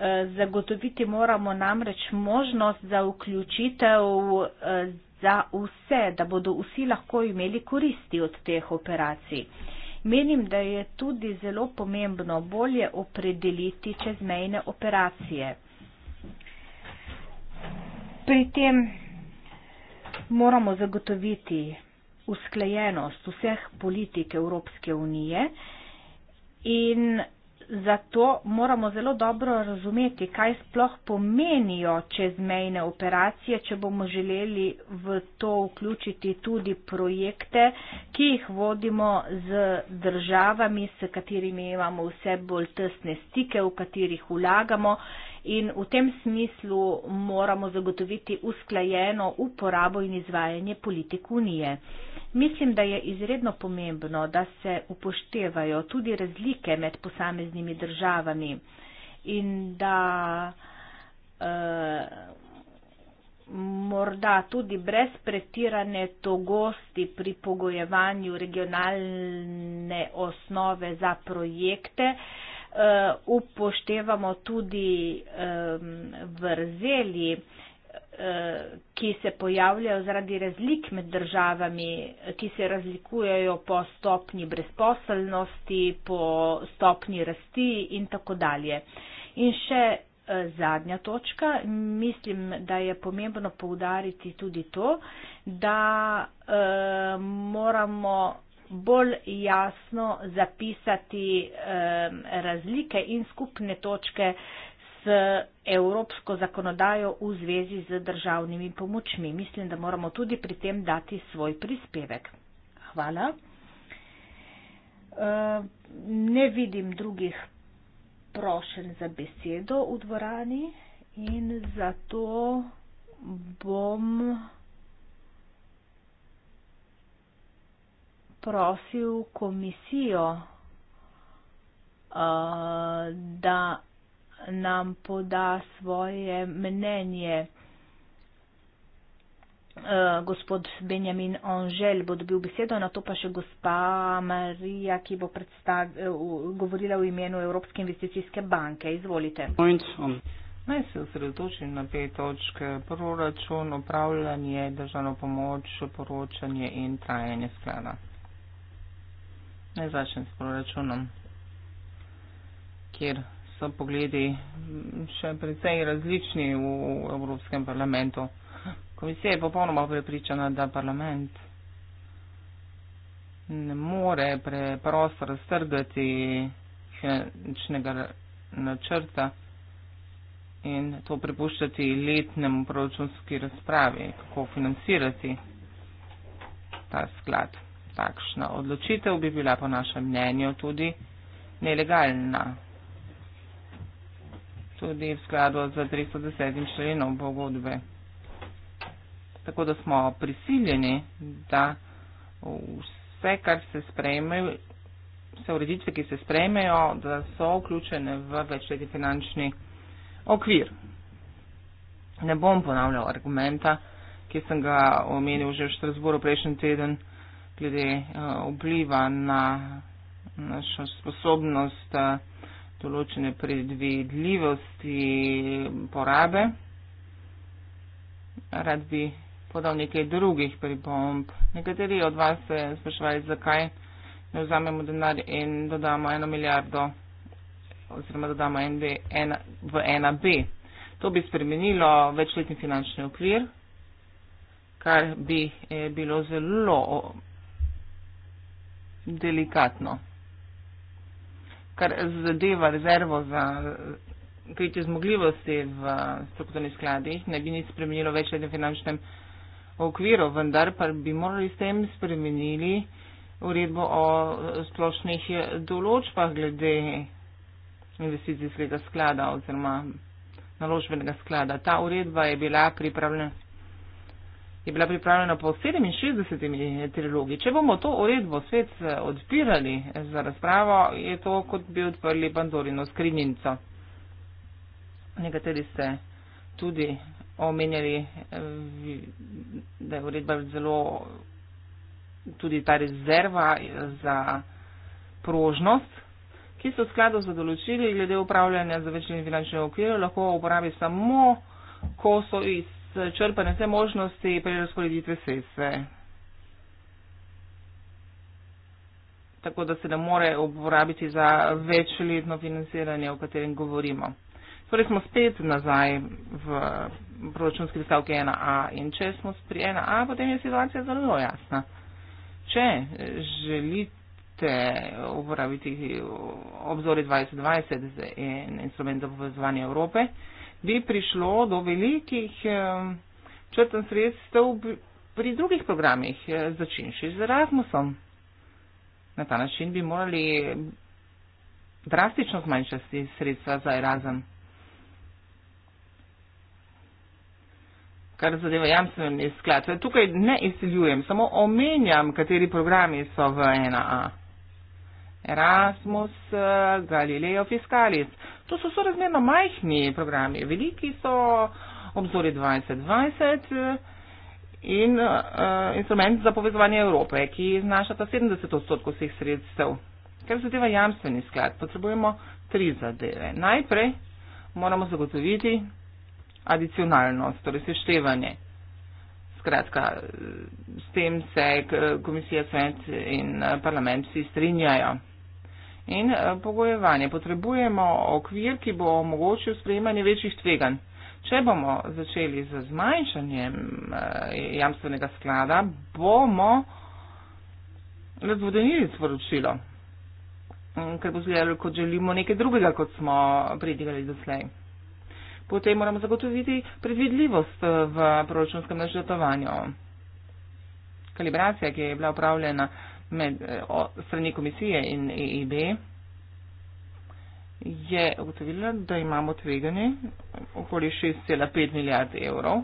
Speaker 2: Eh, zagotoviti moramo namreč možnost za vključitev eh, za vse, da bodo vsi lahko imeli koristi od teh operacij. Menim, da je tudi zelo pomembno bolje opredeliti čezmejne operacije. Pri tem moramo zagotoviti usklajenost vseh politik Evropske unije in zato moramo zelo dobro razumeti, kaj sploh pomenijo čezmejne operacije, če bomo želeli v to vključiti tudi projekte, ki jih vodimo z državami, s katerimi imamo vse bolj tesne stike, v katerih vlagamo in v tem smislu moramo zagotoviti usklajeno uporabo in izvajanje politik unije. Mislim, da je izredno pomembno, da se upoštevajo tudi razlike med posameznimi državami in da uh, morda tudi brez pretirane togosti pri pogojevanju regionalne osnove za projekte uh, Eh, upoštevamo tudi vrzeli, eh, ki se pojavljajo zaradi razlik med državami, ki se razlikujejo po stopni brezposelnosti, po stopni rasti in tako dalje. In še eh, zadnja točka, mislim, da je pomembno poudariti tudi to, da moramo bolj jasno zapisati razlike in skupne točke z evropsko zakonodajo v zvezi z državnimi pomočmi. Mislim, da moramo tudi pri tem dati svoj prispevek. Hvala. Ne vidim drugih prošen za besedo v dvorani in zato bom. prosil komisijo, eh, da nam poda svoje mnenje. Eh, gospod Benjamin Onžel bo dobil besedo, na to pa še gospa Marija, ki bo eh, govorila v imenu Evropske investicijske banke. Izvolite.
Speaker 3: Naj se osredotočim na pet točk. Proračun, upravljanje, državno pomoč, poročanje in trajanje sklada. Naj začnem s proračunom, kjer so pogledi še precej različni v Evropskem parlamentu. Komisija je popolnoma prepričana, da parlament ne more preprosto raztrgati finančnega načrta in to prepuščati letnemu proračunski razpravi, kako financirati ta sklad. Takšna odločitev bi bila po našem mnenju tudi nelegalna. Tudi v skladu z 310. členom pogodbe. Tako da smo prisiljeni, da vse, kar se sprejme, vse ureditve, ki se sprejmejo, da so vključene v večletni finančni okvir. Ne bom ponavljal argumenta, ki sem ga omenil že v Štrasburu prejšnji teden glede obliva eh, na našo sposobnost eh, določene predvidljivosti porabe. Rad bi podal nekaj drugih pripomb. Nekateri od vas se sprašvali, zakaj ne vzamemo denar in dodamo eno milijardo oziroma dodamo NB, en, v 1B. To bi spremenilo večletni finančni okvir, kar bi eh, bilo zelo delikatno. Kar zadeva rezervo za kritje zmogljivosti v strukturnih skladih, ne bi nič spremenilo več na finančnem okviru, vendar pa bi morali s tem spremenili uredbo o splošnih določbah glede investicijskega sklada oziroma naložbenega sklada. Ta uredba je bila pripravljena je bila pripravljena po 67. trilogi. Če bomo to uredbo svet eh, odpirali za razpravo, je to kot bi odprli Pandorino skrinjico. Nekateri ste tudi omenjali, eh, da je uredba zelo tudi ta rezerva eh, za prožnost, ki se v skladu z določili glede upravljanja za večjim finančnim okvirom lahko uporabi samo, ko so iz črpane vse možnosti prerasporeditve sredstve. Tako da se ne more uporabiti za večletno financiranje, o katerem govorimo. Torej smo spet nazaj v proračunski stavki 1A in če smo pri 1A, potem je situacija zelo jasna. Če želite uporabiti obzori 2020 in instrument za povezovanje Evrope, bi prišlo do velikih eh, črten sredstev pri drugih programih, eh, začinši z Erasmusom. Na ta način bi morali drastično zmanjšati sredstva za Erasmus. kar zadeva jamstveni sklad. Tukaj ne izsiljujem, samo omenjam, kateri programi so v 1A. Erasmus, eh, Galileo, Fiscalis. To so sorazmerno majhni programi. Veliki so obzori 2020 in uh, instrument za povezovanje Evrope, ki znašata 70 odstotkov vseh sredstev. Ker zadeva jamstveni sklad, potrebujemo tri zadeve. Najprej moramo zagotoviti adicionalnost, torej seštevanje. Skratka, eh, s tem se eh, komisija, svet in parlament vsi strinjajo in eh, pogojevanje. Potrebujemo okvir, ki bo omogočil sprejemanje večjih tveganj. Če bomo začeli z zmanjšanjem eh, jamstvenega sklada, bomo razvodenili sporočilo, mm, ker bo zgledalo, kot želimo nekaj drugega, kot smo predigali doslej. Potem moramo zagotoviti predvidljivost eh, v proračunskem načrtovanju. Kalibracija, ki je bila upravljena med, eh, o, strani komisije in EIB je ugotovila, da imamo tveganje okoli 6,5 milijard evrov.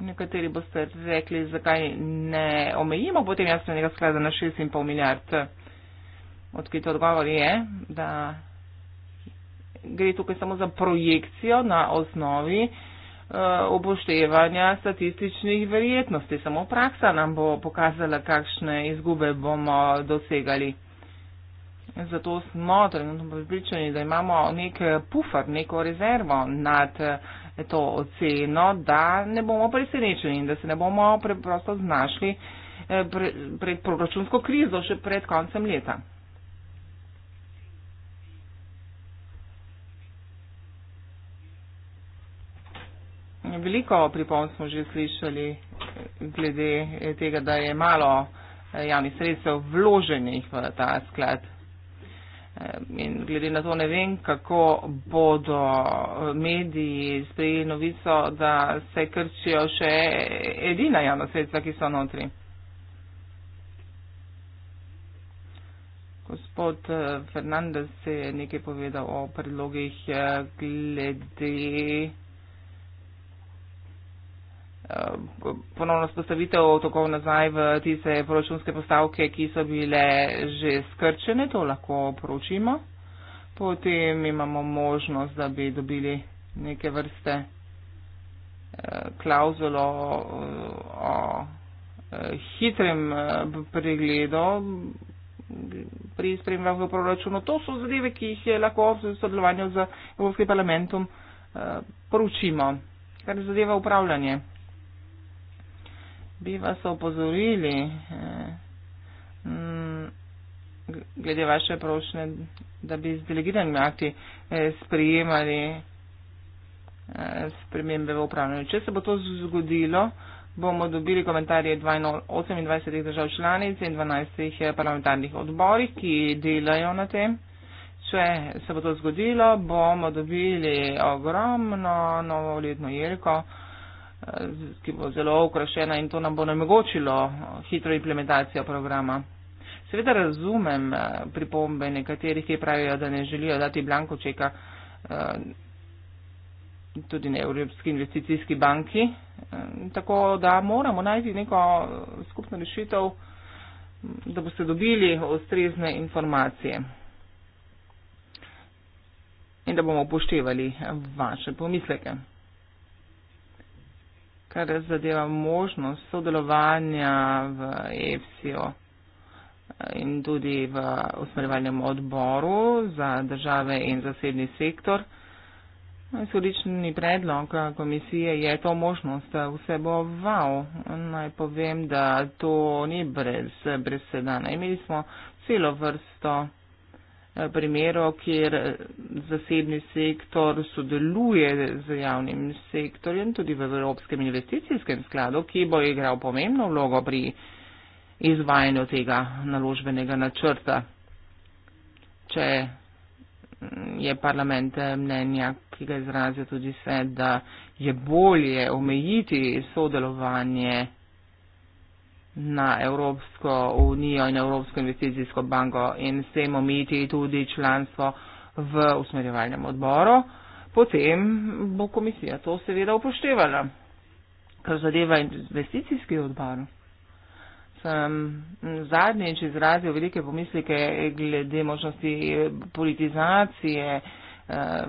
Speaker 3: Nekateri boste rekli, zakaj ne omejimo potem jasnega sklada na 6,5 milijard. Odkrit odgovor je, da gre tukaj samo za projekcijo na osnovi eh, Eh, upoštevanja statističnih verjetnosti. Samo praksa nam bo pokazala, kakšne izgube bomo dosegali. Zato smo trenutno pripričani, da imamo nek pufer, neko rezervo nad eh, to oceno, da ne bomo presenečeni in da se ne bomo preprosto znašli eh, pred proračunsko krizo še pred koncem leta. Veliko pripomb smo že slišali glede tega, da je malo eh, javnih sredstev vloženih v ta sklad. Eh, in glede na to ne vem, kako bodo eh, mediji sprejeli noviso, da se krčijo še edina javna sredstva, ki so notri. Gospod Fernandez je nekaj povedal o predlogih glede ponovno spostavitev otokov nazaj v tiste proračunske postavke, ki so bile že skrčene, to lahko poročimo. Potem imamo možnost, da bi dobili neke vrste eh, klauzulo eh, o eh, hitrem pregledu pri spremljanju v proračunu. To so zadeve, ki jih je lahko v sodelovanju z Evropskim parlamentom poročimo, kar zadeva upravljanje bi vas opozorili eh, glede vaše prošnje, da bi z delegiranimi akti eh, sprijemali eh, spremembe v upravljanju. Če se bo to zgodilo, bomo dobili komentarje 28 držav članic in 12 parlamentarnih odborih, ki delajo na tem. Če se bo to zgodilo, bomo dobili ogromno novoletno jelko ki bo zelo ukrašena in to nam bo namogočilo hitro implementacijo programa. Seveda razumem eh, pripombe nekaterih, ki pravijo, da ne želijo dati blanko čeka eh, tudi na Evropski investicijski banki, eh, tako da moramo najti neko skupno rešitev, da boste dobili ustrezne informacije in da bomo upoštevali vaše pomisleke kar zadeva možnost sodelovanja v EFSIO eh, in tudi v usmerjevalnem odboru za države in zasebni sektor. Izhodični predlog eh, komisije je to možnost eh, vseboval. Naj povem, da to ni brez, brez sedana. Imeli smo celo vrsto. Eh, primerov, kjer eh, zasebni sektor sodeluje z javnim sektorjem, tudi v Evropskem investicijskem skladu, ki bo igral pomembno vlogo pri izvajanju tega naložbenega načrta. Če mm, je parlament eh, mnenja, ki ga izrazijo tudi svet, da je bolje omejiti sodelovanje na Evropsko unijo in Evropsko investicijsko banko in s tem omiti tudi članstvo v usmerjevalnem odboru, potem bo komisija to seveda upoštevala. Kar zadeva investicijski odbor, sem zadnjič izrazil velike pomislike glede možnosti politizacije. Eh,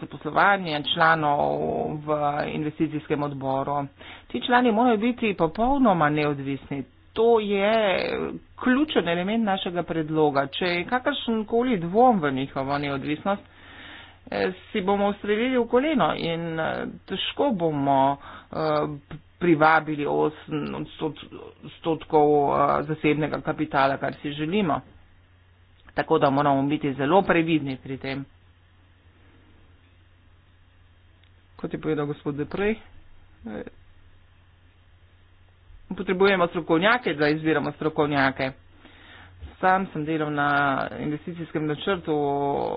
Speaker 3: zaposlovanje članov v investicijskem odboru. Ti člani morajo biti popolnoma neodvisni. To je ključen element našega predloga. Če je kakršenkoli dvom v njihovo neodvisnost, eh, si bomo ustrelili v koleno in eh, težko bomo eh, privabili 8 odstotkov zasebnega kapitala, kar si želimo. Tako da moramo biti zelo previdni pri tem. kot je povedal gospod Deprej. Eh, potrebujemo strokovnjake, da izbiramo strokovnjake. Sam sem delal na investicijskem načrtu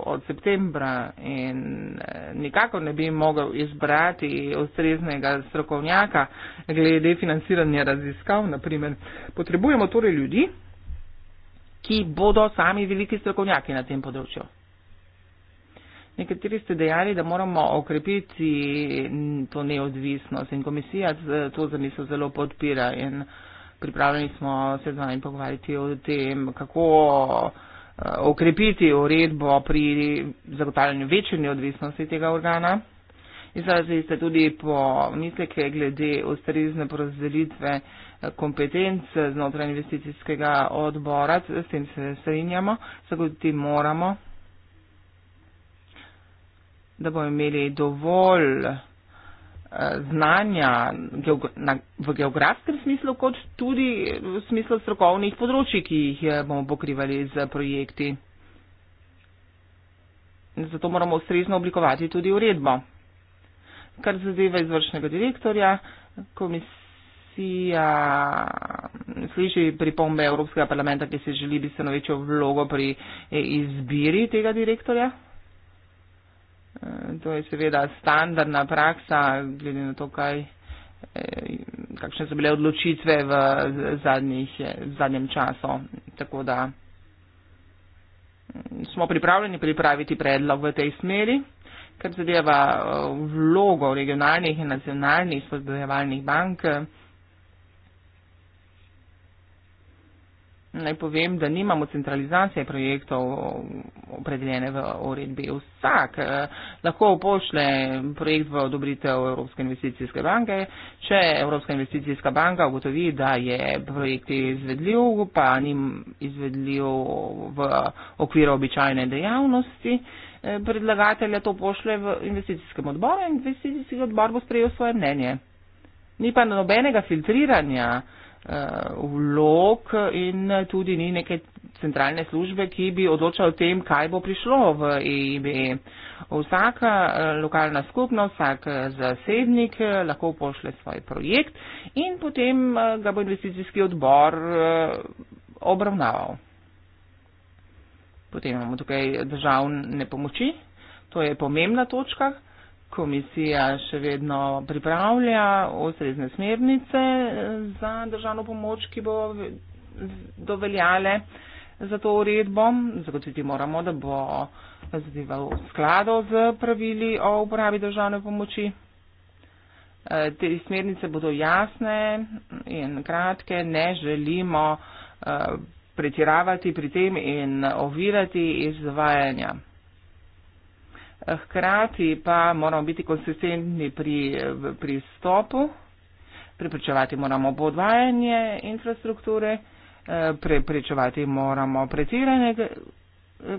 Speaker 3: od septembra in eh, nikako ne bi mogel izbrati ustreznega strokovnjaka glede financiranja raziskav. Naprimer. Potrebujemo torej ljudi, ki bodo sami veliki strokovnjaki na tem področju. Nekateri ste dejali, da moramo okrepiti to neodvisnost in komisija to zamisel zelo podpira in pripravljeni smo se z vami pogovarjati o tem, kako eh, okrepiti uredbo pri zagotavljanju večje neodvisnosti tega organa. Izrazili ste tudi po misleke glede ustrezne porazdelitve eh, kompetenc eh, znotraj investicijskega odbora, s tem se strinjamo, zagotoviti moramo da bomo imeli dovolj eh, znanja v geografskem smislu, kot tudi v smislu strokovnih področji, ki jih eh, bomo pokrivali z projekti. Zato moramo ustrezno oblikovati tudi uredbo. Kar zadeva izvršnega direktorja, komisija sliši pripombe Evropskega parlamenta, ki se želi bistveno večjo vlogo pri eh, izbiri tega direktorja, Eh, to je seveda standardna praksa, glede na to, kaj, eh, kakšne so bile odločitve v, zadnjih, eh, v zadnjem času. Tako da mm, smo pripravljeni pripraviti predlog v tej smeri, kar zadeva vlogo regionalnih in nacionalnih spodbojevalnih bank. Naj povem, da nimamo centralizacije projektov opredeljene v uredbi. Vsak eh, lahko pošle projekt v odobritev Evropske investicijske banke. Če Evropska investicijska banka ugotovi, da je projekt izvedljiv, pa ni izvedljiv v okviru običajne dejavnosti, eh, predlagatelja to pošle v investicijskem odboru in investicijski odbor bo sprejel svoje mnenje. Ni pa nobenega filtriranja. Eh, Eh, vlog in tudi ni neke centralne službe, ki bi odločala o tem, kaj bo prišlo v e IBE. Vsaka eh, lokalna skupnost, vsak eh, zasebnik lahko pošle svoj projekt in potem ga bo investicijski odbor obravnaval. Potem imamo tukaj državne pomoči, to je pomembna točka komisija še vedno pripravlja ustrezne smernice za državno pomoč, ki bo doveljale za to uredbo. Zagotoviti moramo, da bo zadeva v skladu z pravili o uporabi državne pomoči. E, te smernice bodo jasne in kratke. Ne želimo e, pretiravati pri tem in ovirati izvajanja. Hkrati pa moramo biti konsistentni pri pristopu, pripričevati moramo podvajanje infrastrukture, eh, pripričevati moramo pretirane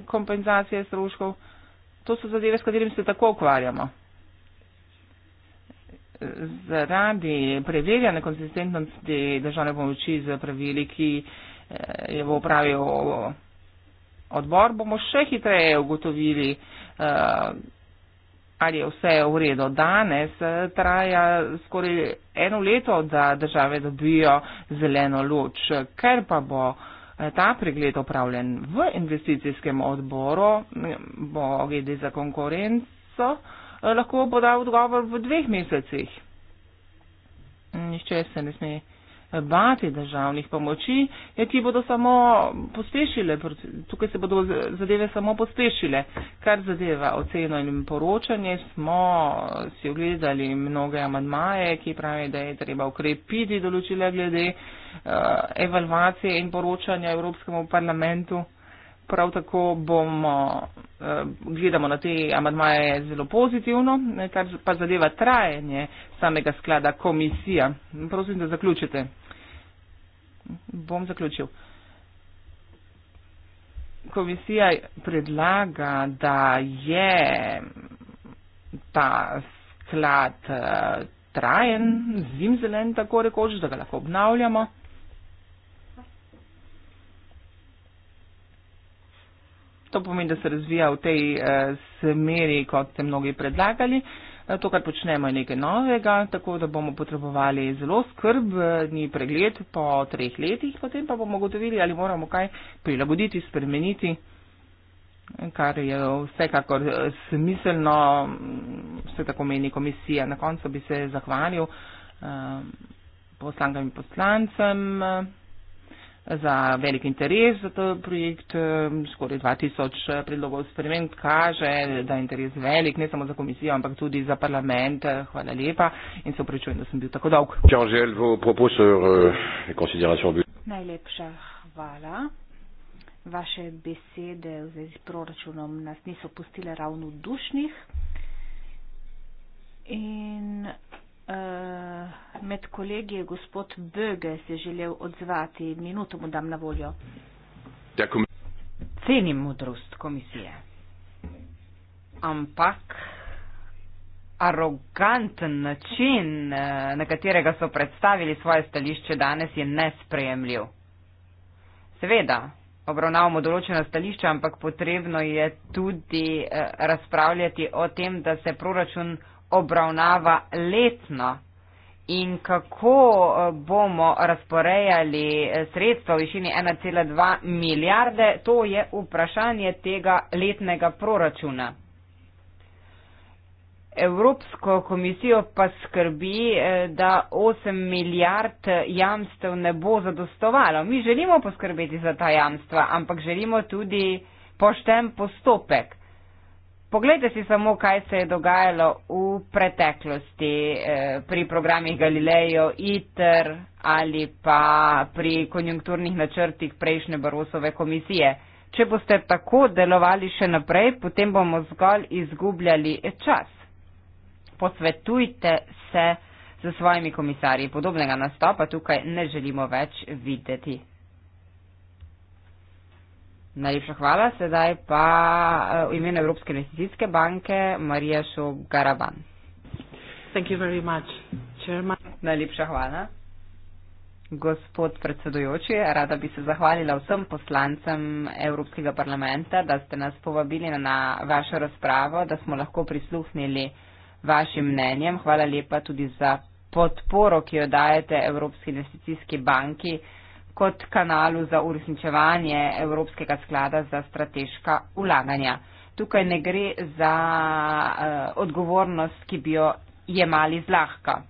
Speaker 3: kompenzacije stroškov. To so zadeve, s katerimi se tako ukvarjamo. Zaradi preverjanja konsistentnosti državne pomoči za pravili, ki eh, je v upravi odbor, bomo še hitreje ugotovili, eh, ali je vse v redu. Danes eh, traja skoraj eno leto, da države dobijo zeleno luč, ker pa bo. Eh, ta pregled opravljen v investicijskem odboru, mm, bo glede za konkurenco, lahko bo dal odgovor v dveh mesecih. Nihče se ne sme dati državnih pomoči, eh, ki bodo samo pospešile, tukaj se bodo zadeve samo pospešile. Kar zadeva oceno in poročanje, smo si ogledali mnoge amadmaje, ki pravi, da je treba ukrepiti določila glede eh, evalvacije in poročanja Evropskemu parlamentu. Prav tako bomo, eh, gledamo na te amadmaje zelo pozitivno, kar pa zadeva trajanje samega sklada komisija. Prosim, da zaključite bom zaključil. Komisija predlaga, da je ta sklad eh, trajen, zimzelen, tako rekoč, da ga lahko obnavljamo. To pomeni, da se razvija v tej eh, smeri, kot ste mnogi predlagali. Uh, Eh, to, kar počnemo, je nekaj novega, tako da bomo potrebovali zelo skrbni pregled po treh letih, potem pa bomo gotovili, ali moramo kaj prilagoditi, spremeniti, kar je vsekakor eh, smiselno, mm, vse tako meni komisija. Na koncu bi se zahvalil eh, poslankam in poslancem za velik interes za to projekt, skoraj 2000 eh, predlogov sprememb kaže, da je interes velik, ne samo za komisijo, ampak tudi za parlament. Eh, hvala lepa in se upravičujem, da sem bil tako dolg.
Speaker 2: Eh, Najlepša hvala. Vaše besede v zvezi s proračunom nas niso pustile ravno dušnih. In Eh, med kolegi je gospod Böge se želel odzvati. Minuto mu dam na voljo. Ja, Cenim
Speaker 1: modrost komisije. Ampak aroganten način, eh, na katerega so predstavili svoje stališče danes, je nesprejemljiv. Seveda, obravnavamo določena stališča, ampak potrebno je tudi eh, razpravljati o tem, da se proračun obravnava letno in kako eh, bomo razporejali eh, sredstva v višini 1,2 milijarde, to je vprašanje tega letnega proračuna. Evropsko komisijo pa skrbi, eh, da 8 milijard jamstev ne bo zadostovalo. Mi želimo poskrbeti za ta jamstva, ampak želimo tudi pošten postopek. Poglejte si samo, kaj se je dogajalo v preteklosti eh, pri programih Galileo, ITER ali pa pri konjunkturnih načrtih prejšnje Barosove komisije. Če boste tako delovali še naprej, potem bomo zgolj izgubljali čas. Posvetujte se z svojimi komisarji. Podobnega nastopa tukaj ne želimo več videti. Najlepša hvala. Sedaj pa eh, v imenu Evropske investicijske banke Marija Šogaraban. Najlepša hvala. Gospod predsedujoči, rada bi se zahvalila vsem poslancem Evropskega parlamenta, da ste nas povabili na vašo razpravo, da smo lahko prisluhnili vašim mnenjem. Hvala lepa tudi za podporo, ki jo dajete Evropski investicijski banki kot kanalu za uresničevanje Evropskega sklada za strateška ulaganja. Tukaj ne gre za uh, odgovornost, ki bi jo jemali zlahka.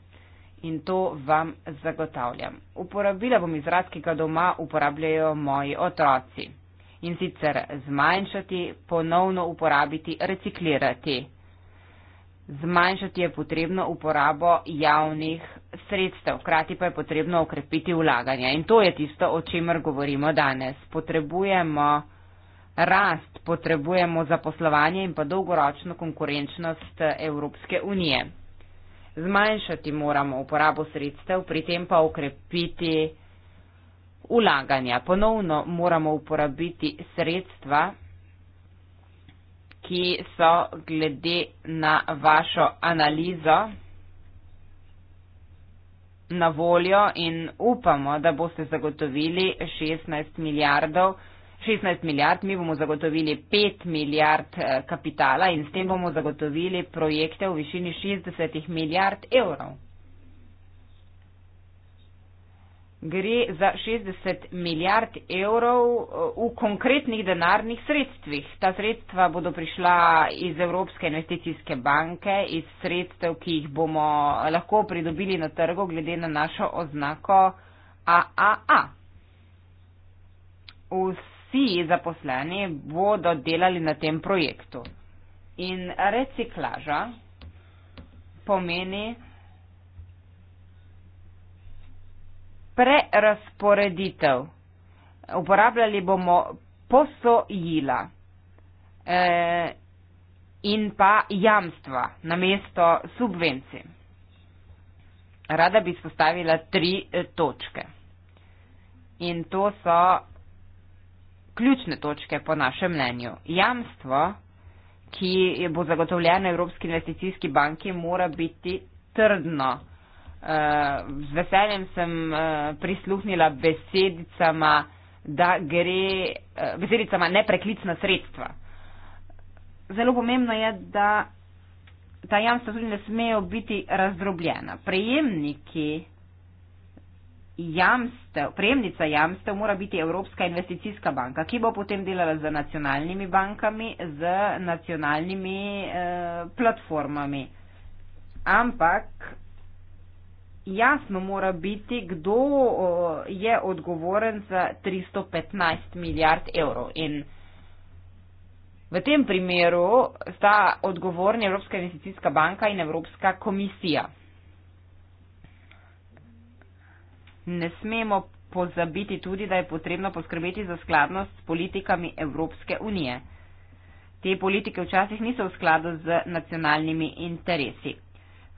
Speaker 1: In to vam zagotavljam. Uporabila bom izraz, ki ga doma uporabljajo moji otroci. In sicer zmanjšati, ponovno uporabiti, reciklirati. Zmanjšati je potrebno uporabo javnih sredstev, krati pa je potrebno okrepiti vlaganja. In to je tisto, o čemer govorimo danes. Potrebujemo rast, potrebujemo zaposlovanje in pa dolgoročno konkurenčnost Evropske unije. Zmanjšati moramo uporabo sredstev, pri tem pa okrepiti vlaganja. Ponovno moramo uporabiti sredstva, ki so glede na vašo analizo na voljo in upamo, da boste zagotovili 16 milijardov. 16 milijard, mi bomo zagotovili 5 milijard eh, kapitala in s tem bomo zagotovili projekte v višini 60 milijard evrov. gre za 60 milijard evrov eh, v konkretnih denarnih sredstvih. Ta sredstva bodo prišla iz Evropske investicijske banke, iz sredstev, ki jih bomo lahko pridobili na trgu glede na našo oznako AAA. Vsi zaposleni bodo delali na tem projektu. In reciklaža pomeni, prerasporeditev. Uporabljali bomo posojila eh, in pa jamstva na mesto subvencij. Rada bi spostavila tri e, točke. In to so ključne točke po našem mnenju. Jamstvo, ki bo zagotovljeno Evropski investicijski banki, mora biti trdno. Eh, z veseljem sem eh, prisluhnila besedicama, da gre eh, besedicama nepreklicna sredstva. Zelo pomembno je, da ta jamstva tudi ne smejo biti razdrobljena. Prejemniki jamstev, prejemnica jamstev mora biti Evropska investicijska banka, ki bo potem delala z nacionalnimi bankami, z nacionalnimi eh, platformami. Ampak jasno mora biti, kdo je odgovoren za 315 milijard evrov. In v tem primeru sta odgovorni Evropska investicijska banka in Evropska komisija. Ne smemo pozabiti tudi, da je potrebno poskrbeti za skladnost s politikami Evropske unije. Te politike včasih niso v skladu z nacionalnimi interesi.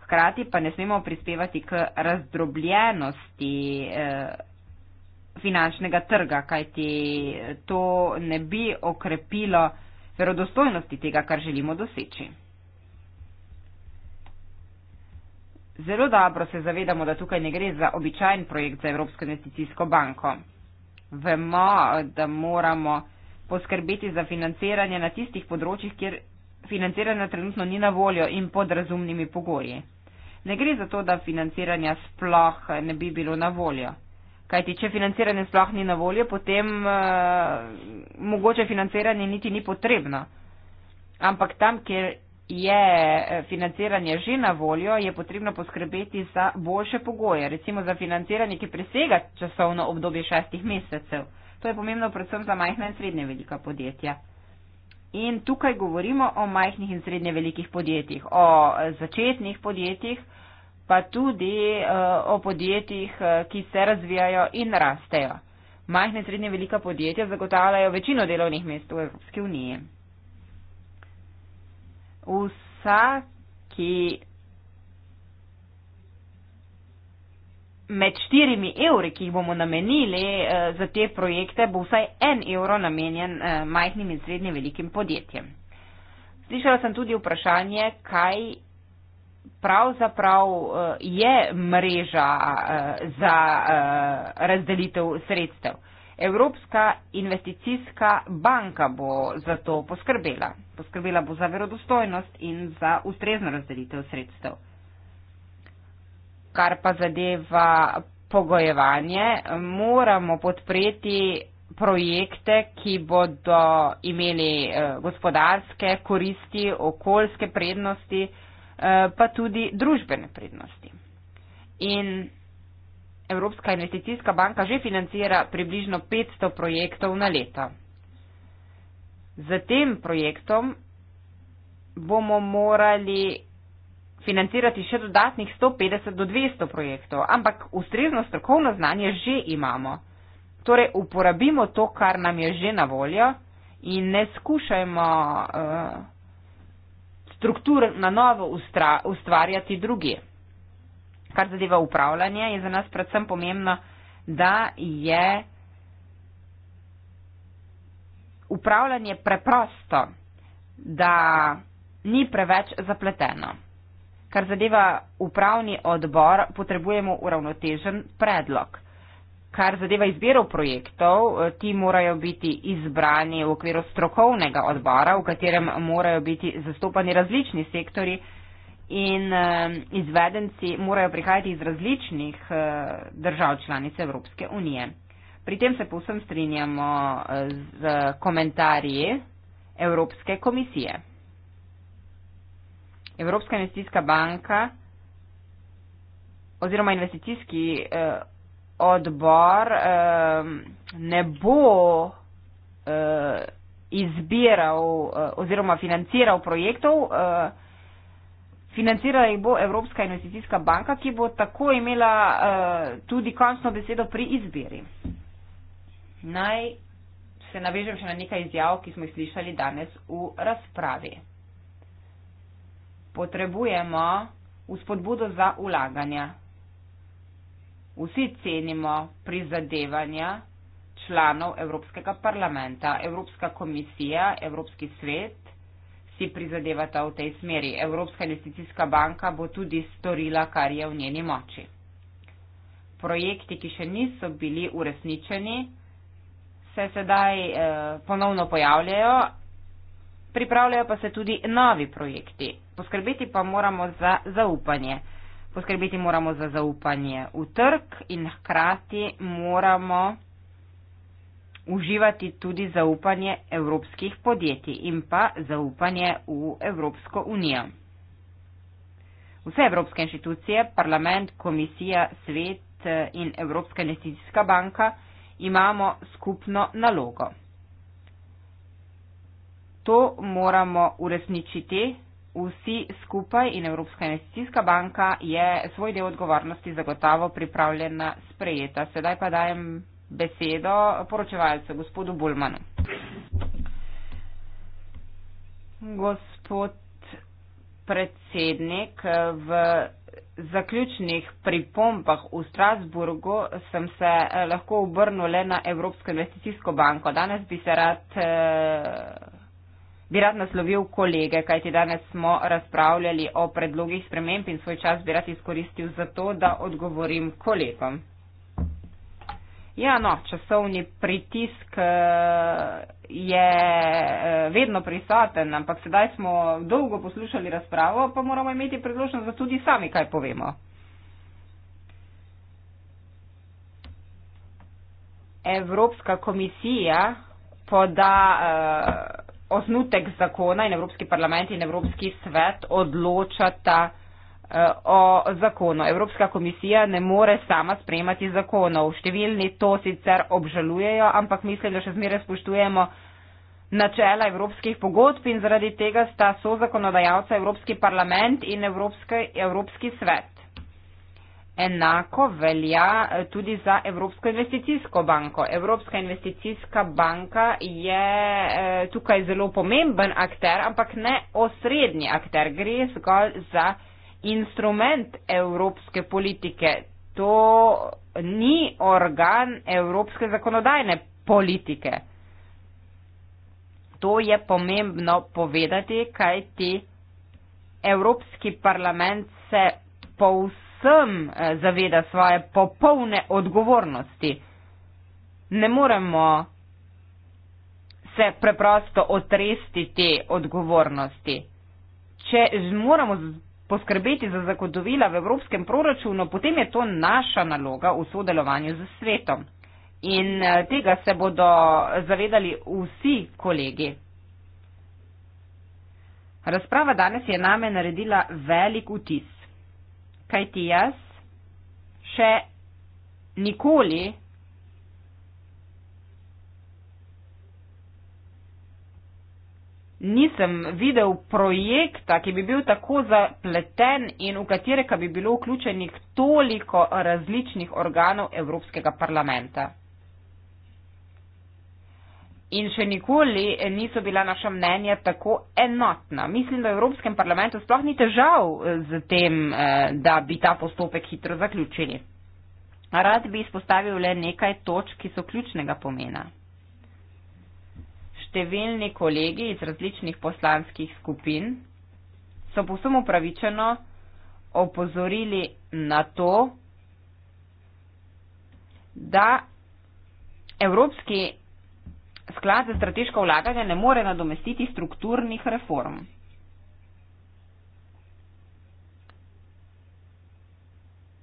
Speaker 1: Hkrati pa ne smemo prispevati k razdrobljenosti eh, finančnega trga, kajti eh, to ne bi okrepilo verodostojnosti tega, kar želimo doseči. Zelo dobro se zavedamo, da tukaj ne gre za običajen projekt za Evropsko investicijsko banko. Vemo, da moramo poskrbeti za financiranje na tistih področjih, kjer financiranje trenutno ni na voljo in pod razumnimi pogoji ne gre za to, da financiranja sploh ne bi bilo na voljo. Kajti, če financiranje sploh ni na voljo, potem uh, mogoče financiranje niti ni potrebno. Ampak tam, kjer je eh, financiranje že na voljo, je potrebno poskrbeti za boljše pogoje, recimo za financiranje, ki presega časovno obdobje šestih mesecev. To je pomembno predvsem za majhna in srednje velika podjetja. In tukaj govorimo o majhnih in srednje velikih podjetjih, o eh, začetnih podjetjih, pa tudi uh, o podjetjih, eh, ki se razvijajo in rastejo. Majhne in srednje velika podjetja zagotavljajo večino delovnih mest v Evropski uniji. Vsaki med štirimi evri, ki jih bomo namenili eh, za te projekte, bo vsaj en evro namenjen eh, majhnim in srednje velikim podjetjem. Slišala sem tudi vprašanje, kaj pravzaprav eh, je mreža eh, za eh, razdelitev sredstev. Evropska investicijska banka bo za to poskrbela. Poskrbela bo za verodostojnost in za ustrezno razdelitev sredstev kar pa zadeva pogojevanje, moramo podpreti projekte, ki bodo imeli eh, gospodarske koristi, okoljske prednosti, eh, pa tudi družbene prednosti. In Evropska investicijska banka že financira približno 500 projektov na leto. Za tem projektom bomo morali financirati še dodatnih 150 do 200 projektov, ampak ustrezno strokovno znanje že imamo. Torej uporabimo to, kar nam je že na voljo in ne skušajmo uh, struktur na novo ustra, ustvarjati drugi. Kar zadeva upravljanje, je za nas predvsem pomembno, da je upravljanje preprosto, da ni preveč zapleteno. Kar zadeva upravni odbor, potrebujemo uravnotežen predlog. Kar zadeva izbiro projektov, eh, ti morajo biti izbrani v okviru strokovnega odbora, v katerem morajo biti zastopani različni sektori in eh, izvedenci morajo prihajati iz različnih eh, držav članice Evropske unije. Pri tem se povsem strinjamo z komentarji Evropske komisije. Evropska investicijska banka oziroma investicijski eh, odbor eh, ne bo eh, izbiral eh, oziroma financiral projektov, eh, financirala jih bo Evropska investicijska banka, ki bo tako imela eh, tudi končno besedo pri izbiri. Naj se navežem še na nekaj izjav, ki smo jih slišali danes v razpravi potrebujemo vzpodbudo za ulaganja. Vsi cenimo prizadevanja članov Evropskega parlamenta, Evropska komisija, Evropski svet si prizadevata v tej smeri. Evropska investicijska banka bo tudi storila, kar je v njeni moči. Projekti, ki še niso bili uresničeni, se sedaj eh, ponovno pojavljajo, pripravljajo pa se tudi novi projekti. Poskrbeti pa moramo za zaupanje. Poskrbeti moramo za zaupanje v trg in hkrati moramo uživati tudi zaupanje evropskih podjetij in pa zaupanje v Evropsko unijo. Vse evropske inštitucije, parlament, komisija, svet eh, in Evropska investicijska banka imamo skupno nalogo. To moramo uresničiti vsi skupaj in Evropska investicijska banka je svoj del odgovornosti zagotavo pripravljena sprejeta. Sedaj pa dajem besedo poročevalcu, gospodu Bulmanu. Gospod predsednik, v zaključnih pripombah v Strasburgu sem se lahko obrnul le na Evropsko investicijsko banko. Danes bi se rad. Eh, bi rad naslovil kolege, kajti danes smo razpravljali o predlogih sprememb in svoj čas bi rad izkoristil za to, da odgovorim kolegom. Ja, no, časovni pritisk eh, je eh, vedno prisoten, ampak sedaj smo dolgo poslušali razpravo, pa moramo imeti priložnost, da tudi sami kaj povemo. Evropska komisija poda. Uh, osnutek zakona in Evropski parlament in Evropski svet odločata eh, o zakonu. Evropska komisija ne more sama sprejemati zakonov. Številni to sicer obžalujejo, ampak mislim, da še zmeraj spoštujemo načela evropskih pogodb in zaradi tega sta so zakonodajalca Evropski parlament in Evropski, Evropski svet. Enako velja eh, tudi za Evropsko investicijsko banko. Evropska investicijska banka je eh, tukaj zelo pomemben akter, ampak ne osrednji akter. Gre zgolj za instrument evropske politike. To ni organ evropske zakonodajne politike. To je pomembno povedati, kaj ti Evropski parlament se povsod predvsem eh, zaveda svoje popolne odgovornosti. Ne moremo se preprosto otresti te odgovornosti. Če moramo poskrbeti za zagotovila v evropskem proračunu, potem je to naša naloga v sodelovanju z svetom. In eh, tega se bodo zavedali vsi kolegi. Razprava danes je name naredila velik vtis kaj ti jaz še nikoli nisem videl projekta, ki bi bil tako zapleten in v katerega bi bilo vključenih toliko različnih organov Evropskega parlamenta. In še nikoli eh, niso bila naša mnenja tako enotna. Mislim, da v Evropskem parlamentu sploh ni težav z eh, tem, eh, da bi ta postopek hitro zaključili. Rad bi izpostavil le nekaj točk, ki so ključnega pomena. Številni kolegi iz različnih poslanskih skupin so posem upravičeno opozorili na to, da Evropski parlament sklad za strateško vlaganje ne more nadomestiti strukturnih reform.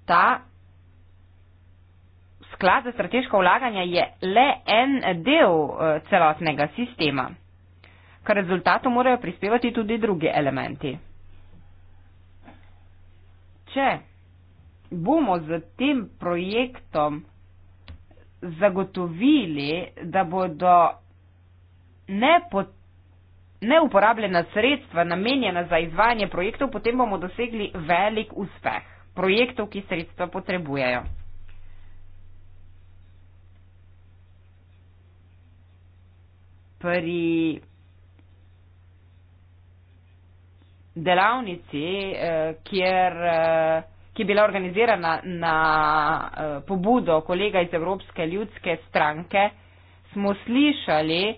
Speaker 1: Ta sklad za strateško vlaganje je le en del eh, celotnega sistema. K rezultatu morajo prispevati tudi drugi elementi. Če bomo z tem projektom zagotovili, da bodo nepot, neuporabljena sredstva namenjena za izvajanje projektov, potem bomo dosegli velik uspeh projektov, ki sredstva potrebujejo. Pri delavnici, eh, kjer, eh, ki je bila organizirana na eh, pobudo kolega iz Evropske ljudske stranke, smo slišali,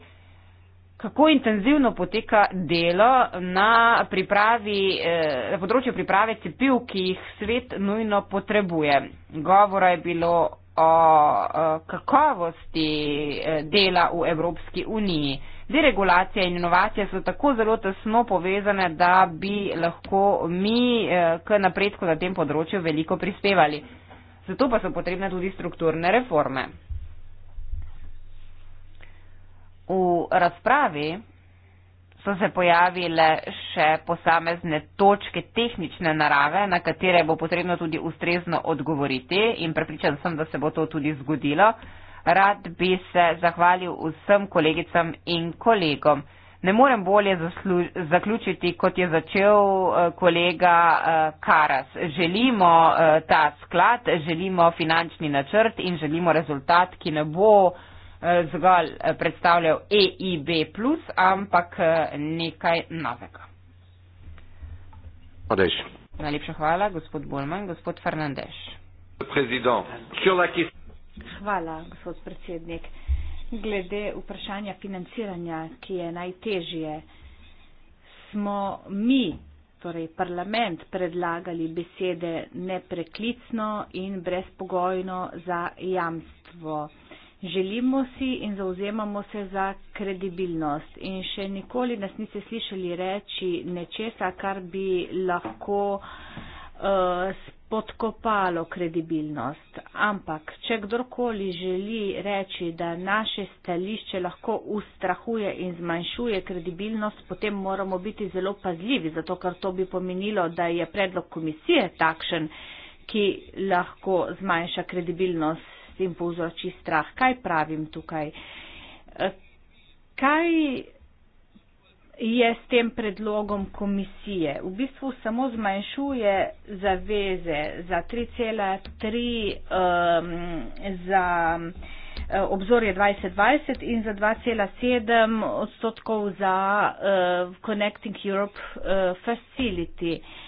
Speaker 1: Kako intenzivno poteka delo na, pripravi, eh, na področju priprave cepiv, ki jih svet nujno potrebuje? Govora je bilo o kakovosti eh, dela v Evropski uniji. Deregulacija in inovacija so tako zelo tesno povezane, da bi lahko mi eh, k napredku na tem področju veliko prispevali. Zato pa so potrebne tudi strukturne reforme. V razpravi so se pojavile še posamezne točke tehnične narave, na katere bo potrebno tudi ustrezno odgovoriti in prepričan sem, da se bo to tudi zgodilo. Rad bi se zahvalil vsem kolegicam in kolegom. Ne morem bolje zaključiti, kot je začel eh, kolega eh, Karas. Želimo eh, ta sklad, želimo finančni načrt in želimo rezultat, ki ne bo. Eh, zgolj eh, predstavljal EIB, ampak eh, nekaj novega. Odeš. Najlepša hvala, gospod Bolman, gospod Fernandez.
Speaker 2: Hvala, gospod predsednik. Glede vprašanja financiranja, ki je najtežje, smo mi, torej parlament, predlagali besede nepreklicno in brezpogojno za jamstvo. Želimo si in zauzemamo se za kredibilnost. In še nikoli nas niste slišali reči nečesa, kar bi lahko uh, eh, podkopalo kredibilnost. Ampak, če kdorkoli želi reči, da naše stališče lahko ustrahuje in zmanjšuje kredibilnost, potem moramo biti zelo pazljivi, zato ker to bi pomenilo, da je predlog komisije takšen, ki lahko zmanjša kredibilnost s tem povzroči strah. Kaj pravim tukaj? Eh, kaj je s tem predlogom komisije? V bistvu samo zmanjšuje zaveze za 3,3 um, ehm, za eh, obzorje 2020 in za 2,7 odstotkov za uh, Connecting Europe uh, Facility. Uh,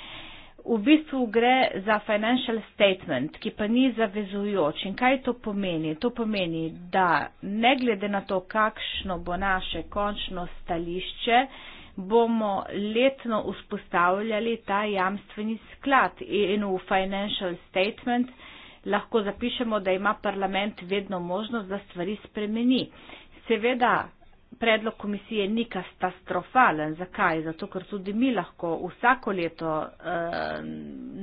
Speaker 2: v bistvu gre za financial statement, ki pa ni zavezujoč. In kaj to pomeni? To pomeni, da ne glede na to, kakšno bo naše končno stališče, bomo letno vzpostavljali ta jamstveni sklad in v financial statement lahko zapišemo, da ima parlament vedno možnost, da stvari spremeni. Seveda, predlog komisije ni katastrofalen. Zakaj? Zato, ker tudi mi lahko vsako leto eh,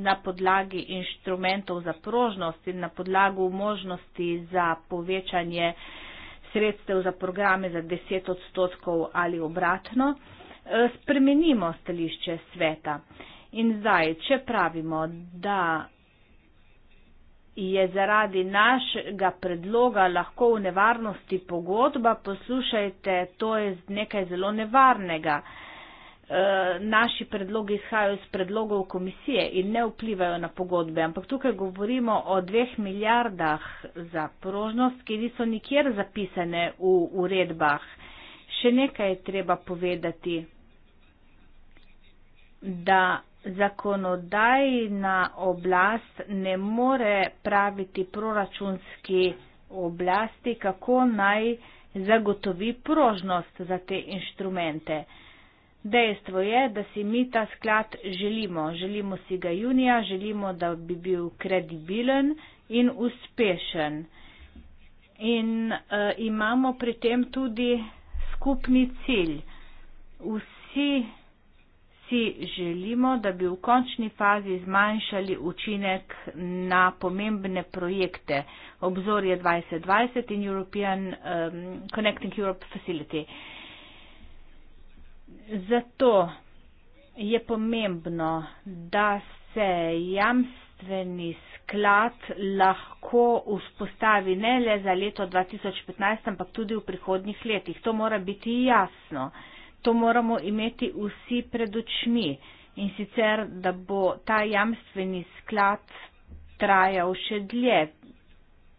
Speaker 2: na podlagi inštrumentov za prožnost in na podlagi možnosti za povečanje sredstev za programe za 10 odstotkov ali obratno, eh, spremenimo stališče sveta. In zdaj, če pravimo, da je zaradi našega predloga lahko v nevarnosti pogodba, poslušajte, to je nekaj zelo nevarnega. E, naši predlogi izhajajo iz predlogov komisije in ne vplivajo na pogodbe, ampak tukaj govorimo o dveh milijardah za prožnost, ki niso nikjer zapisane v uredbah. Še nekaj je treba povedati, da zakonodajna oblast ne more praviti proračunski oblasti, kako naj zagotovi prožnost za te inštrumente. Dejstvo je, da si mi ta sklad želimo. Želimo si ga junija, želimo, da bi bil kredibilen in uspešen. In e, imamo pri tem tudi skupni cilj. Vsi si želimo, da bi v končni fazi zmanjšali učinek na pomembne projekte obzorje 2020 in European um, Connecting Europe Facility. Zato je pomembno, da se jamstveni sklad lahko vzpostavi ne le za leto 2015, ampak tudi v prihodnjih letih. To mora biti jasno to moramo imeti vsi pred očmi in sicer, da bo ta jamstveni sklad trajal še dlje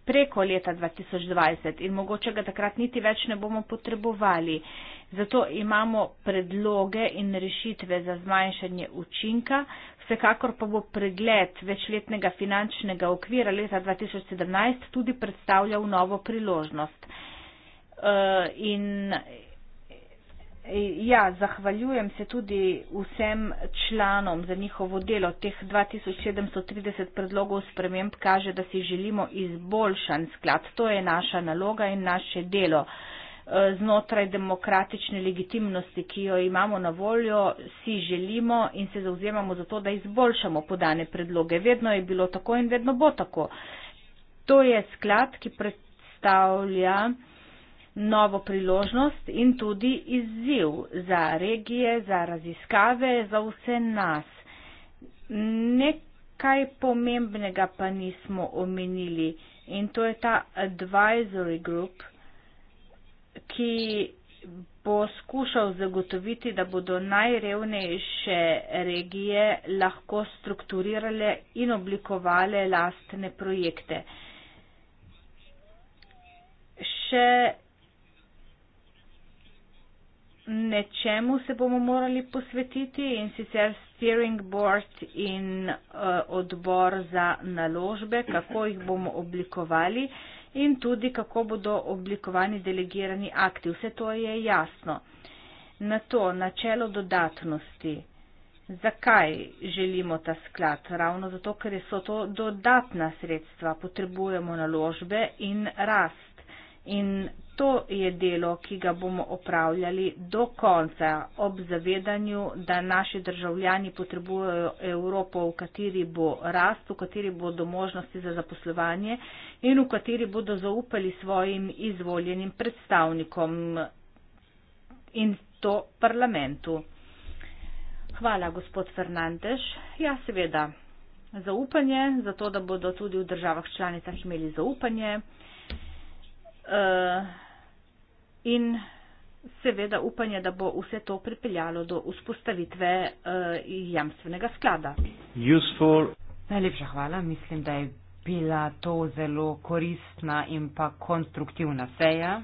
Speaker 2: preko leta 2020 in mogoče ga takrat niti več ne bomo potrebovali. Zato imamo predloge in rešitve za zmanjšanje učinka. Vsekakor pa bo pregled večletnega finančnega okvira leta 2017 tudi predstavljal novo priložnost. Eh, in Ja, zahvaljujem se tudi vsem članom za njihovo delo. Teh 2730 predlogov sprememb kaže, da si želimo izboljšan sklad. To je naša naloga in naše delo. E, znotraj demokratične legitimnosti, ki jo imamo na voljo, si želimo in se zauzemamo za to, da izboljšamo podane predloge. Vedno je bilo tako in vedno bo tako. To je sklad, ki predstavlja novo priložnost in tudi izziv za regije, za raziskave, za vse nas. Nekaj pomembnega pa nismo omenili in to je ta advisory group, ki bo skušal zagotoviti, da bodo najrevnejše regije lahko strukturirale in oblikovale lastne projekte. Še nečemu se bomo morali posvetiti in sicer steering board in uh, odbor za naložbe, kako jih bomo oblikovali in tudi kako bodo oblikovani delegirani akti. Vse to je jasno. Na to načelo dodatnosti. Zakaj želimo ta sklad? Ravno zato, ker so to dodatna sredstva, potrebujemo naložbe in rast. In to je delo, ki ga bomo opravljali do konca ob zavedanju, da naši državljani potrebujejo Evropo, v kateri bo rast, v kateri bodo možnosti za zaposlovanje in v kateri bodo zaupali svojim izvoljenim predstavnikom in to parlamentu. Hvala, gospod Fernandež. Ja, seveda, zaupanje, zato da bodo tudi v državah članicah imeli zaupanje uh, in seveda upanje, da bo vse to pripeljalo do vzpostavitve uh, jamstvenega sklada.
Speaker 1: Useful. Najlepša hvala. Mislim, da je bila to zelo koristna in pa konstruktivna seja.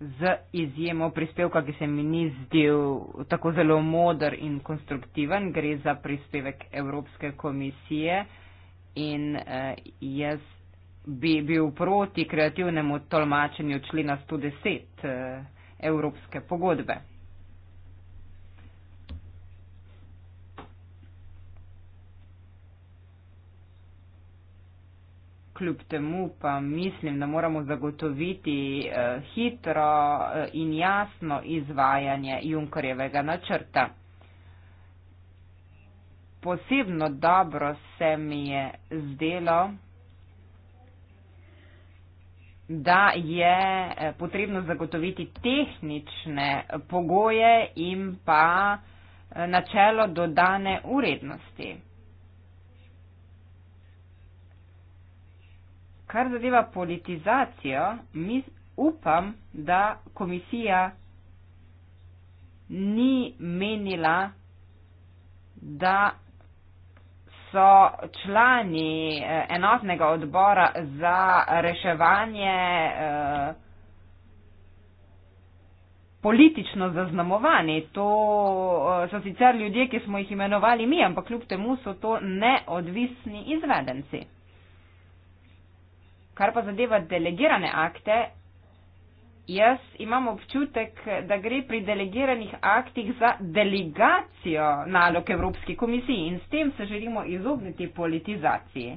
Speaker 1: z izjemo prispevka, ki se mi ni zdel tako zelo modr in konstruktiven, gre za prispevek Evropske komisije in eh, jaz bi bil proti kreativnemu tolmačenju člena 110 eh, Evropske pogodbe. kljub temu pa mislim, da moramo zagotoviti eh, hitro eh, in jasno izvajanje Junkarjevega načrta. Posebno dobro se mi je zdelo, da je eh, potrebno zagotoviti tehnične pogoje in pa načelo dodane urednosti. kar zadeva politizacijo, mi upam, da komisija ni menila, da so člani eh, enotnega odbora za reševanje eh, politično zaznamovani. To eh, so sicer ljudje, ki smo jih imenovali mi, ampak kljub temu so to neodvisni izvedenci. Kar pa zadeva delegirane akte, jaz imam občutek, da gre pri delegiranih aktih za delegacijo nalog Evropski komisiji in s tem se želimo izogniti politizaciji.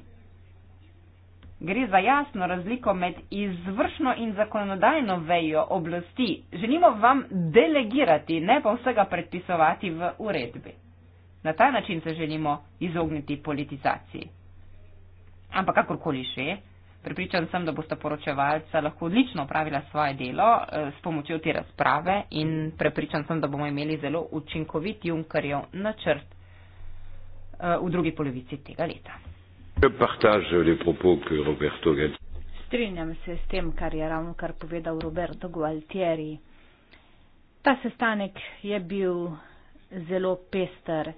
Speaker 1: Gre za jasno razliko med izvršno in zakonodajno vejo oblasti. Želimo vam delegirati, ne pa vsega predpisovati v uredbi. Na ta način se želimo izogniti politizaciji. Ampak kakorkoli še je. Pripričan sem, da boste poročevalca lahko odlično upravila svoje delo eh, s pomočjo te razprave in prepričan sem, da bomo imeli zelo učinkovit Junkerjev načrt
Speaker 2: eh, v drugi polovici tega leta. Strinjam se s tem, kar je ravno kar povedal Roberto Gualtieri. Ta sestanek je bil zelo pester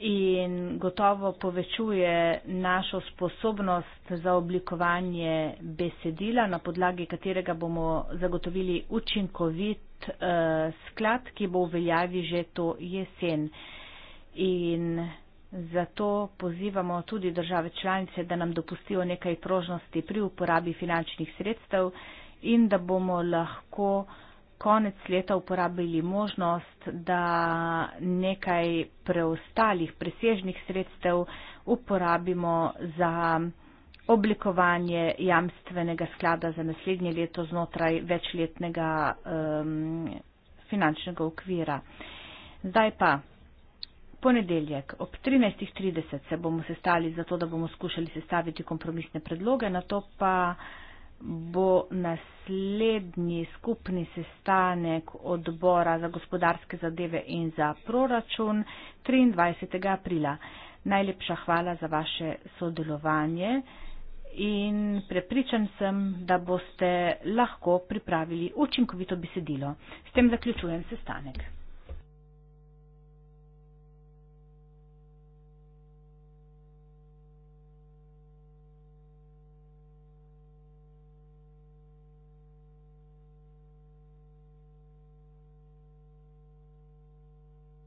Speaker 2: in gotovo povečuje našo sposobnost za oblikovanje besedila, na podlagi katerega bomo zagotovili učinkovit uh, sklad, ki bo v veljavi že to jesen. In zato pozivamo tudi države članice, da nam dopustijo nekaj prožnosti pri uporabi finančnih sredstev in da bomo lahko uh, konec leta uporabili možnost, da nekaj preostalih presežnih sredstev uporabimo za oblikovanje jamstvenega sklada za naslednje leto znotraj večletnega um, finančnega okvira. Zdaj pa. Ponedeljek ob 13.30 se bomo sestali zato, da bomo skušali sestaviti kompromisne predloge, na to pa bo naslednji skupni sestanek odbora za gospodarske zadeve in za proračun 23. aprila. Najlepša hvala za vaše sodelovanje in prepričan sem, da boste lahko pripravili učinkovito besedilo. S tem zaključujem sestanek.